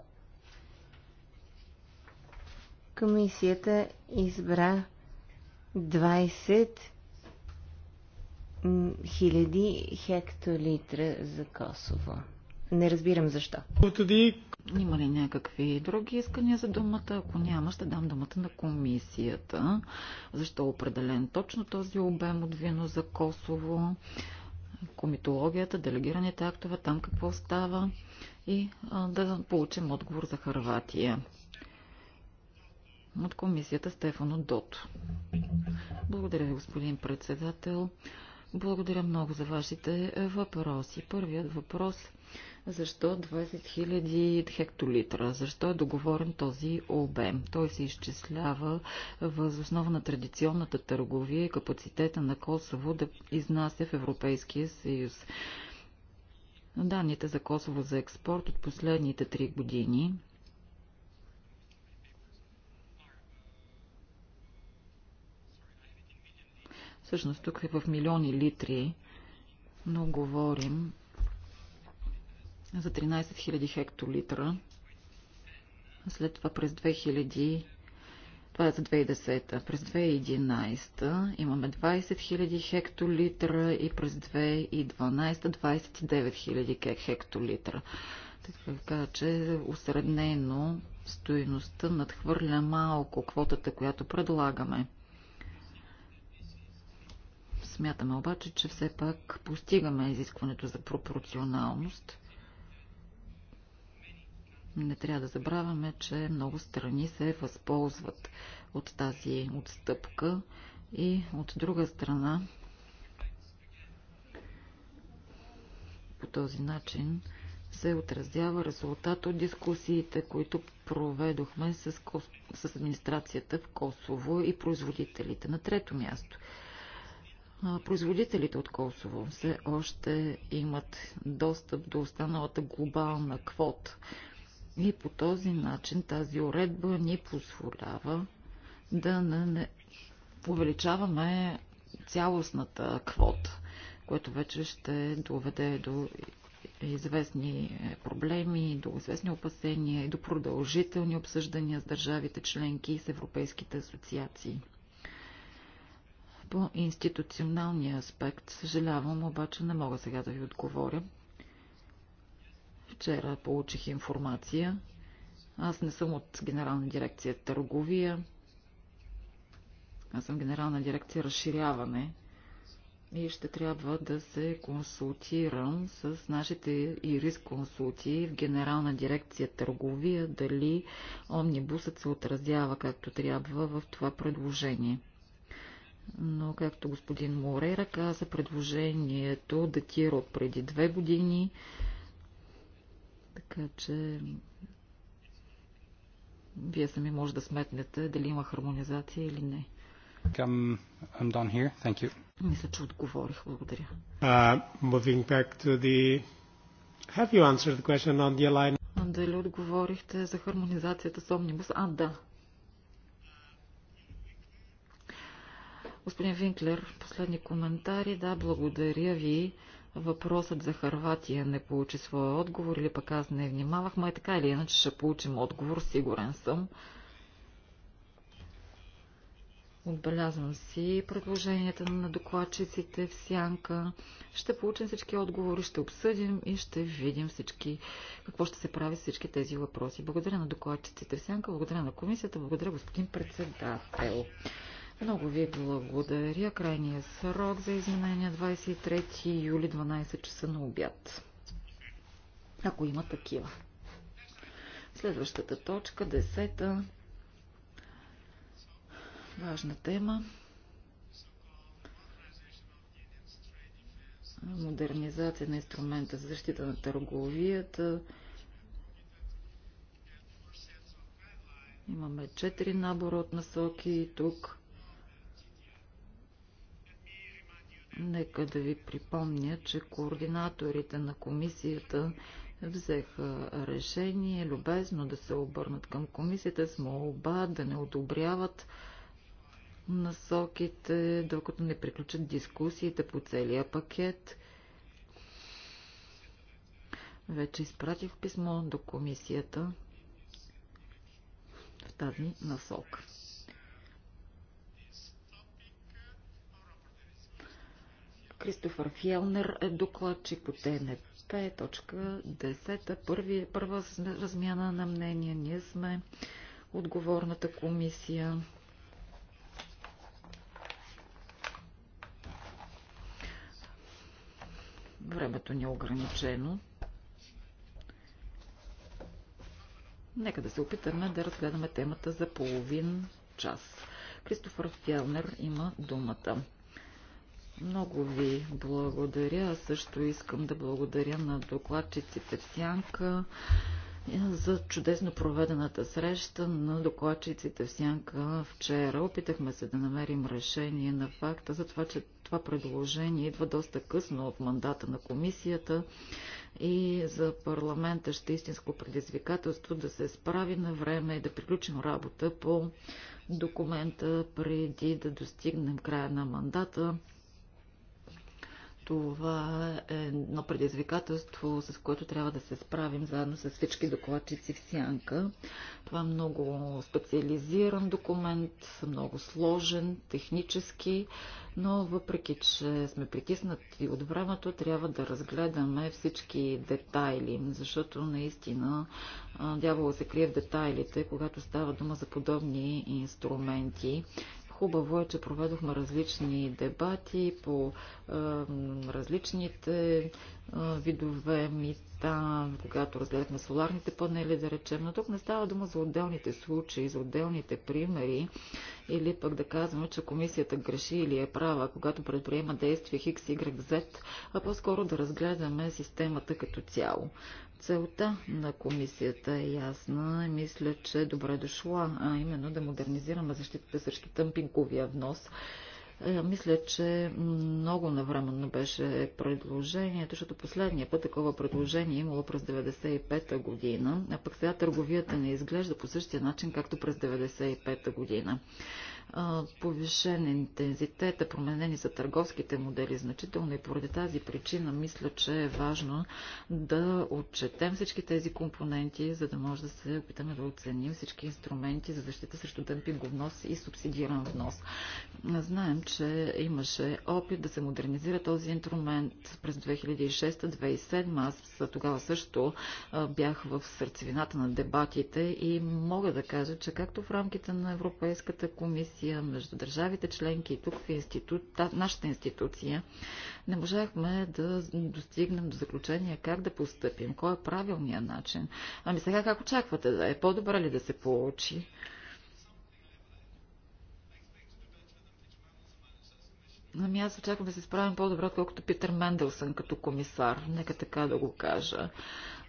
комисията избра 20 000 хектолитра за Косово. Не разбирам защо. Има ли някакви други искания за думата? Ако няма, ще дам думата на комисията. Защо е определен точно този обем от вино за Косово? Комитологията, делегираните актове, там какво става? И а, да получим отговор за Харватия от комисията Стефано Дото. Благодаря ви, господин председател. Благодаря много за вашите въпроси. Първият въпрос защо 20 000 хектолитра? Защо е договорен този обем? Той се изчислява въз основа на традиционната търговия и капацитета на Косово да изнася в Европейския съюз. Данните за Косово за експорт от последните три години Всъщност тук е в милиони литри, но говорим за 13 000 хектолитра. След това през 2000 това е за 2010. През 2011 имаме 20 000 хектолитра и през 2012 29 000 хектолитра. Така че усреднено стоиността надхвърля малко квотата, която предлагаме. Смятаме обаче, че все пак постигаме изискването за пропорционалност. Не трябва да забравяме, че много страни се възползват от тази отстъпка и от друга страна по този начин се отразява резултат от дискусиите, които проведохме с, с администрацията в Косово и производителите. На трето място – производителите от Косово все още имат достъп до останалата глобална квота. И по този начин тази уредба ни позволява да не увеличаваме цялостната квота, което вече ще доведе до известни проблеми, до известни опасения и до продължителни обсъждания с държавите членки и с европейските асоциации. По институционалния аспект, съжалявам, обаче не мога сега да ви отговоря. Вчера получих информация. Аз не съм от Генерална дирекция Търговия. Аз съм Генерална дирекция Разширяване и ще трябва да се консултирам с нашите юрисконсулти консулти в Генерална дирекция търговия, дали омнибусът се отразява както трябва в това предложение но както господин Морера каза, предложението датира от преди две години, така че вие сами може да сметнете дали има хармонизация или не. I'm, I'm done here. Thank you. Мисля, че отговорих. Благодаря. Uh, moving back to the... Have you answered the question on the line? Дали отговорихте за хармонизацията с Омнибус? А, да. Господин Винклер, последни коментари. Да, благодаря ви. Въпросът за Харватия не получи своя отговор или пък аз не внимавах, май е, така или иначе ще получим отговор, сигурен съм. Отбелязвам си предложенията на докладчиците в сянка. Ще получим всички отговори, ще обсъдим и ще видим всички, какво ще се прави с всички тези въпроси. Благодаря на докладчиците в сянка, благодаря на комисията, благодаря господин председател. Много ви благодаря. Крайният срок за изменение 23 е юли 12 часа на обяд. Ако има такива. Следващата точка, десета. Важна тема. Модернизация на инструмента за защита на търговията. Имаме четири набора от насоки тук Нека да ви припомня, че координаторите на комисията взеха решение любезно да се обърнат към комисията с молба да не одобряват насоките, докато не приключат дискусиите по целия пакет. Вече изпратих писмо до комисията в тази насока. Кристофър Фелнер е докладчик по ТНП, точка 10. Първи, е първа размяна на мнение. Ние сме отговорната комисия. Времето ни е ограничено. Нека да се опитаме да разгледаме темата за половин час. Кристофър Фелнер има думата. Много ви благодаря. Аз също искам да благодаря на докладчиците в Сянка за чудесно проведената среща на докладчиците в Сянка вчера. Опитахме се да намерим решение на факта за това, че това предложение идва доста късно от мандата на комисията и за парламента ще е истинско предизвикателство да се справи на време и да приключим работа по документа преди да достигнем края на мандата това е едно предизвикателство, с което трябва да се справим заедно с всички докладчици в Сянка. Това е много специализиран документ, много сложен, технически, но въпреки, че сме притиснати от времето, трябва да разгледаме всички детайли, защото наистина дявола се крие в детайлите, когато става дума за подобни инструменти. Хубаво е, че проведохме различни дебати по е, различните е, видове мита, когато разгледахме соларните панели, да речем. Но тук не става дума за отделните случаи, за отделните примери или пък да казваме, че комисията греши или е права, когато предприема действие X, Y, Z, а по-скоро да разгледаме системата като цяло. Целта на комисията е ясна мисля, че добре дошла, а именно да модернизираме защитата срещу тъмпинговия внос. Е, мисля, че много навременно беше предложението, защото последния път такова предложение е имало през 95-та година, а пък сега търговията не изглежда по същия начин, както през 95-та година повишен интензитет, е променени са търговските модели значително и поради тази причина мисля, че е важно да отчетем всички тези компоненти, за да може да се опитаме да оценим всички инструменти за защита срещу дъмпингов внос и субсидиран внос. Знаем, че имаше опит да се модернизира този инструмент през 2006-2007. Аз тогава също бях в сърцевината на дебатите и мога да кажа, че както в рамките на Европейската комисия, координация между държавите членки и тук в институт, нашата институция, не можахме да достигнем до заключение как да поступим, кой е правилният начин. Ами сега как очаквате да е? По-добре ли да се получи? Ами аз очаквам да се справим по-добре, отколкото Питър Менделсън като комисар. Нека така да го кажа.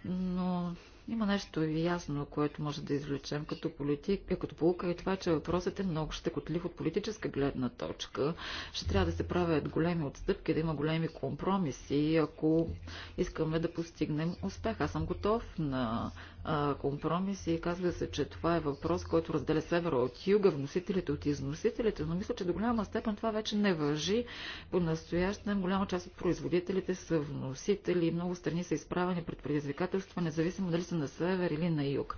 Но има нещо ясно, което може да извлечем като политик, е, като полука и е това, че въпросът е много щекотлив от политическа гледна точка. Ще трябва да се правят големи отстъпки, да има големи компромиси, ако искаме да постигнем успех. Аз съм готов на компромиси и казва се, че това е въпрос, който разделя севера от юга, вносителите от износителите, но мисля, че до голяма степен това вече не въжи. По настоящем голяма част от производителите са вносители и много страни са изправени пред предизвикателства, независимо дали са на север или на юг.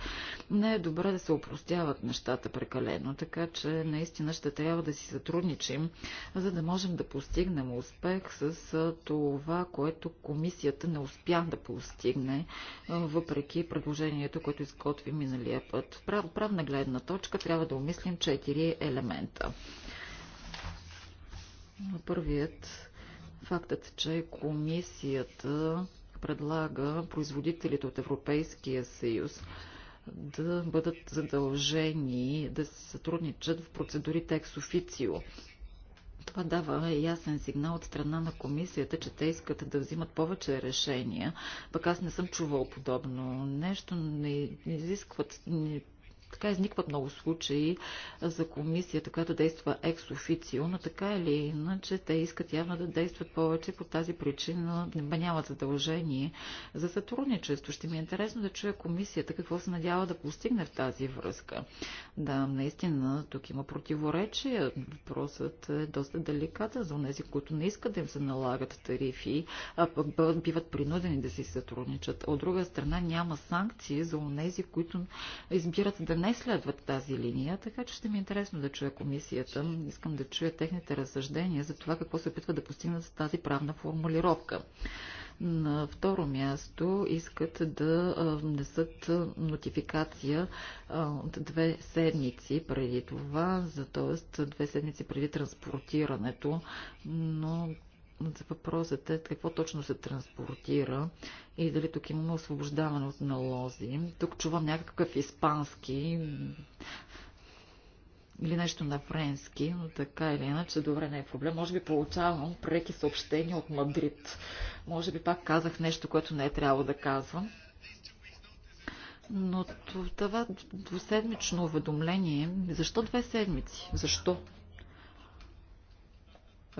Не е добре да се упростяват нещата прекалено, така че наистина ще трябва да си сътрудничим, за да можем да постигнем успех с това, което комисията не успя да постигне, въпреки предложението, което изготви миналия път. В прав, правна гледна точка трябва да умислим четири елемента. Първият фактът, че комисията предлага производителите от Европейския съюз да бъдат задължени да се сътрудничат в процедурите ексофицио. Това дава ясен сигнал от страна на комисията, че те искат да взимат повече решения. Пък аз не съм чувал подобно нещо. Не изискват така изникват много случаи за комисията, която действа екс официо, но така или иначе те искат явно да действат повече по тази причина, не нямат задължение за сътрудничество. Ще ми е интересно да чуя комисията какво се надява да постигне в тази връзка. Да, наистина тук има противоречия. Въпросът е доста деликатен за тези, които не искат да им се налагат тарифи, а пък биват принудени да си сътрудничат. От друга страна няма санкции за тези, които избират да не следват тази линия, така че ще ми е интересно да чуя комисията. Искам да чуя техните разсъждения за това какво се опитва да постигнат с тази правна формулировка. На второ място искат да внесат нотификация от две седмици преди това, т.е. две седмици преди транспортирането, но Въпросът е какво точно се транспортира и дали тук имаме освобождаване от налози. Тук чувам някакъв испански или нещо на френски, но така или иначе, добре, не е проблем. Може би получавам преки съобщения от Мадрид. Може би пак казах нещо, което не е трябвало да казвам. Но това двуседмично уведомление, защо две седмици? Защо?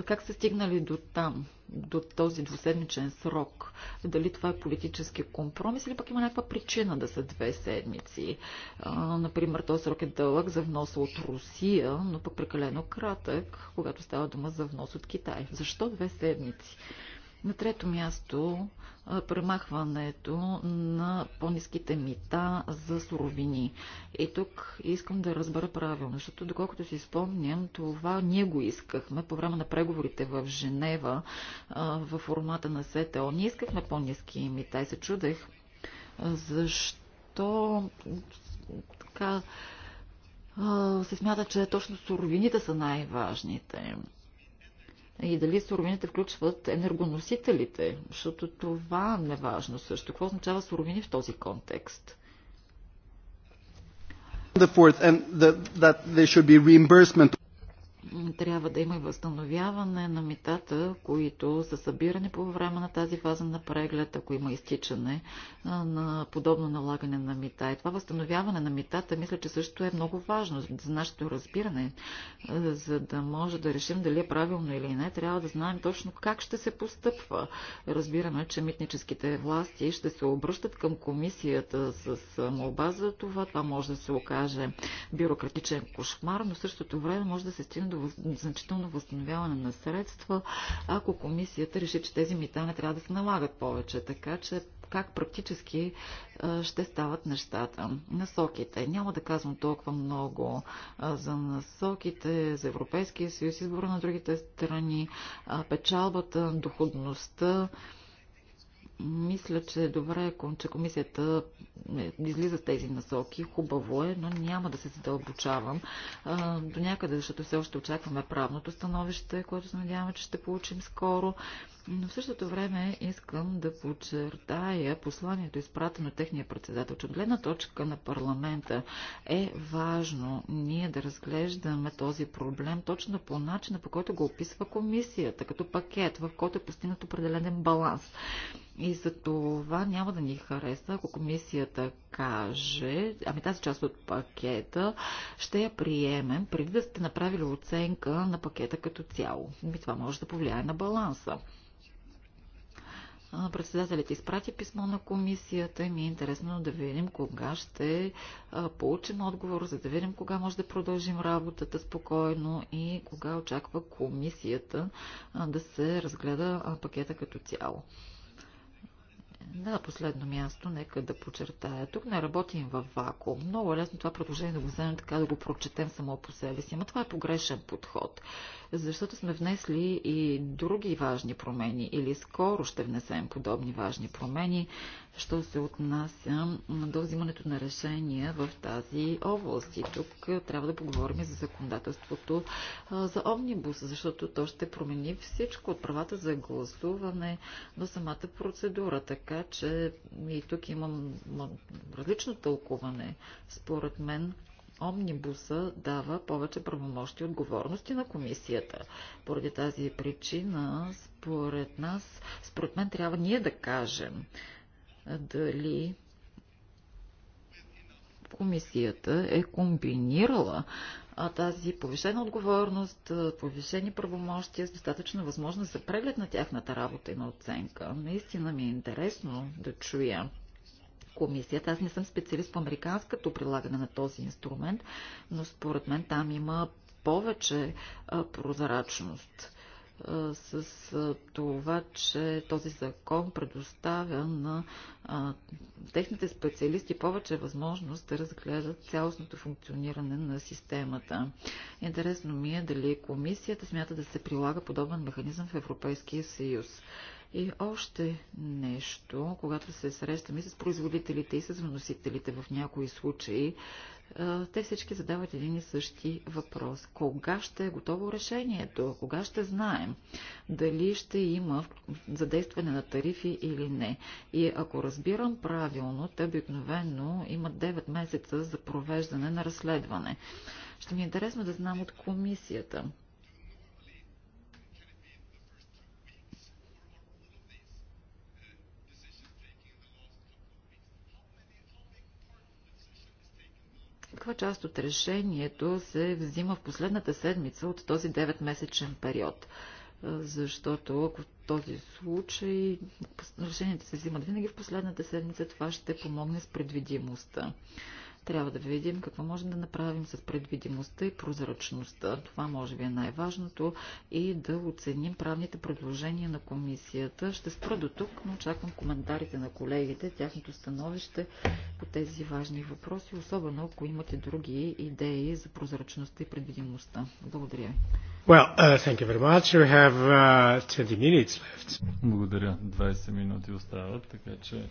Как са стигнали до там, до този двуседмичен срок? Дали това е политически компромис или пък има някаква причина да са две седмици? А, например, този срок е дълъг за внос от Русия, но пък прекалено кратък, когато става дума за внос от Китай. Защо две седмици? На трето място премахването на по-низките мита за суровини. И тук искам да разбера правилно, защото доколкото си спомням, това ние го искахме по време на преговорите в Женева в формата на СТО. Ние искахме по-низки мита и се чудех защо така се смята, че точно суровините са най-важните и дали суровините включват енергоносителите, защото това не е важно също. Какво означава суровини в този контекст? The fourth, and the, that there should be reimbursement трябва да има и възстановяване на митата, които са събирани по време на тази фаза на преглед, ако има изтичане на подобно налагане на мита. И това възстановяване на митата, мисля, че също е много важно за нашето разбиране, за да може да решим дали е правилно или не. Трябва да знаем точно как ще се постъпва. Разбираме, че митническите власти ще се обръщат към комисията с молба за това. Това може да се окаже бюрократичен кошмар, но в същото време може да се стигне до значително възстановяване на средства, ако комисията реши, че тези мита не трябва да се налагат повече. Така че как практически ще стават нещата. Насоките. Няма да казвам толкова много за насоките, за Европейския съюз, избора на другите страни, печалбата, доходността. Мисля, че е добре, че комисията е, излиза с тези насоки. Хубаво е, но няма да се задълбочавам до някъде, защото все още очакваме правното становище, което се надяваме, че ще получим скоро. Но в същото време искам да подчертая посланието, изпратено от техния председател, че от гледна точка на парламента е важно ние да разглеждаме този проблем точно по начина, по който го описва комисията, като пакет, в който е постигнат определен баланс. И за това няма да ни хареса. ако комисията каже, ами тази част от пакета ще я приемем, преди да сте направили оценка на пакета като цяло. И това може да повлияе на баланса. Председателят изпрати писмо на комисията и ми е интересно да видим кога ще получим отговор, за да видим кога може да продължим работата спокойно и кога очаква комисията да се разгледа пакета като цяло. На последно място, нека да почертая тук не работим в вакуум. Много е лесно това предложение да го вземем така, да го прочетем само по себе си, но това е погрешен подход защото сме внесли и други важни промени или скоро ще внесем подобни важни промени, що се отнася до взимането на решения в тази област. И тук е, трябва да поговорим за законодателството е, за омнибус, защото то ще промени всичко от правата за гласуване до самата процедура. Така че и тук имам различно тълкуване, според мен омнибуса дава повече правомощи и отговорности на комисията. Поради тази причина, според нас, според мен трябва ние да кажем дали комисията е комбинирала а тази повишена отговорност, повишени правомощия с достатъчна възможност за преглед на тяхната работа и на оценка. Наистина ми е интересно да чуя комисията. Аз не съм специалист по американското прилагане на този инструмент, но според мен там има повече прозрачност с това, че този закон предоставя на а, техните специалисти повече възможност да разгледат цялостното функциониране на системата. Интересно ми е дали комисията смята да се прилага подобен механизъм в Европейския съюз. И още нещо, когато се срещаме с производителите и с вносителите в някои случаи, те всички задават един и същи въпрос. Кога ще е готово решението? Кога ще знаем дали ще има задействане на тарифи или не? И ако разбирам правилно, те обикновено имат 9 месеца за провеждане на разследване. Ще ми е интересно да знам от комисията каква част от решението се взима в последната седмица от този 9-месечен период. Защото ако в този случай решенията се взимат винаги в последната седмица, това ще помогне с предвидимостта. Трябва да видим какво можем да направим с предвидимостта и прозрачността. Това може би е най-важното и да оценим правните предложения на комисията. Ще спра до тук, но очаквам коментарите на колегите, тяхното становище по тези важни въпроси, особено ако имате други идеи за прозрачността и предвидимостта. Благодаря ви. Well, uh, thank you very much. You have uh, 20 minutes left. Благодаря. 20 минути остават, така че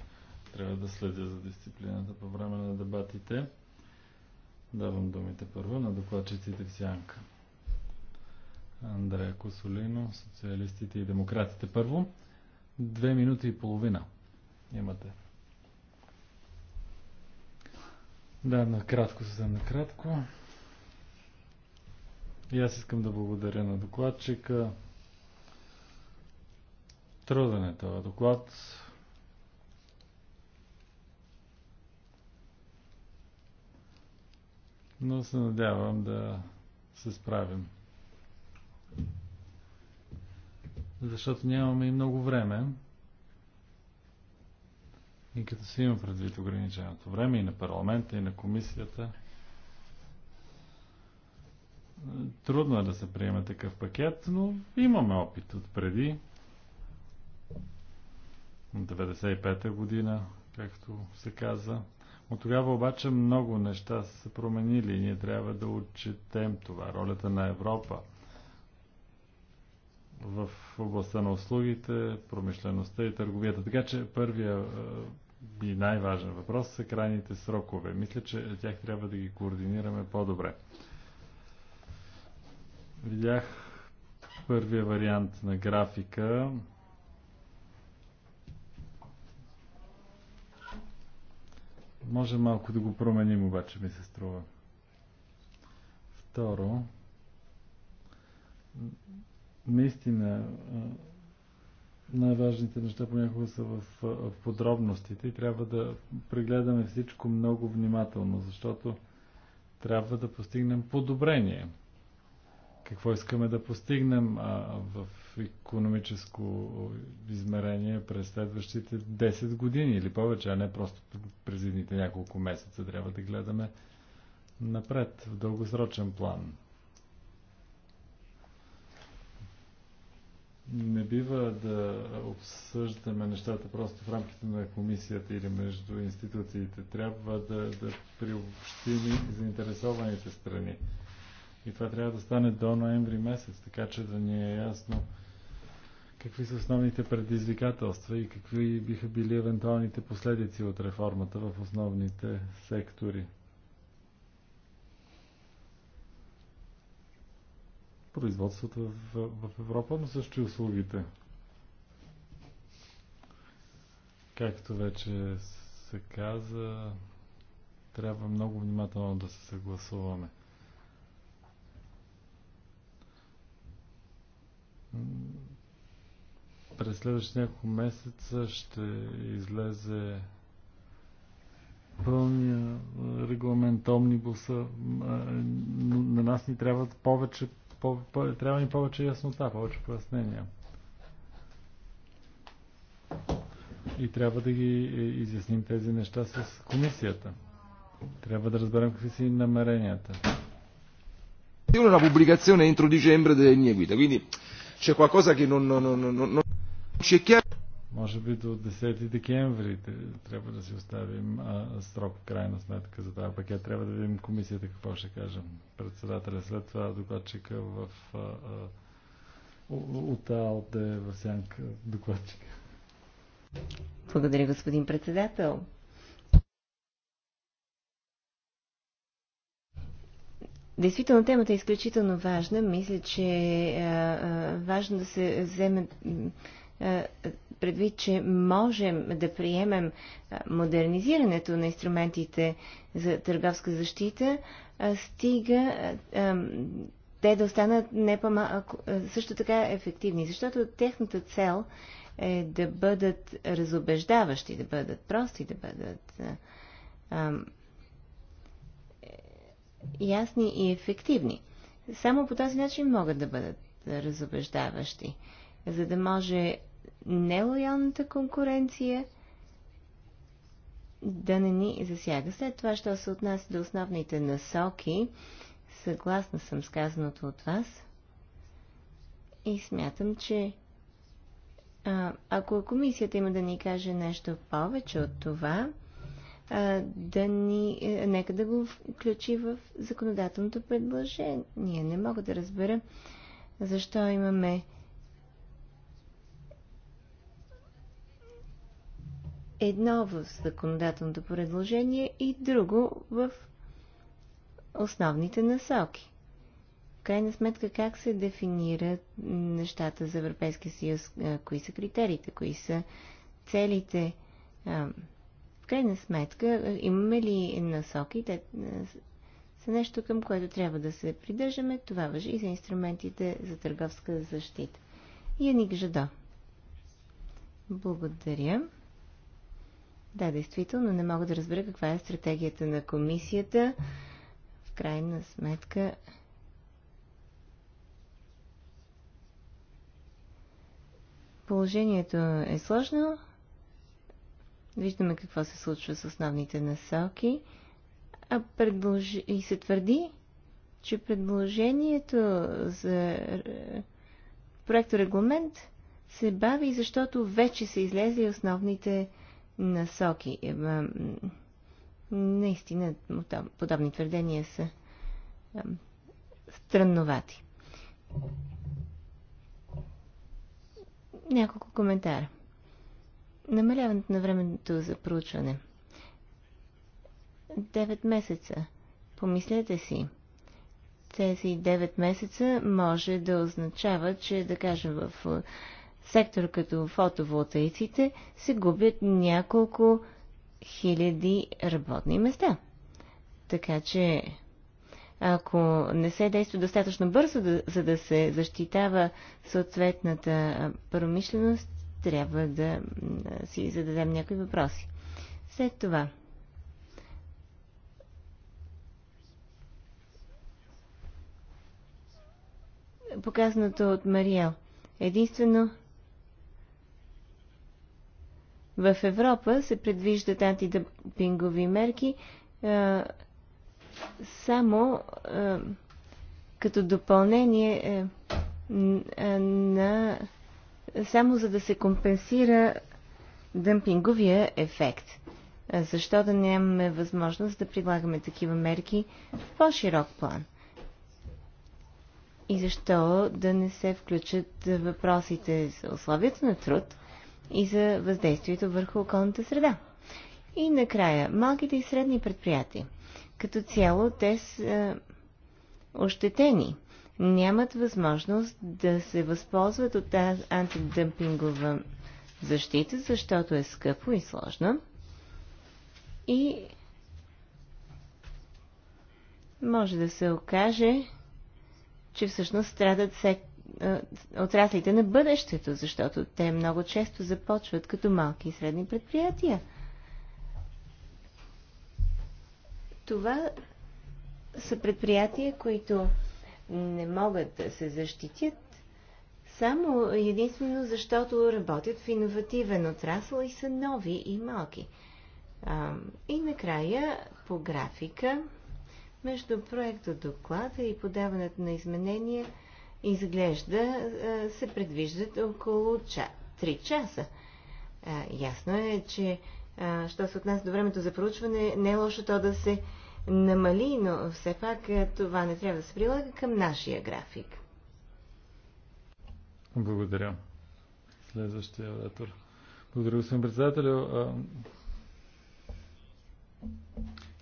трябва да следя за дисциплината по време на дебатите. Давам думите първо на докладчиците в Сянка. Андрея Косолино, социалистите и демократите първо. Две минути и половина имате. Да, накратко, съвсем накратко. И аз искам да благодаря на докладчика. Труден е този доклад. но се надявам да се справим. Защото нямаме и много време. И като се има предвид ограниченото време и на парламента, и на комисията, трудно е да се приеме такъв пакет, но имаме опит от преди. 95-та година, както се каза. От тогава обаче много неща са се променили и ние трябва да отчетем това. Ролята на Европа в областта на услугите, промишлеността и търговията. Така че първия е, и най-важен въпрос са крайните срокове. Мисля, че тях трябва да ги координираме по-добре. Видях първия вариант на графика Може малко да го променим, обаче ми се струва. Второ, наистина най-важните неща понякога са в, в подробностите и трябва да прегледаме всичко много внимателно, защото трябва да постигнем подобрение – какво искаме да постигнем в економическо измерение през следващите 10 години или повече, а не просто през едните няколко месеца. Трябва да гледаме напред, в дългосрочен план. Не бива да обсъждаме нещата просто в рамките на комисията или между институциите. Трябва да, да приобщим и заинтересованите страни. И това трябва да стане до ноември месец, така че да ни е ясно какви са основните предизвикателства и какви биха били евентуалните последици от реформата в основните сектори. Производството в, в Европа, но също и услугите. Както вече се каза, трябва много внимателно да се съгласуваме. През следващите няколко месеца ще излезе пълния регламент Омнибуса. На нас ни трябва повече, повече трябва ни повече яснота, повече пояснения. И трябва да ги е, изясним тези неща с комисията. Трябва да разберем какви са и намеренията. Una pubblicazione entro dicembre delle linee guida, quindi C'è qualcosa che non, non, non, non, non c'è chiaro. Може би до 10 декември трябва да си оставим а, срок, крайна сметка за това пакет. Трябва да видим комисията какво ще кажем. Председателя след това докладчика в а, а, УТАЛ да е в сянка докладчика. Благодаря, господин председател. Действително темата е изключително важна. Мисля, че е, е важно да се вземе е, предвид, че можем да приемем е, модернизирането на инструментите за търговска защита, стига те да останат не по-малко, също така ефективни, защото техната цел е да бъдат разобеждаващи, да бъдат прости, да бъдат ясни и ефективни. Само по този начин могат да бъдат разобеждаващи, за да може нелоялната конкуренция да не ни засяга. След това, що се отнася до основните насоки, съгласна съм с казаното от вас и смятам, че а, ако комисията има да ни каже нещо повече от това, да ни, е, нека да го включи в законодателното предложение. Не мога да разбера защо имаме едно в законодателното предложение и друго в основните насоки. В крайна сметка, как се дефинират нещата за Европейския съюз? Кои са критериите? Кои са целите? крайна сметка, е, имаме ли насоки, те е, са нещо към което трябва да се придържаме. Това въжи и за инструментите за търговска защита. Яник Жадо. Благодаря. Да, действително, не мога да разбера каква е стратегията на комисията. В крайна сметка. Положението е сложно, Виждаме какво се случва с основните насоки. А предлож... и се твърди, че предложението за проекторегламент се бави, защото вече са излезли основните насоки. Е, наистина, подобни твърдения са странновати. Няколко коментара. Намаляването на времето за проучване. 9 месеца. Помислете си. Тези 9 месеца може да означава, че да кажем в сектор като фотоволтаиците се губят няколко хиляди работни места. Така че, ако не се действа достатъчно бързо, за да се защитава съответната промишленост, трябва да си зададем някои въпроси. След това. Показаното от Мариел. Единствено в Европа се предвиждат антидъпингови мерки е, само е, като допълнение е, на само за да се компенсира дъмпинговия ефект. Защо да нямаме възможност да прилагаме такива мерки в по-широк план? И защо да не се включат въпросите за условията на труд и за въздействието върху околната среда? И накрая, малките и средни предприятия. Като цяло те са ощетени нямат възможност да се възползват от тази антидъмпингова защита, защото е скъпо и сложно. И може да се окаже, че всъщност страдат се, отраслите на бъдещето, защото те много често започват като малки и средни предприятия. Това са предприятия, които не могат да се защитят само единствено защото работят в иновативен отрасъл и са нови и малки. А, и накрая по графика между проекта доклада и подаването на изменения изглежда се предвиждат около 3 часа. А, ясно е, че а, що се отнася до времето за проучване, не е лошо то да се намали, но все пак е, това не трябва да се прилага към нашия график. Благодаря. Следващия оратор. Благодаря, господин председател.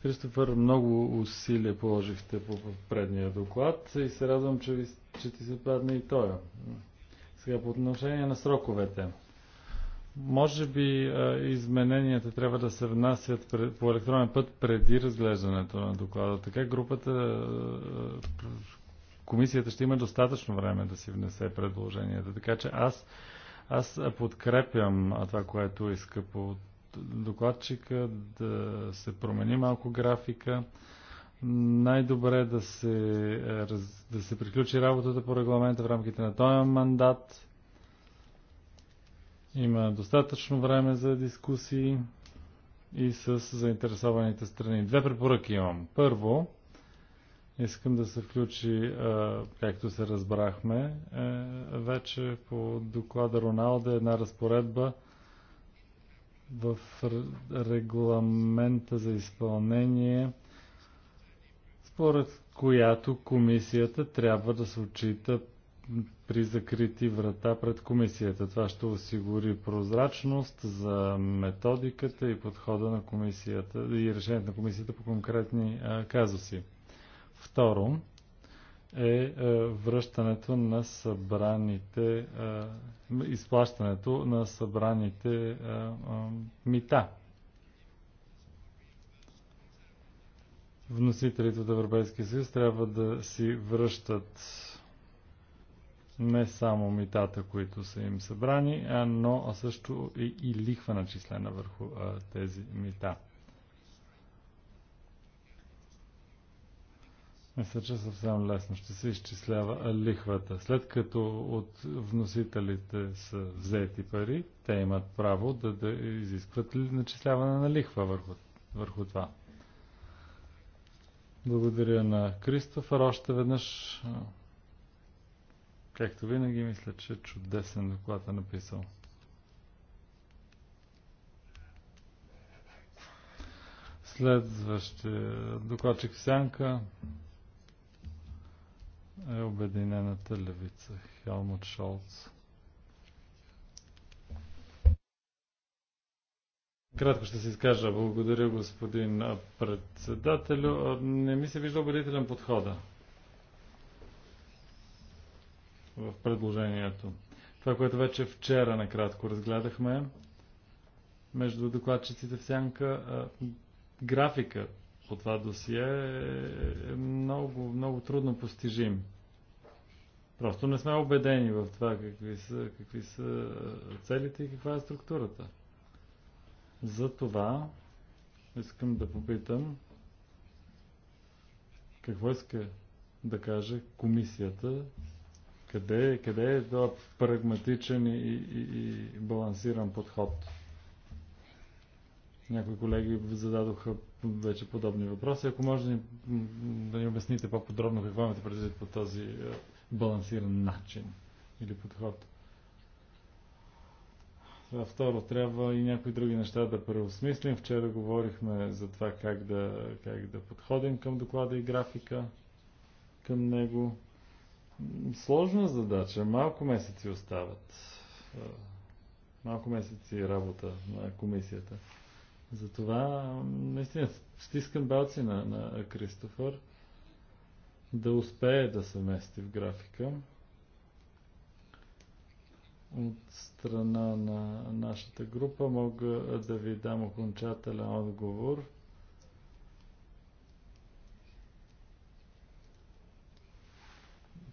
Кристофър, много усилия положихте по предния доклад и се радвам, че, ви, че ти се падне и той. Сега по отношение на сроковете. Може би измененията трябва да се внасят по електронен път преди разглеждането на доклада. Така групата, комисията ще има достатъчно време да си внесе предложенията. Така че аз, аз подкрепям това, което иска по докладчика, да се промени малко графика. Най-добре да се, да се приключи работата по регламента в рамките на този мандат има достатъчно време за дискусии и с заинтересованите страни. Две препоръки имам. Първо, искам да се включи, както се разбрахме, е, вече по доклада Роналда една разпоредба в регламента за изпълнение, според която комисията трябва да се отчита при закрити врата пред комисията. Това ще осигури прозрачност за методиката и подхода на комисията и решението на комисията по конкретни а, казуси. Второ е а, е, връщането на събраните, а, изплащането на събраните а, а, мита. Вносителите от Европейския съюз трябва да си връщат не само митата, които са им събрани, но също и, и лихва начислена върху а, тези мита. Мисля, че съвсем лесно ще се изчислява лихвата. След като от вносителите са взети пари, те имат право да, да изискват начисляване на лихва върху, върху това. Благодаря на Кристофър още веднъж. Както винаги, мисля, че чудесен доклад е написал. Следващия докладчик Сянка е Обединената левица Хелмут Шолц. Кратко ще се изкажа. Благодаря, господин председателю. Не ми се вижда убедителен подхода. в предложението. Това, което вече вчера накратко разгледахме между докладчиците в сянка, графика по това досие е много, много трудно постижим. Просто не сме убедени в това какви са, какви са целите и каква е структурата. За това искам да попитам какво иска да каже комисията къде, къде е този прагматичен и, и, и балансиран подход? Някои колеги зададоха вече подобни въпроси. Ако може да ни, да ни обясните по-подробно какво имате предвид по този е, балансиран начин или подход. А второ, трябва и някои други неща да преосмислим. Вчера говорихме за това как да, как да подходим към доклада и графика към него сложна задача. Малко месеци остават. Малко месеци работа на комисията. Затова наистина стискам балци на, на Кристофър да успее да се мести в графика. От страна на нашата група мога да ви дам окончателен отговор –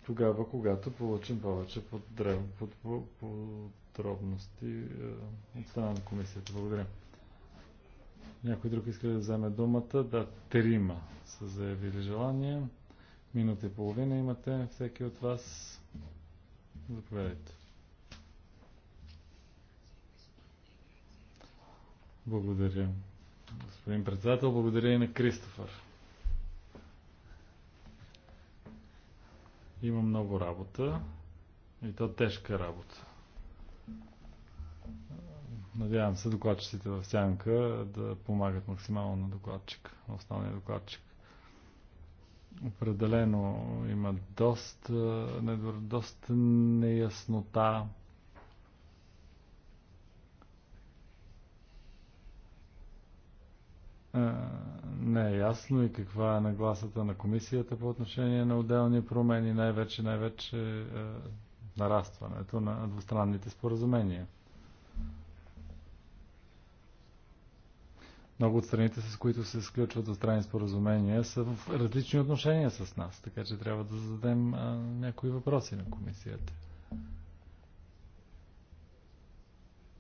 тогава, когато получим повече подробности е, от страна на комисията. Благодаря. Някой друг иска да вземе думата? Да, трима са заявили желание. Минута и половина имате всеки от вас. Заповядайте. Благодаря. Господин председател, благодаря и на Кристофър. Има много работа и то тежка работа. Надявам се докладчиците в сянка да помагат максимално на докладчик, на основния докладчик. Определено има доста, доста неяснота Е, не е ясно и каква е нагласата на комисията по отношение на отделни промени, най-вече, най-вече е, нарастването на двустранните споразумения. Много от страните, с които се сключват двустранни споразумения, са в различни отношения с нас, така че трябва да зададем е, някои въпроси на комисията.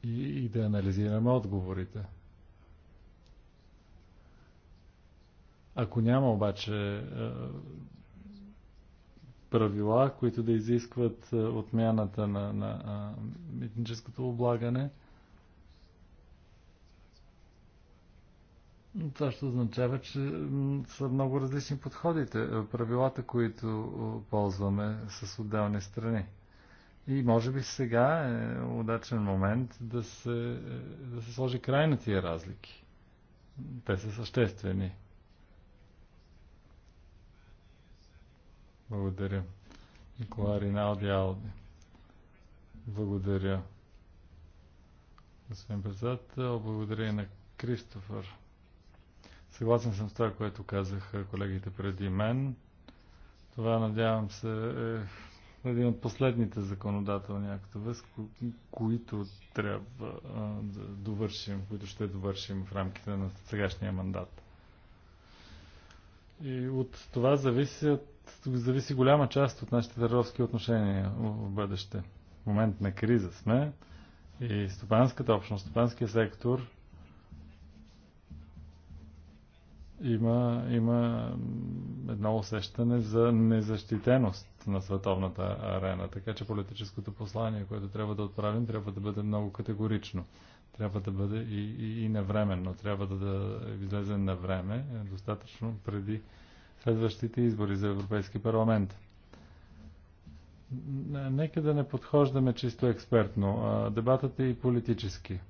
И, и да анализираме отговорите. Ако няма обаче е, правила, които да изискват е, отмяната на, на етническото митническото облагане, Това ще означава, че са много различни подходите, е, правилата, които ползваме с отделни страни. И може би сега е удачен момент да се, да се сложи край на тия разлики. Те са съществени. Благодаря. Николай Риналди Алди. Благодаря. Господин председател, благодаря и на Кристофър. Съгласен съм с това, което казаха колегите преди мен. Това, надявам се, е един от последните законодателни актове, с ко- които трябва а, да довършим, които ще довършим в рамките на сегашния мандат. И от това зависят зависи голяма част от нашите търговски отношения в бъдеще. В момент на криза сме и стопанската общност, стопанския сектор има, има едно усещане за незащитеност на световната арена. Така че политическото послание, което трябва да отправим, трябва да бъде много категорично. Трябва да бъде и, и, и навременно. Трябва да, да излезе на време, достатъчно преди следващите избори за Европейски парламент. Нека да не подхождаме чисто експертно. Дебатът е и политически.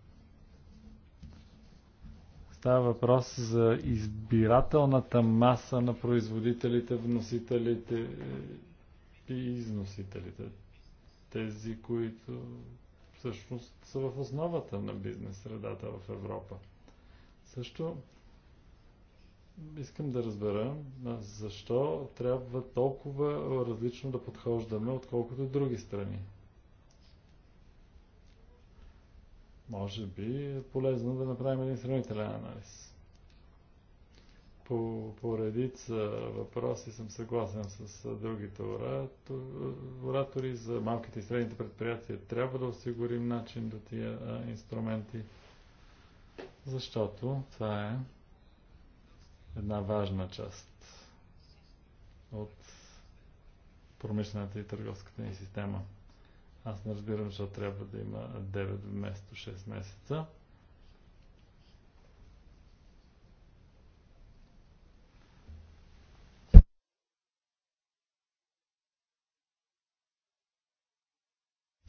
Става въпрос за избирателната маса на производителите, вносителите е, и износителите. Тези, които всъщност са в основата на бизнес средата в Европа. Също искам да разбера защо трябва толкова различно да подхождаме, отколкото други страни. Може би е полезно да направим един сравнителен анализ. По, по редица въпроси съм съгласен с другите оратори. За малките и средните предприятия трябва да осигурим начин до тия инструменти, защото това е една важна част от промишлената и търговската ни система. Аз не разбирам, защо трябва да има 9 вместо 6 месеца.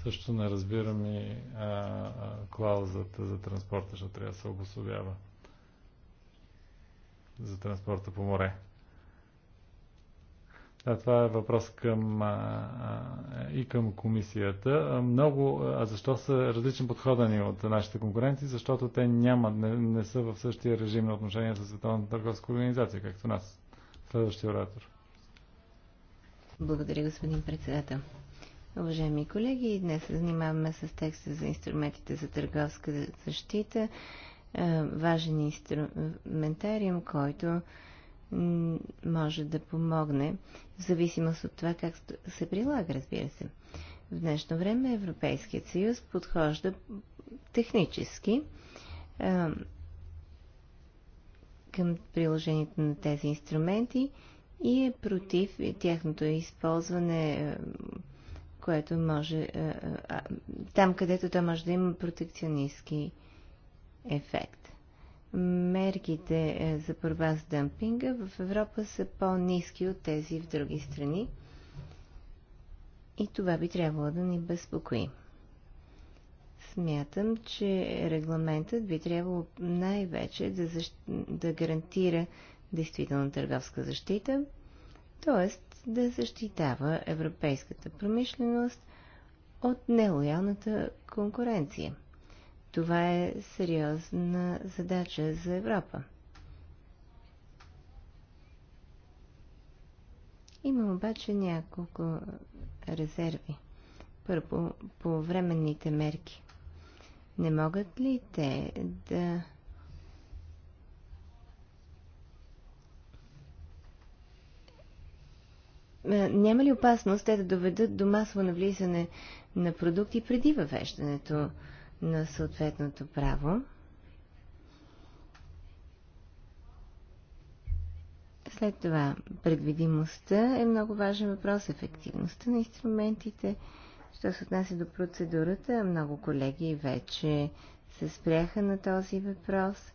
Също не разбирам и а, а, клаузата за транспорта, защото трябва да се обособява за транспорта по море. Да, това е въпрос към, а, а, и към комисията. Много, а защо са различни подходани от нашите конкуренти? Защото те нямат, не, не са в същия режим на отношения с Световната търговска организация, както нас. Следващия оратор. Благодаря, господин председател. Уважаеми колеги, днес се занимаваме с текста за инструментите за търговска защита. Е, важен инструментариум, който може да помогне, в зависимост от това как се прилага, разбира се. В днешно време Европейският съюз подхожда технически е, към приложението на тези инструменти и е против тяхното използване, е, което може. там, където то може да има протекционистски ефект. Мерките е, за борба с дъмпинга в Европа са по-низки от тези в други страни и това би трябвало да ни безпокои. Смятам, че регламентът би трябвало най-вече да, защ... да гарантира действителна търговска защита, т.е. да защитава европейската промишленост от нелоялната конкуренция – това е сериозна задача за Европа. Имам обаче няколко резерви. Първо, по временните мерки. Не могат ли те да е, няма ли опасност те да доведат до масово навлизане на продукти преди въвеждането на съответното право. След това, предвидимостта е много важен въпрос, ефективността на инструментите. Що се отнася до процедурата, много колеги вече се спряха на този въпрос.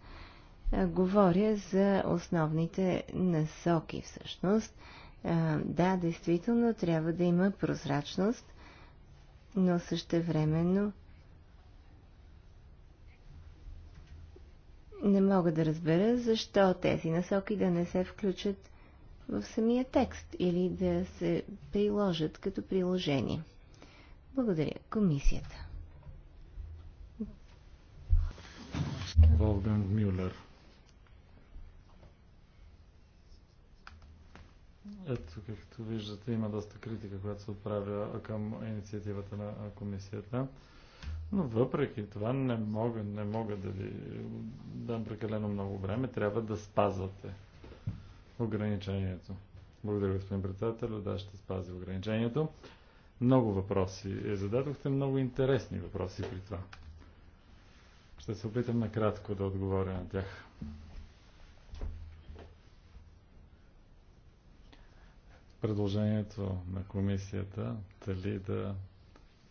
Говоря за основните насоки всъщност. Да, действително трябва да има прозрачност, но също времено. не мога да разбера защо тези насоки да не се включат в самия текст или да се приложат като приложение. Благодаря. Комисията. Волган Мюллер. Ето, както виждате, има доста критика, която се отправя към инициативата на комисията. Но въпреки това не мога, не мога да ви дам прекалено много време. Трябва да спазвате ограничението. Благодаря, господин председател. Да, ще спази ограничението. Много въпроси. Е, зададохте много интересни въпроси при това. Ще се опитам накратко да отговоря на тях. Предложението на комисията дали да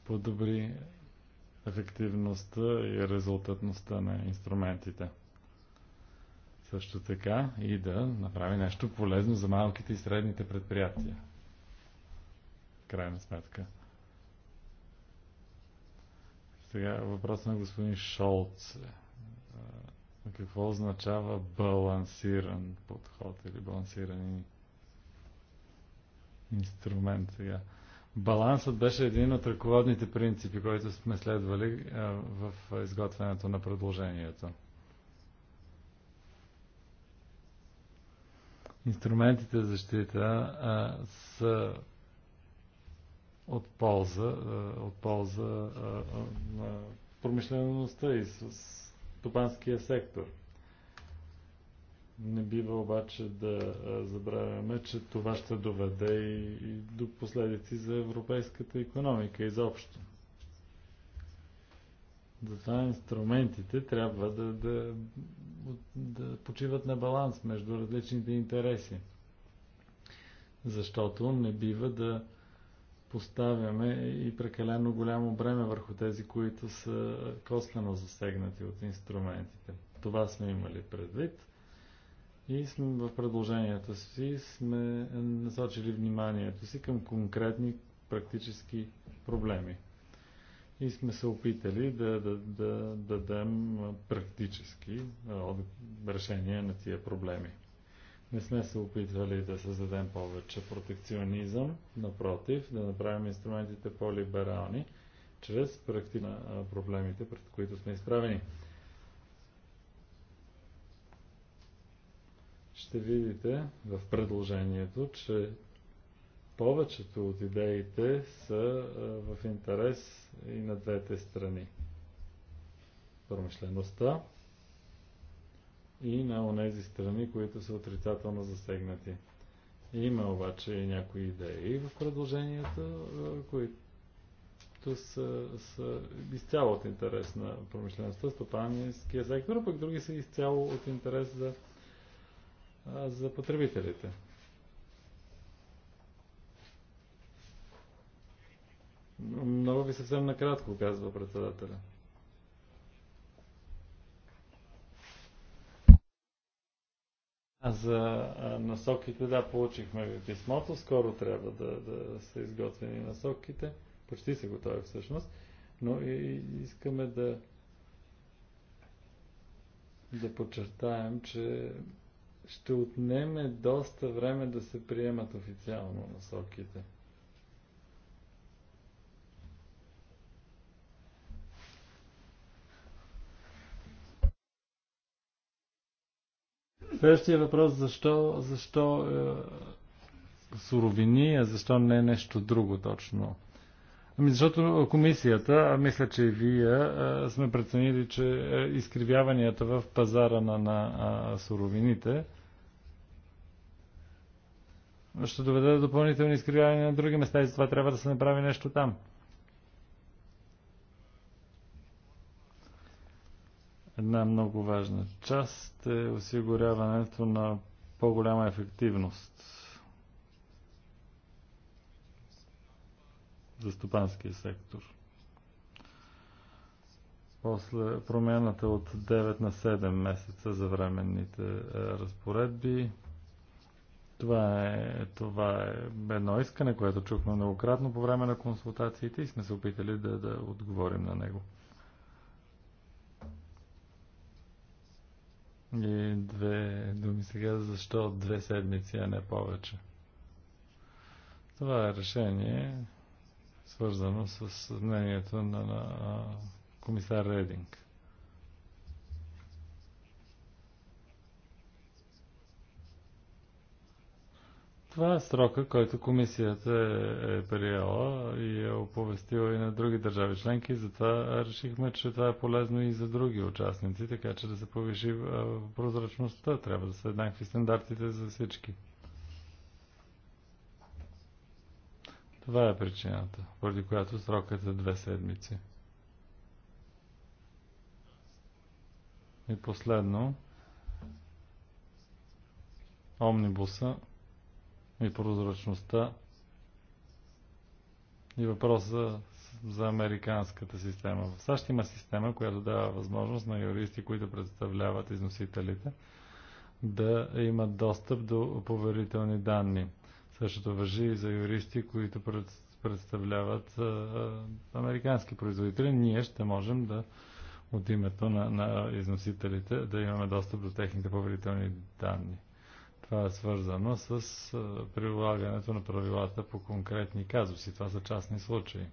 подобри ефективността и резултатността на инструментите. Също така и да направи нещо полезно за малките и средните предприятия. Крайна сметка. Сега въпрос на господин Шолц. Е, какво означава балансиран подход или балансирани инструмент сега? Балансът беше един от ръководните принципи, които сме следвали в изготвянето на предложението. Инструментите за защита са от полза, от полза на промишлеността и с стопанския сектор – не бива обаче да забравяме, че това ще доведе и, и до последици за европейската економика изобщо. Затова инструментите трябва да, да, да почиват на баланс между различните интереси. Защото не бива да поставяме и прекалено голямо бреме върху тези, които са косвено засегнати от инструментите. Това сме имали предвид. И в предложенията си сме насочили вниманието си към конкретни практически проблеми. И сме се опитали да, да, да, да дадем практически решения на тия проблеми. Не сме се опитвали да създадем повече протекционизъм, напротив, да направим инструментите по-либерални, чрез практика на проблемите, пред които сме изправени. ще видите в предложението, че повечето от идеите са в интерес и на двете страни. Промишлеността и на онези страни, които са отрицателно засегнати. Има обаче и някои идеи в предложението, които са, са изцяло от интерес на промишлеността, стопанинския сектор, пък други са изцяло от интерес за да а за потребителите. Много ви съвсем накратко, казва председателя. А за насоките, да, получихме ви писмото. Скоро трябва да, да са изготвени насоките. Почти са готови всъщност. Но и, искаме да да подчертаем, че ще отнеме доста време да се приемат официално насоките. Следващия въпрос, защо, защо е, суровини, а защо не е нещо друго точно? Ами защото комисията, а мисля, че и вие, е, сме преценили, че е, изкривяванията в пазара на, на а, суровините ще доведе до допълнителни изкривявания на други места и затова трябва да се направи нещо там. Една много важна част е осигуряването на по-голяма ефективност за стопанския сектор. После промяната от 9 на 7 месеца за временните разпоредби. Това е, това е едно искане, което чухме многократно по време на консултациите и сме се опитали да, да отговорим на него. И две думи сега, защо две седмици, а не повече. Това е решение, свързано с мнението на, на комисар Рединг. Това е срока, който комисията е, е приела и е оповестила и на други държави членки, затова решихме, че това е полезно и за други участници, така че да се повиши прозрачността. Трябва да са еднакви стандартите за всички. Това е причината, поради която срокът е две седмици. И последно, омнибуса и прозрачността и въпроса за американската система. В САЩ има система, която дава възможност на юристи, които представляват износителите, да имат достъп до поверителни данни. Същото въжи и за юристи, които представляват американски производители. Ние ще можем да от името на, на износителите да имаме достъп до техните поверителни данни. Това е свързано с прилагането на правилата по конкретни казуси. Това са частни случаи.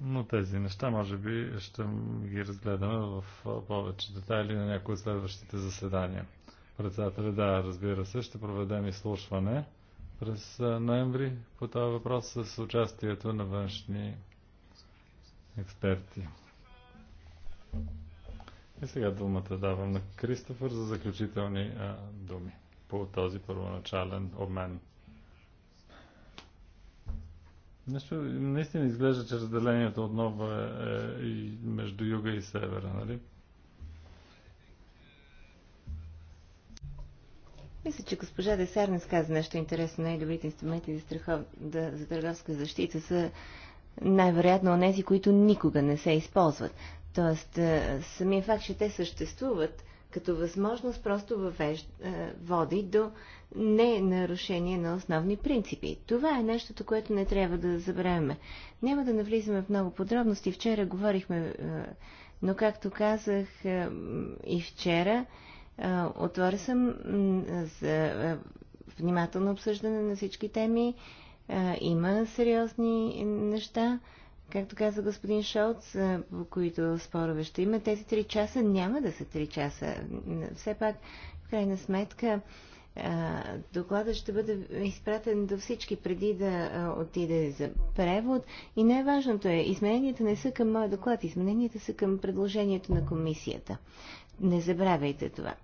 Но тези неща може би ще ги разгледаме в повече детайли на някои от следващите заседания. Председателя, да, разбира се, ще проведем изслушване през ноември по този въпрос с участието на външни експерти. И сега думата давам на Кристофър за заключителни а, думи по този първоначален обмен. Нещо, наистина изглежда, че разделението отново е, е и между юга и севера, нали? Мисля, че госпожа Десарнес каза нещо интересно. Най-добрите инструменти за, страхов... да, за търговска защита са най-вероятно онези, които никога не се използват. Тоест, е, самия факт, че те съществуват като възможност, просто въвежда, е, води до не нарушение на основни принципи. Това е нещото, което не трябва да забравяме. Няма да навлизаме в много подробности. Вчера говорихме, е, но както казах и вчера, отворя съм за внимателно обсъждане на всички теми. Има сериозни неща както каза господин Шолц, по които спорове ще има, тези три часа няма да са три часа. Все пак, в крайна сметка, докладът ще бъде изпратен до всички преди да отиде за превод. И най-важното е, измененията не са към моя доклад, измененията са към предложението на комисията. Не забравяйте това.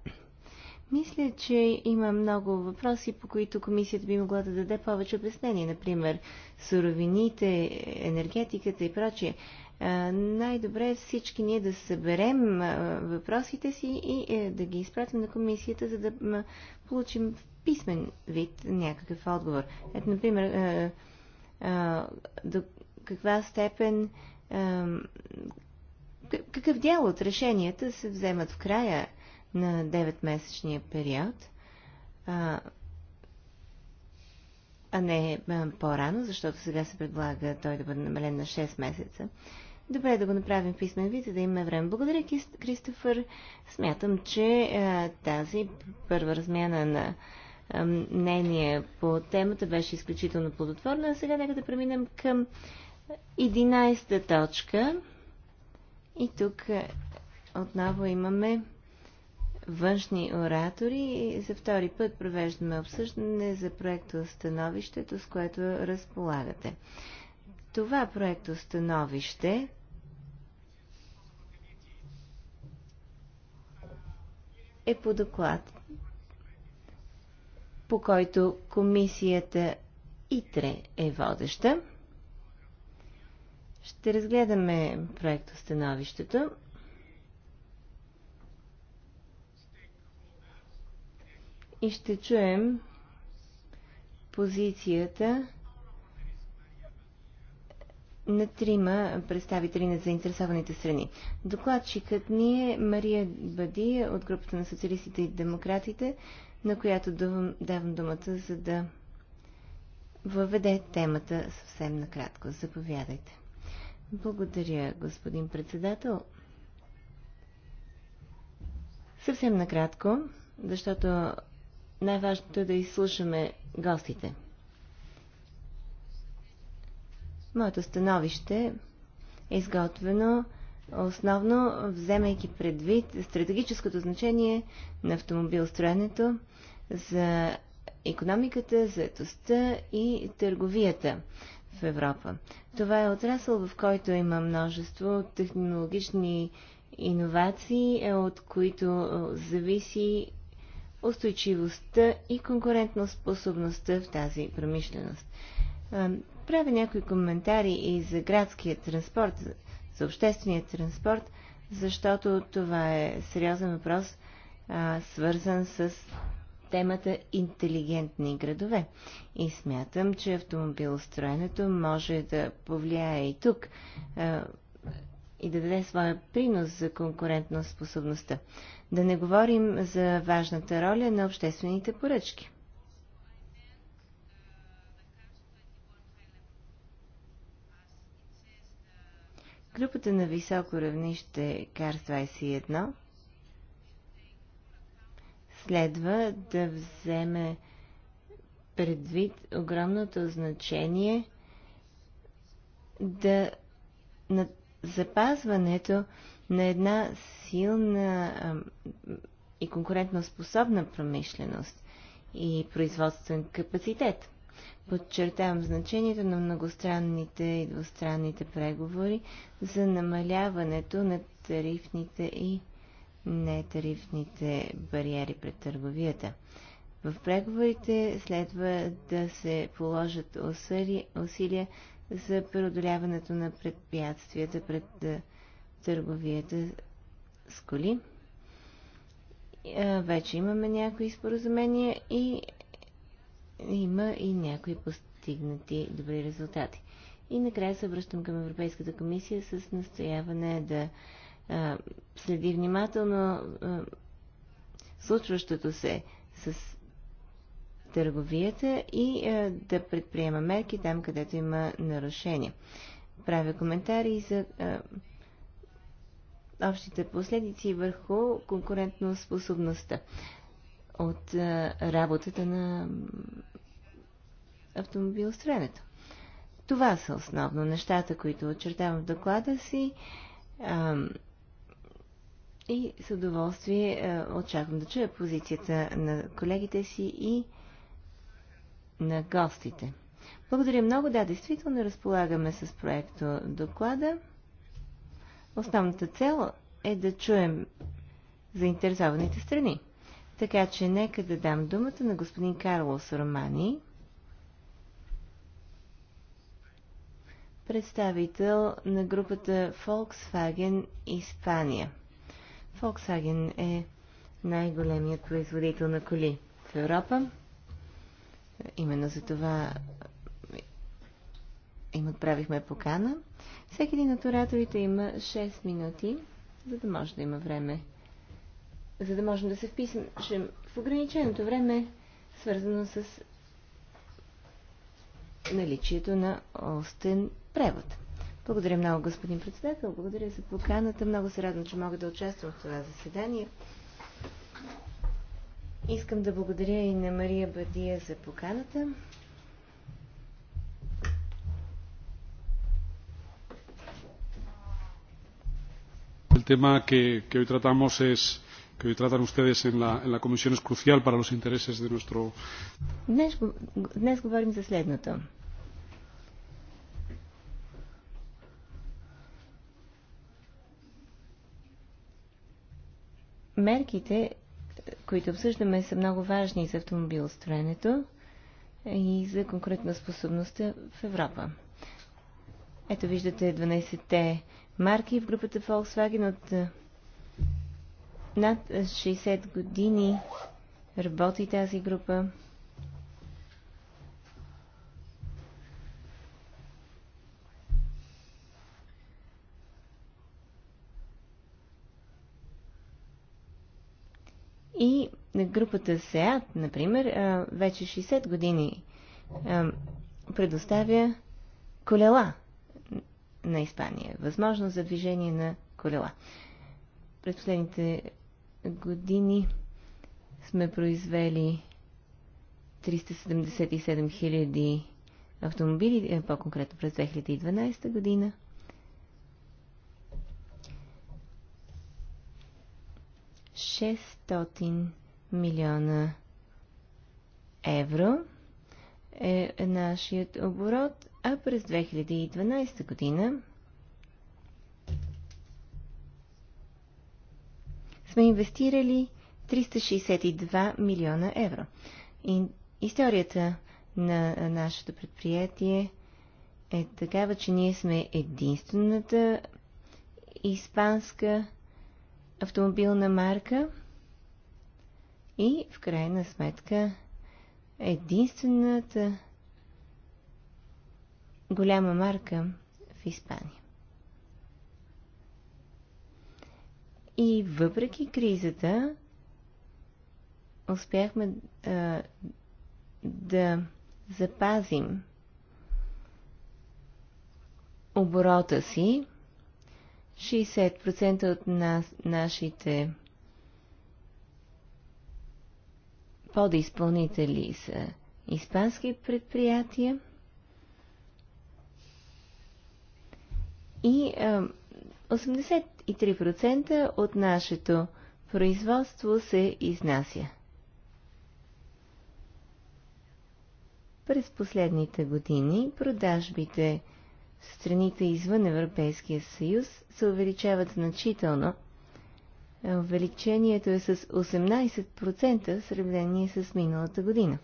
Мисля, че има много въпроси, по които комисията би могла да даде повече обяснение. Например, суровините, енергетиката и прочие. Най-добре е всички ние да съберем въпросите си и е, да ги изпратим на комисията, за да получим в писмен вид някакъв отговор. Ето, например, до каква степен, какъв дял от решенията се вземат в края на 9-месечния период, а, а не по-рано, защото сега се предлага той да бъде намален на 6 месеца. Добре е да го направим писмен вид, за да имаме време. Благодаря, Кристофър. Смятам, че а, тази първа размяна на а, мнение по темата беше изключително плодотворна. А сега нека да преминем към 11-та точка. И тук отново имаме външни оратори. и За втори път провеждаме обсъждане за проекто становището, с което разполагате. Това проекто становище е по доклад, по който комисията ИТРЕ е водеща. Ще разгледаме проекто становището. и ще чуем позицията на трима представители на заинтересованите страни. Докладчикът ни е Мария Бади от групата на социалистите и демократите, на която давам думата, за да въведе темата съвсем накратко. Заповядайте. Благодаря, господин председател. Съвсем накратко, защото най-важното е да изслушаме гостите. Моето становище е изготвено основно вземайки предвид стратегическото значение на автомобилстроенето за економиката, заетостта и търговията в Европа. Това е отрасъл, в който има множество технологични иновации, от които зависи устойчивостта и способността в тази промишленост. Правя някои коментари и за градския транспорт, за обществения транспорт, защото това е сериозен въпрос, свързан с темата интелигентни градове. И смятам, че автомобилостроенето може да повлияе и тук и да даде своя принос за конкурентна способността. Да не говорим за важната роля на обществените поръчки. Групата на високо равнище CAR 21 следва да вземе предвид огромното значение да, на запазването на една силна и способна промишленост и производствен капацитет. Подчертавам значението на многостранните и двустранните преговори за намаляването на тарифните и нетарифните бариери пред търговията. В преговорите следва да се положат усилия за преодоляването на предприятствията пред търговията с коли. Вече имаме някои споразумения и има и някои постигнати добри резултати. И накрая се връщам към Европейската комисия с настояване да следи внимателно случващото се с търговията и е, да предприема мерки там, където има нарушения. Правя коментари за е, общите последици върху конкурентно способността от е, работата на автомобилостроенето. Това са основно нещата, които очертавам в доклада си. и с удоволствие очаквам да чуя позицията на колегите си и на гостите. Благодаря много. Да, действително разполагаме с проекто доклада. Основната цел е да чуем заинтересованите страни. Така че нека да дам думата на господин Карлос Романи, представител на групата Volkswagen Испания. Volkswagen е най-големият производител на коли в Европа. Именно за това е, им отправихме покана. Всеки един от ораторите има 6 минути, за да може да има време. За да можем да се впишем в ограниченото време, свързано с наличието на остен превод. Благодаря много, господин председател. Благодаря за поканата. Много се радвам, че мога да участвам в това заседание. Искам да благодаря и на Мария Бадия за поканата. El tema que, que hoy tratamos es que hoy tratan ustedes en la, en la comisión es crucial para los intereses de nuestro. Днес, днес говорим за следното. Мерките които обсъждаме, са много важни за автомобилостроенето и за конкретна способност в Европа. Ето виждате 12-те марки в групата Volkswagen от е, над 60 години работи тази група. И на групата СЕАТ, например, вече 60 години предоставя колела на Испания. Възможност за движение на колела. През последните години сме произвели 377 000 автомобили, по-конкретно през 2012 година – 600 милиона евро е нашият оборот, а през 2012 година сме инвестирали 362 милиона евро. И историята на нашето предприятие е такава, че ние сме единствената испанска автомобилна марка и в крайна сметка единствената голяма марка в Испания. И въпреки кризата, успяхме а, да запазим оборота си 60% от на, нашите подиспълнители са испански предприятия и а, 83% от нашето производство се изнася. През последните години продажбите страните извън Европейския съюз се увеличават значително. Увеличението е с 18% в сравнение с миналата година.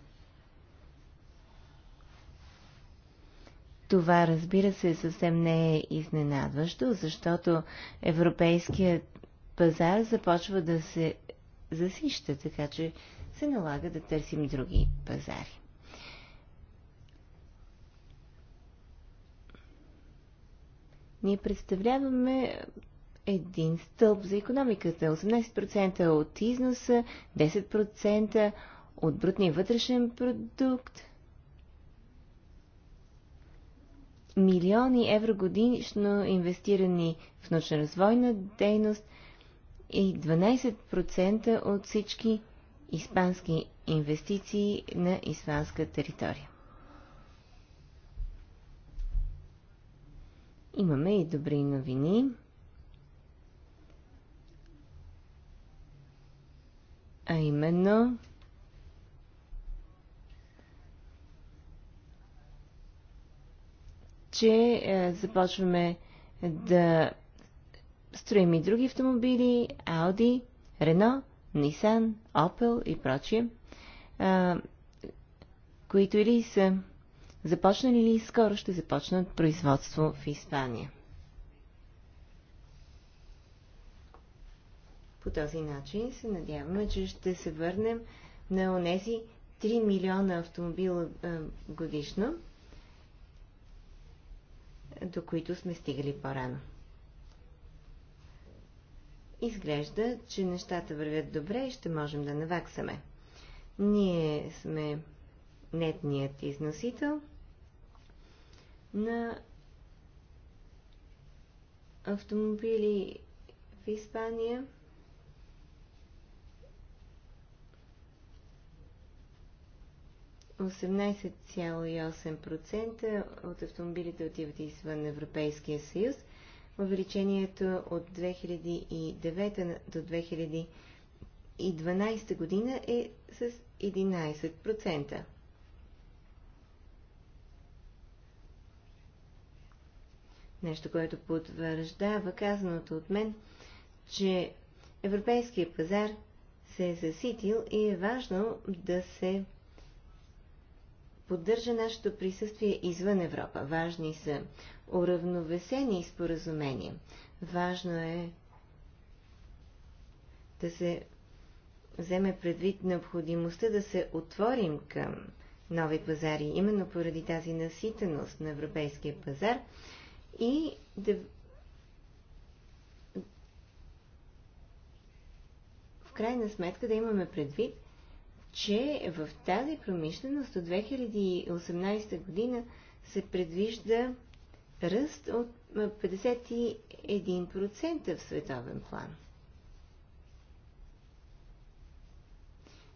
Това, разбира се, съвсем не е изненадващо, защото европейският пазар започва да се засища, така че се налага да търсим други пазари. Ние представляваме един стълб за економиката. 18% от износа, 10% от брутния вътрешен продукт. Милиони евро годишно инвестирани в научно-развойна дейност и 12% от всички испански инвестиции на испанска територия. Имаме и добри новини. А именно, че е, започваме да строим и други автомобили, Audi, Renault, Nissan, Opel и прочие, е, които или са започна ли скоро ще започнат производство в Испания. По този начин се надяваме, че ще се върнем на онези 3 милиона автомобила годишно, до които сме стигали по-рано. Изглежда, че нещата вървят добре и ще можем да наваксаме. Ние сме нетният износител – на автомобили в Испания. процента от автомобилите отиват извън Европейския съюз. Увеличението от 2009 до 2012 година е с 11%. нещо, което потвърждава казаното от мен, че европейският пазар се е заситил и е важно да се поддържа нашето присъствие извън Европа. Важни са уравновесени споразумения. Важно е да се вземе предвид необходимостта да се отворим към нови пазари, именно поради тази наситеност на европейския пазар и да в крайна сметка да имаме предвид, че в тази промишленост от 2018 година се предвижда ръст от 51% в световен план.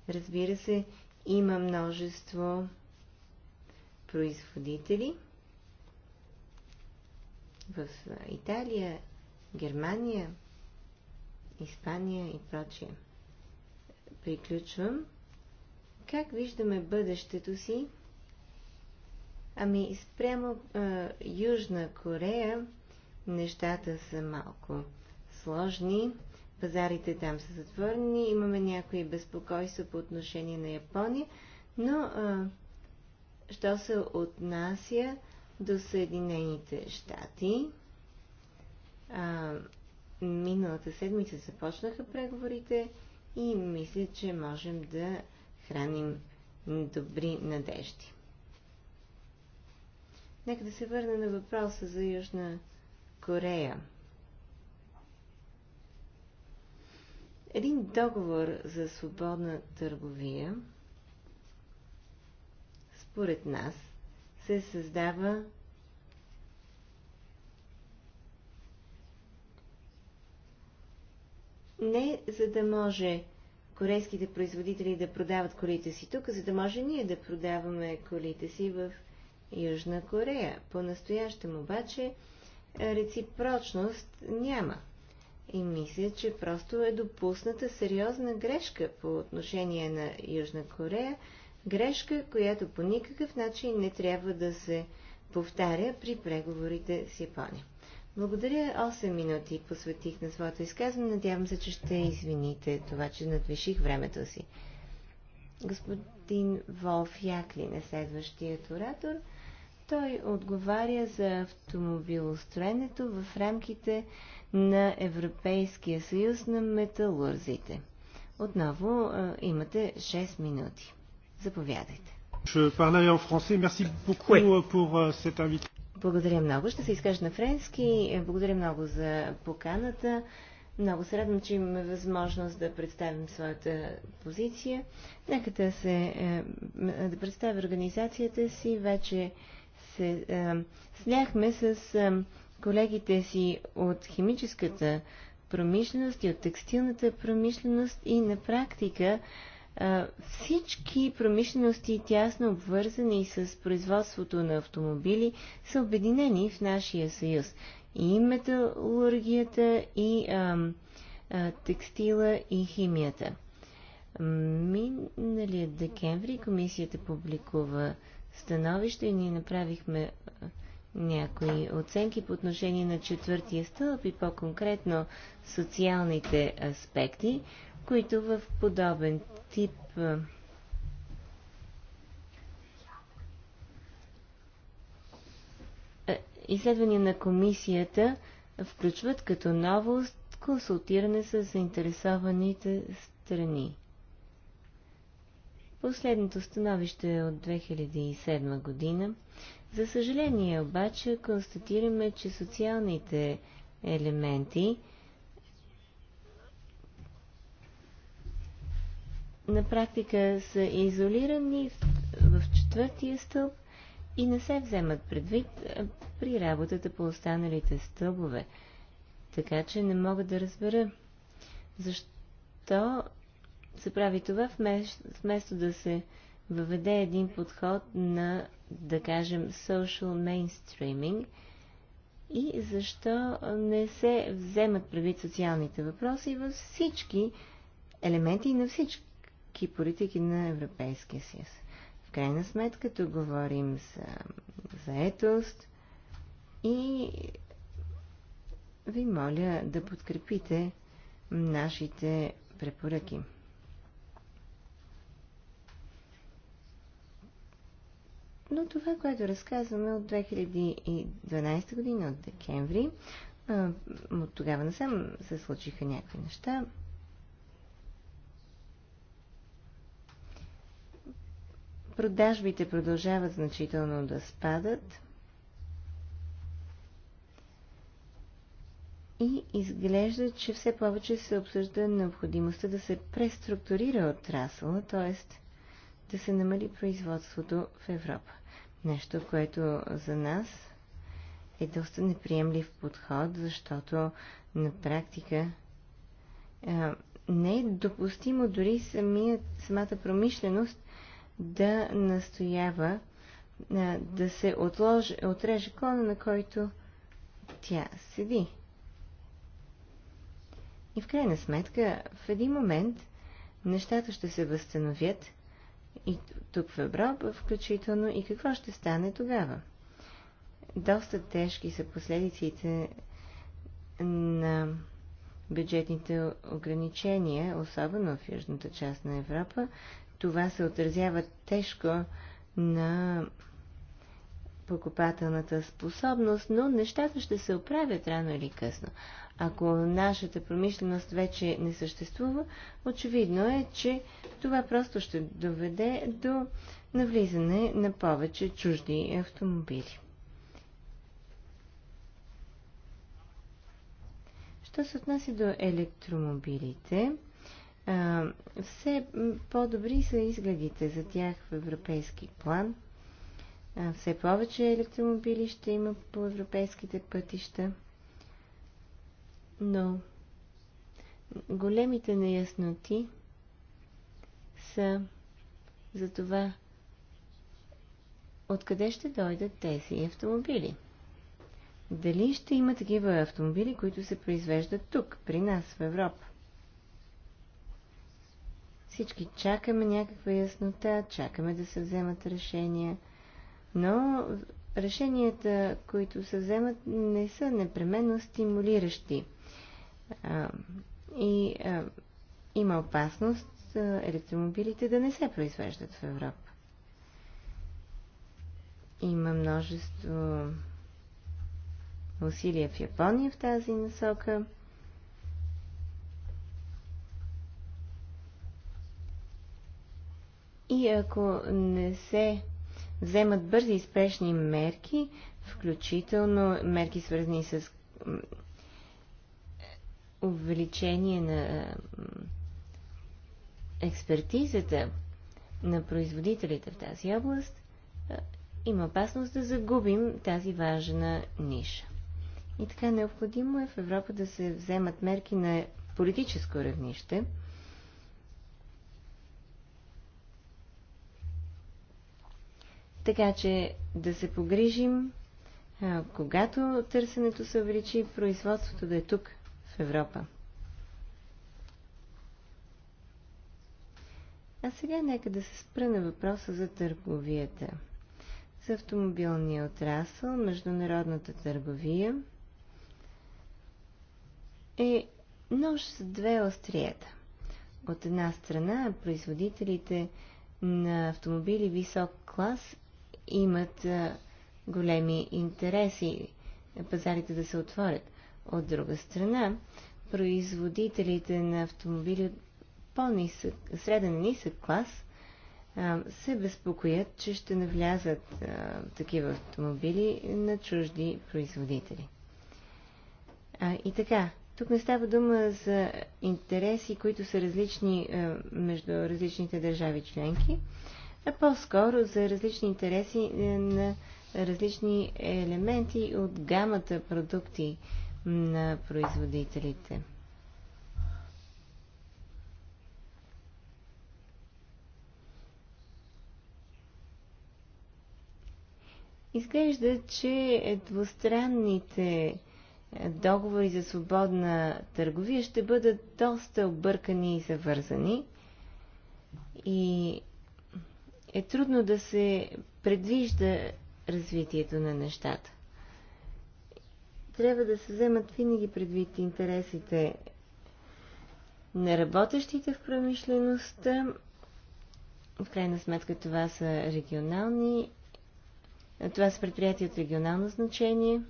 Разбира се, има множество производители – в Италия, Германия, Испания и прочие. Приключвам. Как виждаме бъдещето си? Ами, спрямо а, Южна Корея нещата са малко сложни. Пазарите там са затворени. Имаме някои безпокойства по отношение на Япония. Но, а, що се отнася до Съединените щати. А, миналата седмица започнаха преговорите и мисля, че можем да храним добри надежди. Нека да се върна на въпроса за Южна Корея. Един договор за свободна търговия, според нас, се създава не за да може корейските производители да продават колите си тук, за да може ние да продаваме колите си в Южна Корея. По-настоящем обаче реципрочност няма. И мисля, че просто е допусната сериозна грешка по отношение на Южна Корея – грешка, която по никакъв начин не трябва да се повтаря при преговорите с Япония. Благодаря, 8 минути посветих на своето изказване. Надявам се, че ще извините това, че надвиших времето си. Господин Волф Яклин е следващият оратор. Той отговаря за автомобилостроенето в рамките на Европейския съюз на металурзите. Отново имате 6 минути. Заповядайте. Euh, euh, Благодаря много. Ще се изкажа на френски. Благодаря много за поканата. Много се радвам, че имаме възможност да представим своята позиция. Нека да се е, да представя организацията си. Вече се е, сняхме с е, колегите си от химическата промишленост и от текстилната промишленост и на практика всички промишлености, тясно обвързани с производството на автомобили, са обединени в нашия съюз. И металургията, и а, а, текстила, и химията. Миналият декември комисията публикува становище и ние направихме някои оценки по отношение на четвъртия стълб и по-конкретно социалните аспекти, които в подобен тип е, изследвания на комисията включват като новост консултиране с заинтересованите страни. Последното становище е от 2007 година. За съжаление обаче констатираме, че социалните елементи на практика са изолирани в четвъртия стълб и не се вземат предвид при работата по останалите стълбове. Така че не мога да разбера защо се прави това, вместо да се въведе един подход на, да кажем, social mainstreaming и защо не се вземат предвид социалните въпроси във всички елементи на всички политики на Европейския съюз. В крайна сметка, тук говорим за заетост и ви моля да подкрепите нашите препоръки. Но това, което разказваме от 2012 година, от декември, от тогава насам се случиха някакви неща. Продажбите продължават значително да спадат и изглежда, че все повече се обсъжда необходимостта да се преструктурира отрасъла, т.е. да се намали производството в Европа. Нещо, което за нас е доста неприемлив подход, защото на практика а, не е допустимо дори самата промишленост да настоява а, да се отложи, отреже клона, на който тя седи. И в крайна сметка, в един момент нещата ще се възстановят и тук в Европа включително и какво ще стане тогава. Доста тежки са последиците на бюджетните ограничения, особено в южната част на Европа, това се отразява тежко на покупателната способност, но нещата ще се оправят рано или късно. Ако нашата промишленост вече не съществува, очевидно е, че това просто ще доведе до навлизане на повече чужди автомобили. Що се отнася до електромобилите, а, все по-добри са изгледите за тях в европейски план. А, все повече електромобили ще има по европейските пътища. Но големите неясноти са за това откъде ще дойдат тези автомобили. Дали ще има такива автомобили, които се произвеждат тук, при нас, в Европа? Всички чакаме някаква яснота, чакаме да се вземат решения, но решенията, които се вземат, не са непременно стимулиращи. А, и а, има опасност електромобилите да не се произвеждат в Европа. Има множество усилия в Япония в тази насока. И ако не се вземат бързи и спешни мерки, включително мерки свързани с увеличение на експертизата на производителите в тази област, има опасност да загубим тази важна ниша. И така необходимо е в Европа да се вземат мерки на политическо равнище – Така че да се погрижим, когато търсенето се увеличи, производството да е тук, в Европа. А сега нека да се спра на въпроса за търговията. За автомобилния отрасъл, международната търговия е нож с две остриета. От една страна, производителите на автомобили висок клас имат големи интереси пазарите да се отворят. От друга страна, производителите на автомобили от по-нисък, среден нисък клас се безпокоят, че ще навлязат а, такива автомобили на чужди производители. А, и така, тук не става дума за интереси, които са различни а, между различните държави членки, а е по-скоро за различни интереси е, на различни елементи от гамата продукти на производителите. Изглежда, че двустранните е, договори за свободна търговия ще бъдат доста объркани и завързани. И е трудно да се предвижда развитието на нещата. Трябва да се вземат винаги предвид интересите на работещите в промишлеността. В крайна сметка това са регионални, това са предприятия от регионално значение.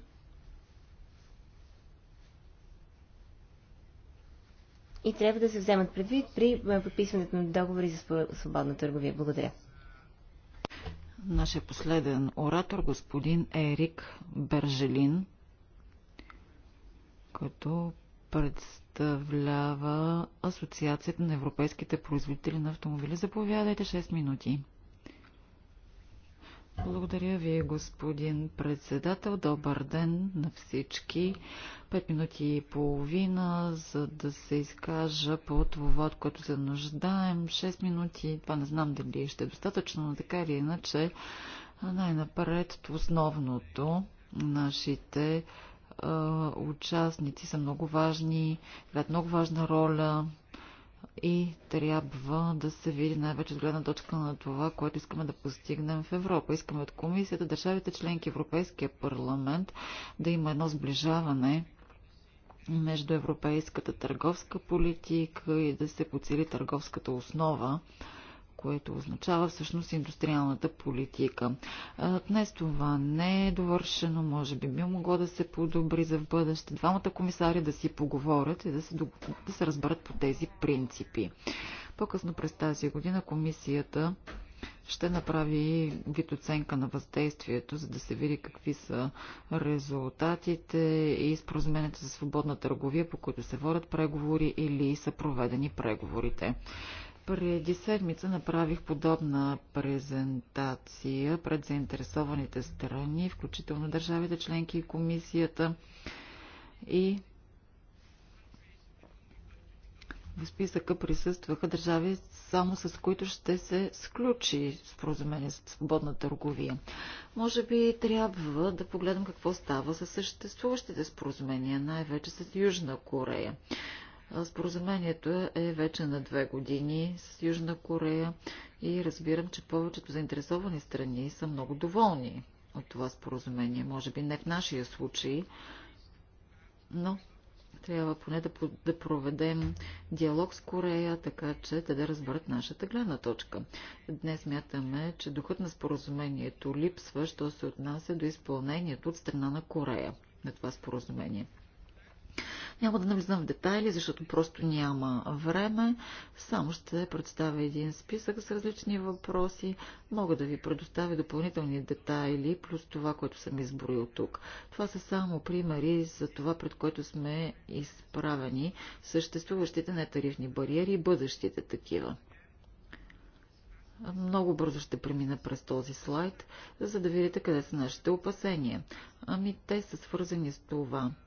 и трябва да се вземат предвид при подписването на договори за свободна търговия. Благодаря. Нашия последен оратор, господин Ерик Бержелин, който представлява Асоциацията на европейските производители на автомобили. Заповядайте 6 минути. Благодаря ви, господин председател. Добър ден на всички. Пет минути и половина, за да се изкажа по това, от което се нуждаем. Шест минути, това не знам дали ще е достатъчно, но така или иначе, най-напред основното, нашите участници са много важни, играят много важна роля и трябва да се види най-вече от гледна точка на това, което искаме да постигнем в Европа. Искаме от комисията, държавите членки, Европейския парламент да има едно сближаване между европейската търговска политика и да се поцели търговската основа което означава всъщност индустриалната политика. Днес това не е довършено, може би би могло да се подобри за в бъдеще. Двамата комисари да си поговорят и да се, да се разберат по тези принципи. По-късно през тази година комисията ще направи вид оценка на въздействието, за да се види какви са резултатите и споразумението за свободна търговия, по които се водят преговори или са проведени преговорите. Преди седмица направих подобна презентация пред заинтересованите страни, включително държавите членки и комисията. И в списъка присъстваха държави, само с които ще се сключи споразумение за свободна търговия. Може би трябва да погледнем какво става с съществуващите споразумения, най-вече с Южна Корея. Споразумението е вече на две години с Южна Корея и разбирам, че повечето заинтересовани страни са много доволни от това споразумение. Може би не в нашия случай, но трябва поне да, да проведем диалог с Корея, така че те да разберат нашата гледна точка. Днес смятаме, че духът на споразумението липсва, що се отнася до изпълнението от страна на Корея на това споразумение. Няма да навлизам в детайли, защото просто няма време. Само ще представя един списък с различни въпроси. Мога да ви предоставя допълнителни детайли, плюс това, което съм изброил тук. Това са само примери за това, пред което сме изправени съществуващите нетарифни бариери и бъдещите такива. Много бързо ще премина през този слайд, за да видите къде са нашите опасения. Ами те са свързани с това –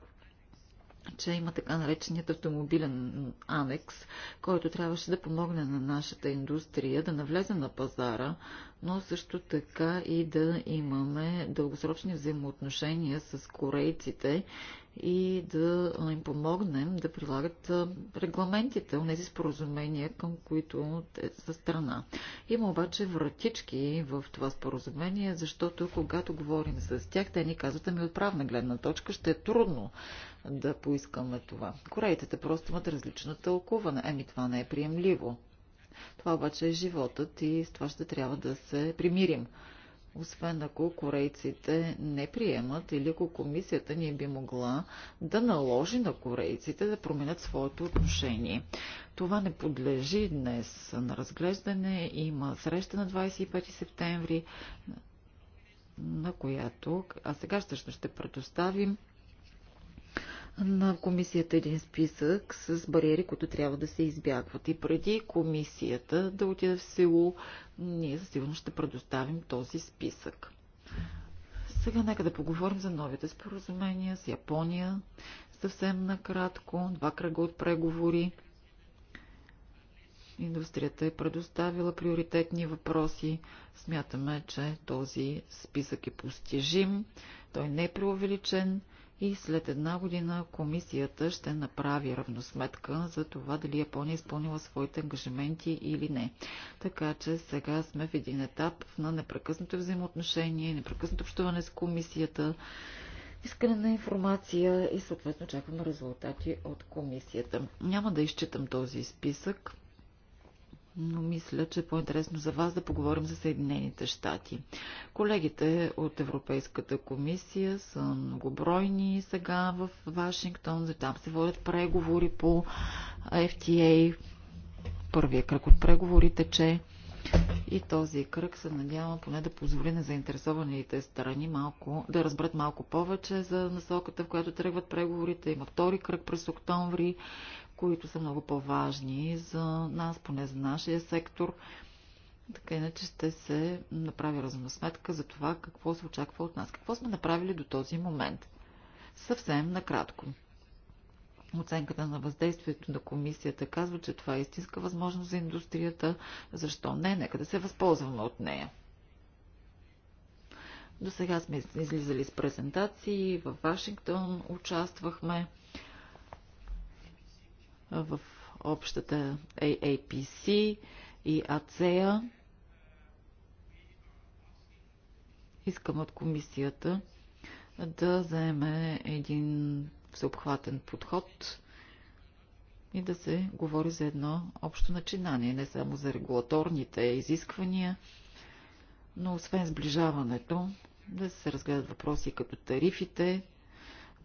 че има така нареченият автомобилен анекс, който трябваше да помогне на нашата индустрия да навлезе на пазара, но също така и да имаме дългосрочни взаимоотношения с корейците и да им помогнем да прилагат регламентите, тези споразумения, към които те са страна. Има обаче вратички в това споразумение, защото когато говорим с тях, те ни казват, ами от правна гледна точка ще е трудно да поискаме това. Корейците просто имат различно тълкуване. Еми, това не е приемливо. Това обаче е животът и с това ще трябва да се примирим. Освен ако корейците не приемат или ако комисията ни би могла да наложи на корейците да променят своето отношение. Това не подлежи днес на разглеждане. Има среща на 25 септември, на която, а сега ще предоставим на комисията един списък с бариери, които трябва да се избягват. И преди комисията да отиде в село, ние със сигурност ще предоставим този списък. Сега нека да поговорим за новите споразумения с Япония. Съвсем накратко, два кръга от преговори. Индустрията е предоставила приоритетни въпроси. Смятаме, че този списък е постижим. Той не е преувеличен и след една година комисията ще направи равносметка за това дали Япония е изпълнила своите ангажименти или не. Така че сега сме в един етап на непрекъснато взаимоотношение, непрекъснато общуване с комисията, искане на информация и съответно очакваме резултати от комисията. Няма да изчитам този списък но мисля, че е по-интересно за вас да поговорим за Съединените щати. Колегите от Европейската комисия са многобройни сега в Вашингтон, за там се водят преговори по FTA. Първия кръг от преговори тече. И този кръг се надявам поне да позволи на заинтересованите страни малко, да разберат малко повече за насоката, в която тръгват преговорите. Има втори кръг през октомври, които са много по-важни за нас, поне за нашия сектор. Така иначе ще се направи разносметка за това какво се очаква от нас. Какво сме направили до този момент? Съвсем накратко. Оценката на въздействието на комисията казва, че това е истинска възможност за индустрията. Защо не? Нека да се възползваме от нея. До сега сме излизали с презентации, във Вашингтон участвахме в общата AAPC и АЦЕА. Искам от комисията да заеме един всеобхватен подход и да се говори за едно общо начинание, не само за регулаторните изисквания, но освен сближаването, да се разгледат въпроси като тарифите,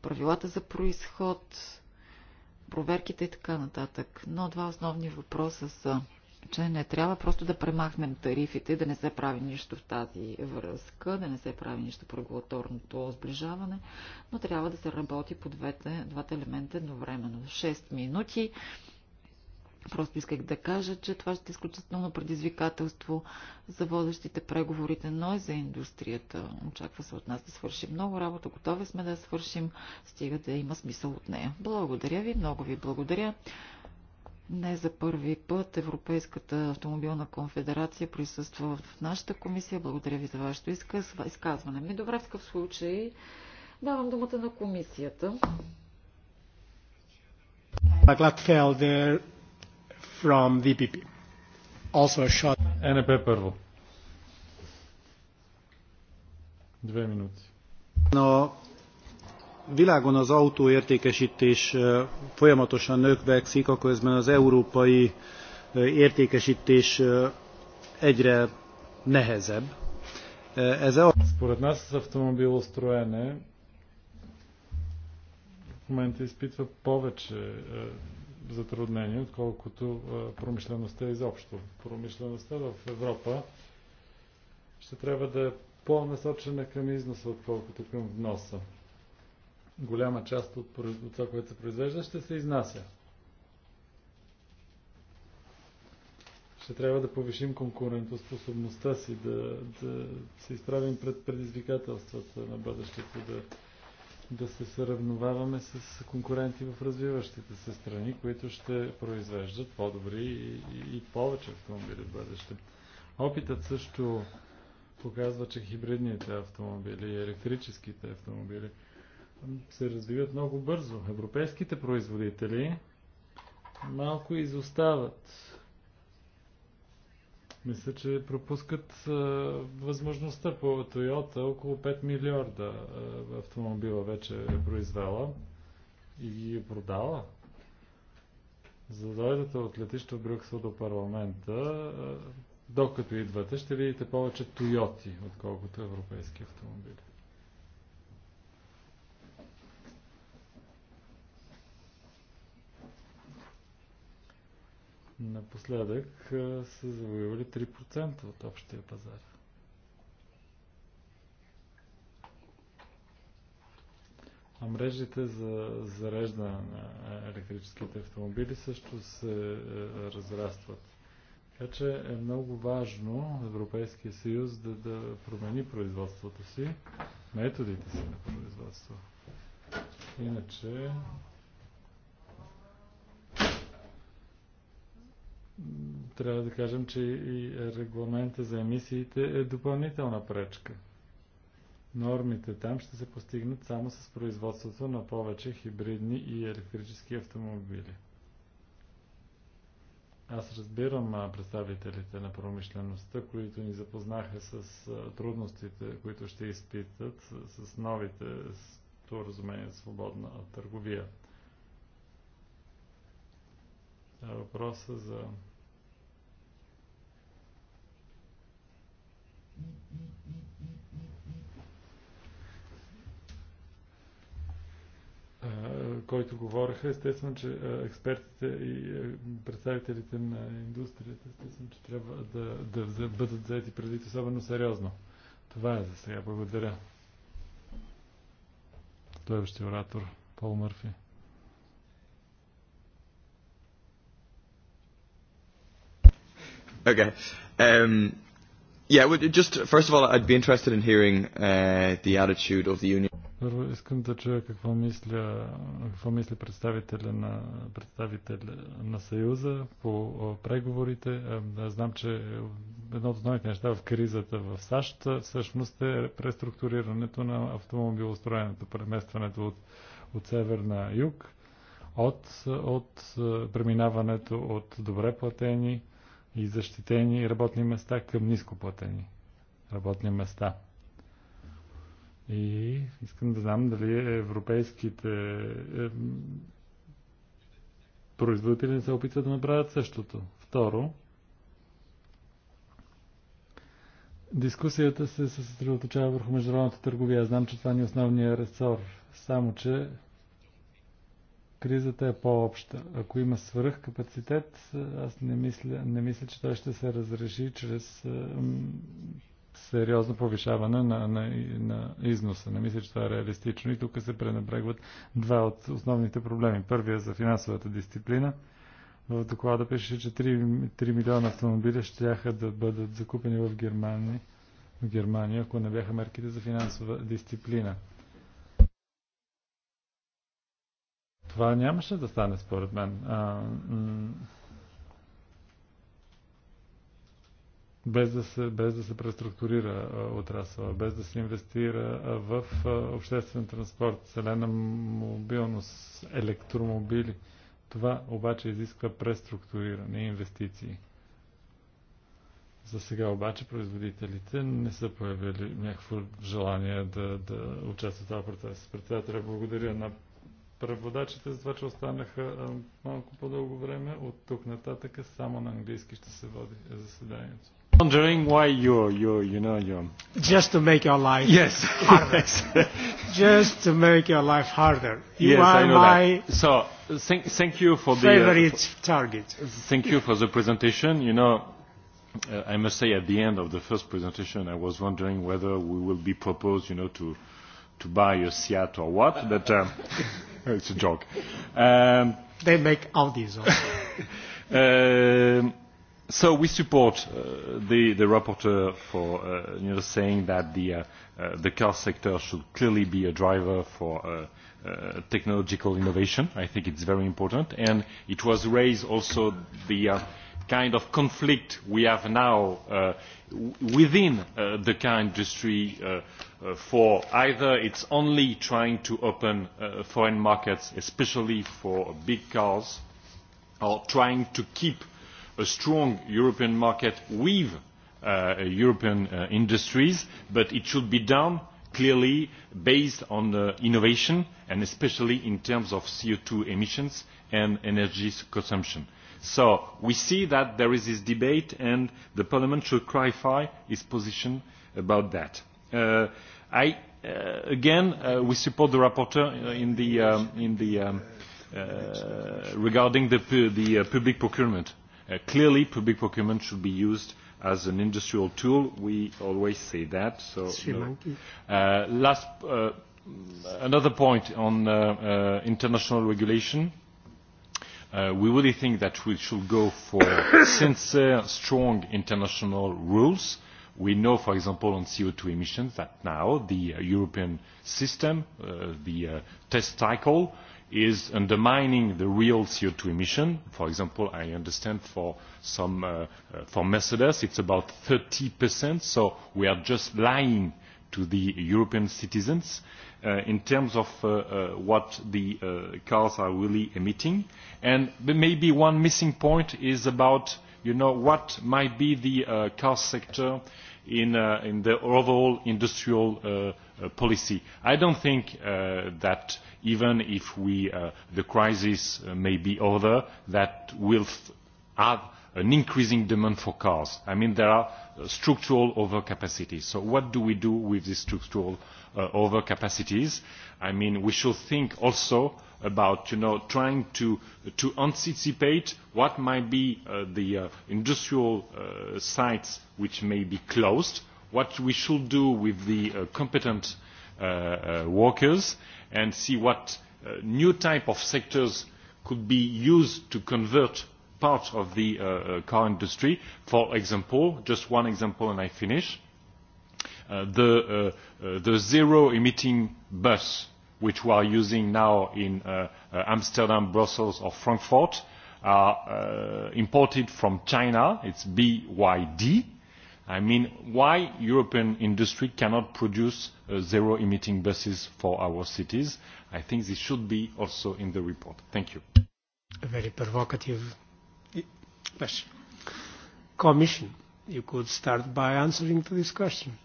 правилата за происход, проверките и така нататък. Но два основни въпроса са, че не трябва просто да премахнем тарифите, да не се прави нищо в тази връзка, да не се прави нищо по регулаторното сближаване, но трябва да се работи по двете, двата елемента едновременно. 6 минути Просто исках да кажа, че това ще е изключително предизвикателство за водещите преговорите, но и за индустрията. Очаква се от нас да свършим много работа, готови сме да я свършим, стига да има смисъл от нея. Благодаря ви, много ви благодаря. Не за първи път Европейската автомобилна конфедерация присъства в нашата комисия. Благодаря ви за вашето изказване. Ми добре в такъв случай давам думата на комисията. Gladfeld, from VPP. Also a short... НП първо. Две минути. Но világon az autóértékesítés folyamatosan növekszik, akközben az európai értékesítés egyre nehezebb. Ez a... Според нас автомобилостроене в момента изпитва повече затруднени, отколкото промишлеността изобщо. Промишлеността в Европа ще трябва да е по-насочена към износа, отколкото към вноса. Голяма част от, от това, което се произвежда, ще се изнася. Ще трябва да повишим конкурентоспособността си, да, да се изправим пред предизвикателствата на бъдещето, да да се съравноваваме с конкуренти в развиващите се страни, които ще произвеждат по-добри и, и, и повече автомобили в бъдеще. Опитът също показва, че хибридните автомобили и електрическите автомобили се развиват много бързо. Европейските производители малко изостават мисля, че пропускат а, възможността по Toyota. Около 5 милиарда а, автомобила вече е произвела и ги е продала. За да от летище в Брюксел до парламента, а, докато идвате, ще видите повече Тойоти, отколкото европейски автомобили. напоследък са завоювали 3% от общия пазар. А мрежите за зареждане на електрическите автомобили също се е, разрастват. Така че е много важно Европейския съюз да, да промени производството си, методите си на производство. Иначе трябва да кажем, че и регламента за емисиите е допълнителна пречка. Нормите там ще се постигнат само с производството на повече хибридни и електрически автомобили. Аз разбирам представителите на промишлеността, които ни запознаха с трудностите, които ще изпитат с новите споразумения свободна търговия. Въпроса за който говореха, естествено, че експертите и представителите на индустрията, естествено, че трябва да, да, да бъдат заети преди особено сериозно. Това е за сега. Благодаря. Следващия оратор, Пол Мърфи. Okay. Um, yeah, just first of all, I'd be interested in hearing uh, the attitude of the union. Първо искам да чуя какво мисля, какво мисля представителя на, представителя на Съюза по преговорите. Знам, че едно от основните неща в кризата в САЩ всъщност е преструктурирането на автомобилостроенето, преместването от, от север на юг, от, от преминаването от добре платени и защитени работни места към нископлатени работни места. И искам да знам дали европейските е, производители не се опитват да направят същото. Второ, дискусията се съсредоточава върху международната търговия. Знам, че това ни е основният ресор, само че кризата е по-обща. Ако има свръхкапацитет, аз не мисля, не мисля, че той ще се разреши чрез сериозно повишаване на, на, на износа. Не мисля, че това е реалистично и тук се пренебрегват два от основните проблеми. Първия за финансовата дисциплина. В доклада пише, че 3, 3 милиона автомобиля ще да бъдат закупени в Германия, в Германия, ако не бяха мерките за финансова дисциплина. Това нямаше да стане, според мен. А, без да се, без да се преструктурира отрасъла, без да се инвестира в обществен транспорт, зелена мобилност, електромобили. Това обаче изисква преструктуриране и инвестиции. За сега обаче производителите не са появили някакво желание да, да участват в този процес. Председателя благодаря на преводачите за това, че останаха малко по-дълго време. От тук нататък само на английски ще се води заседанието wondering why you're, you're, you know, you're... Just to make your life yes. harder. Just to make your life harder. You yes, are I know my that. So, thank, thank you for favorite the... Favorite target. Thank you for the presentation. You know, uh, I must say at the end of the first presentation, I was wondering whether we will be proposed, you know, to, to buy a Seat or what, but um, it's a joke. Um, they make Audis also. um, so we support the, the rapporteur for saying that the, the car sector should clearly be a driver for technological innovation. I think it's very important. And it was raised also the kind of conflict we have now within the car industry for either it's only trying to open foreign markets, especially for big cars, or trying to keep a strong European market with European industries, but it should be done clearly based on innovation and especially in terms of co two emissions and energy consumption. So we see that there is this debate and Parliament should clarify its position about that. I, again, we support the rapporteur in in the, regarding the, the public procurement clearly public procurement should be used as an industrial tool. We always say that. So, uh, last, uh, another point on uh, uh, international regulation. Uh, we really think that we should go for sincere, strong international rules. We know, for example, on co two emissions that now the European system, uh, the uh, test cycle, uh, is undermining the real co two emission. For example, I understand for, some, uh, for Mercedes it's about 30%, so we are just lying to the European citizens uh, in terms of uh, uh, what the uh, cars are really emitting. And maybe one missing point is about you know, what might be the uh, car sector in, the overall industrial policy. I don't think that even if we, uh, the crisis may be over, that will have an increasing demand for cars. I mean, there are structural overcapacities. So what do we do with these structural overcapacities? I mean, we should think also about trying to anticipate what might be the industrial sites which may be closed, what we should do with the competent workers, and see what new type of sectors could be used to convert part of the car industry. For example, just one example and I finish, the zero-emitting bus which we are using now in uh, uh, Amsterdam, Brussels or Frankfurt are uh, imported from China. It's BYD. I mean, why European industry cannot produce uh, zero-emitting buses for our cities? I think this should be also in the report. Thank you. A very provocative question. Commission, you could start by answering to this question.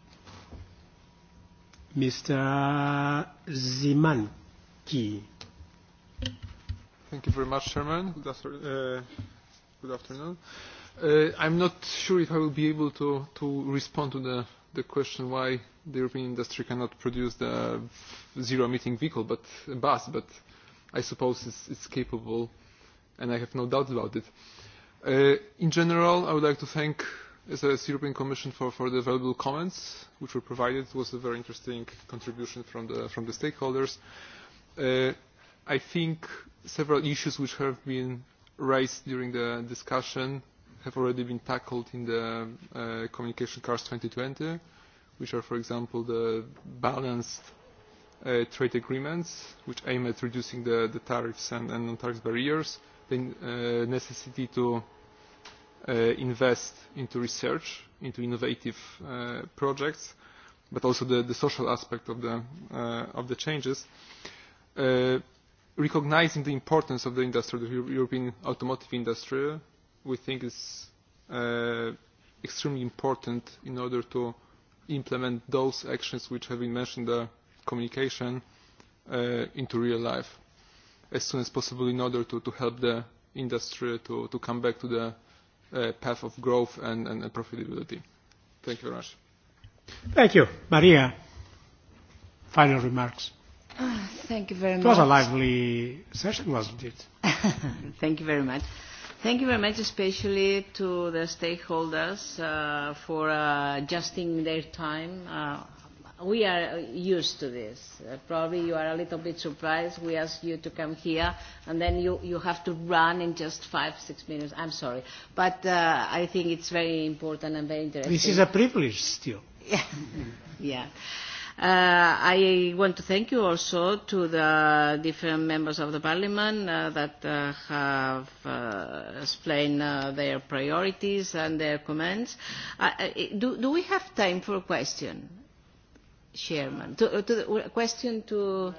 Mr. Zimanki. Thank you very much, Chairman. Good, after, uh, good afternoon. Uh, I'm not sure if I will be able to, to respond to the, the question why the European industry cannot produce the zero-emitting vehicle, but bus, but I suppose it's, it's capable, and I have no doubt about it. Uh, in general, I would like to thank as the European Commission for, for the valuable comments which were provided. It was a very interesting contribution from the, from the stakeholders. Uh, I think several issues which have been raised during the discussion have already been tackled in the uh, Communication Cars 2020, which are, for example, the balanced uh, trade agreements, which aim at reducing the, the tariffs and, and non-tariff barriers, the uh, necessity to invest into research, into innovative projects, but also the, the social aspect of the, of the changes. Recognising the importance of the industry, the European automotive industry, we think is extremely important in order to implement those actions which have been mentioned in the communication into real life as soon as possible in order to, to help the industry to, to come back to the uh, path of growth and, and, and profitability. Thank you very much. Thank you. Maria, final remarks. Thank you very much. It was a lively session, wasn't it? Thank you very much. Thank you very much, especially to the stakeholders uh, for uh, adjusting their time. Uh, we are used to this. Uh, probably you are a little bit surprised. We ask you to come here, and then you, you have to run in just five, six minutes. I'm sorry. But uh, I think it's very important and very interesting. This is a privilege still. yeah. yeah. Uh, I want to thank you also to the different members of the parliament uh, that uh, have uh, explained uh, their priorities and their comments. Uh, do, do we have time for a question? Chairman. To, to the question to.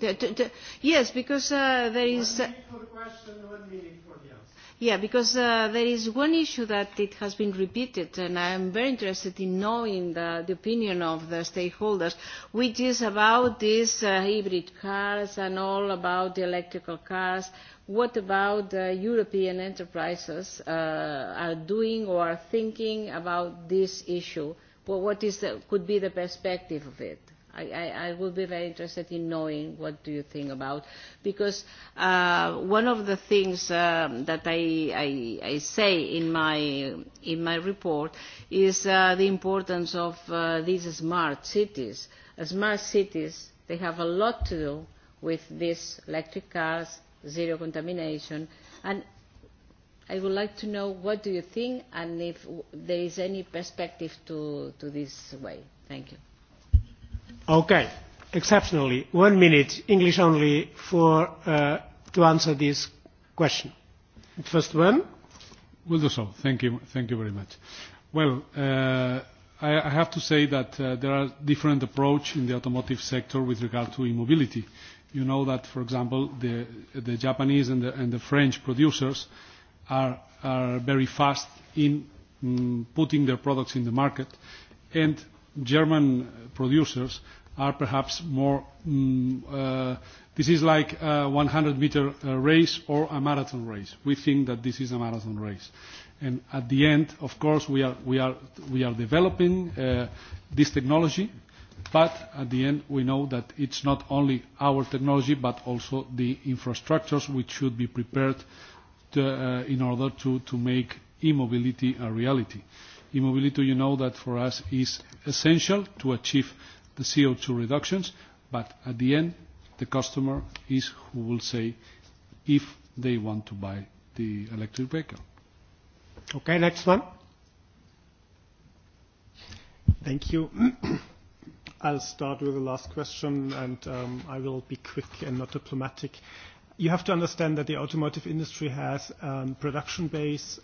To, to, to, yes, because uh, there is. One minute for the question, one minute for the answer. Yeah, because uh, there is one issue that it has been repeated, and I am very interested in knowing the, the opinion of the stakeholders, which is about these uh, hybrid cars and all about the electrical cars. Uh, What about uh, European enterprises uh, are doing or are thinking about this issue? Well, what is the, could be the perspective of it? I, I, I would be very interested in knowing what do you think about, because uh, one of the things um, that I, I, I say in my in my report is uh, the importance of uh, these smart cities. Smart cities they have a lot to do with these electric cars, zero contamination. And I would like to know what do you think and if there is any perspective to, to this way. Thank you. Okay. Exceptionally, one minute, English only, for, uh, to answer this question. The first one. Will do so. Thank you. Thank you very much. Well, uh, I, I have to say that uh, there are different approach in the automotive sector with regard to e-mobility You know that, for example, the, the Japanese and the, and the French producers are, are very fast in mm, putting their products in the market, and German producers are perhaps more. Mm, uh, this is like a 100-meter uh, race or a marathon race. We think that this is a marathon race. And at the end, of course, we are, we are, we are developing uh, this technology But at the end, we know that it's not only our technology, but also the infrastructures which should be prepared to, uh, in order to, to make e-mobility a reality. E-mobility, you know that for us is essential to achieve the CO2 reductions, but at the end, the customer is who will say if they want to buy the electric vehicle. Okay, next one. Thank you. I'll start with the last question, and I will be quick and not diplomatic. You have to understand that the automotive industry has production base,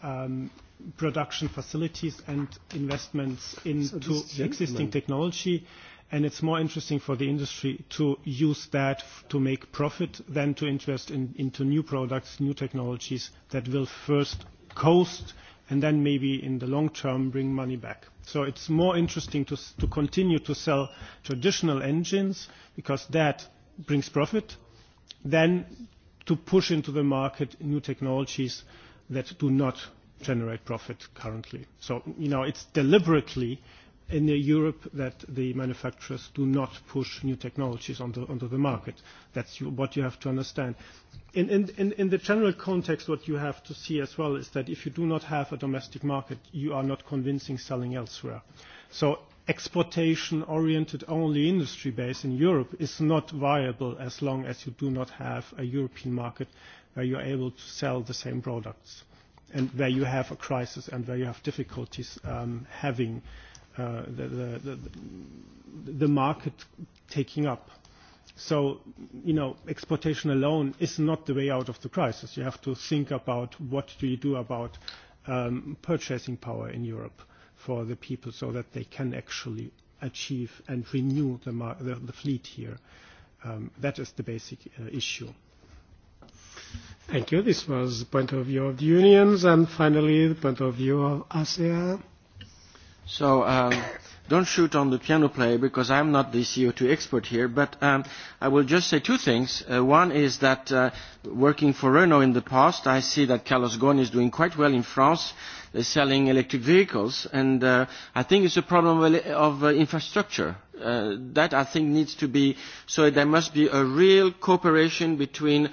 production facilities, and investments into existing technology. And it's more interesting for the industry to use that to make profit than to invest in, into new products, new technologies that will first cost – and then maybe in the long term bring money back. So it's more interesting to, to continue to sell traditional engines because that brings profit than to push into the market new technologies that do not generate profit currently. So, you know, it's deliberately in Europe that the manufacturers do not push new technologies onto, onto the market. That's what you have to understand in, in, in, in the general context, what you have to see as well is that if you do not have a domestic market, you are not convincing selling elsewhere. So exportation-oriented only industry base in Europe is not viable as long as you do not have a European market where you're able to sell the same products and where you have a crisis and where you have difficulties um, having uh, the, the, the, the market taking up. So, you know, exportation alone is not the way out of the crisis. You have to think about what do you do about um, purchasing power in Europe for the people so that they can actually achieve and renew the, mar- the, the fleet here. Um, that is the basic uh, issue. Thank you. This was the point of view of the unions and finally the point of view of ASEAN. So, um, don't shoot on the piano player because I'm not the CO2 expert here, but um, I will just say two things. Uh, one is that uh, working for Renault in the past, I see that Carlos Ghosn is doing quite well in France. They're selling electric vehicles, and uh, I think it's a problem of uh, infrastructure. Uh, that I think needs to be, so there must be a real cooperation between uh,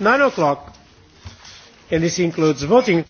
nine o'clock and this includes voting.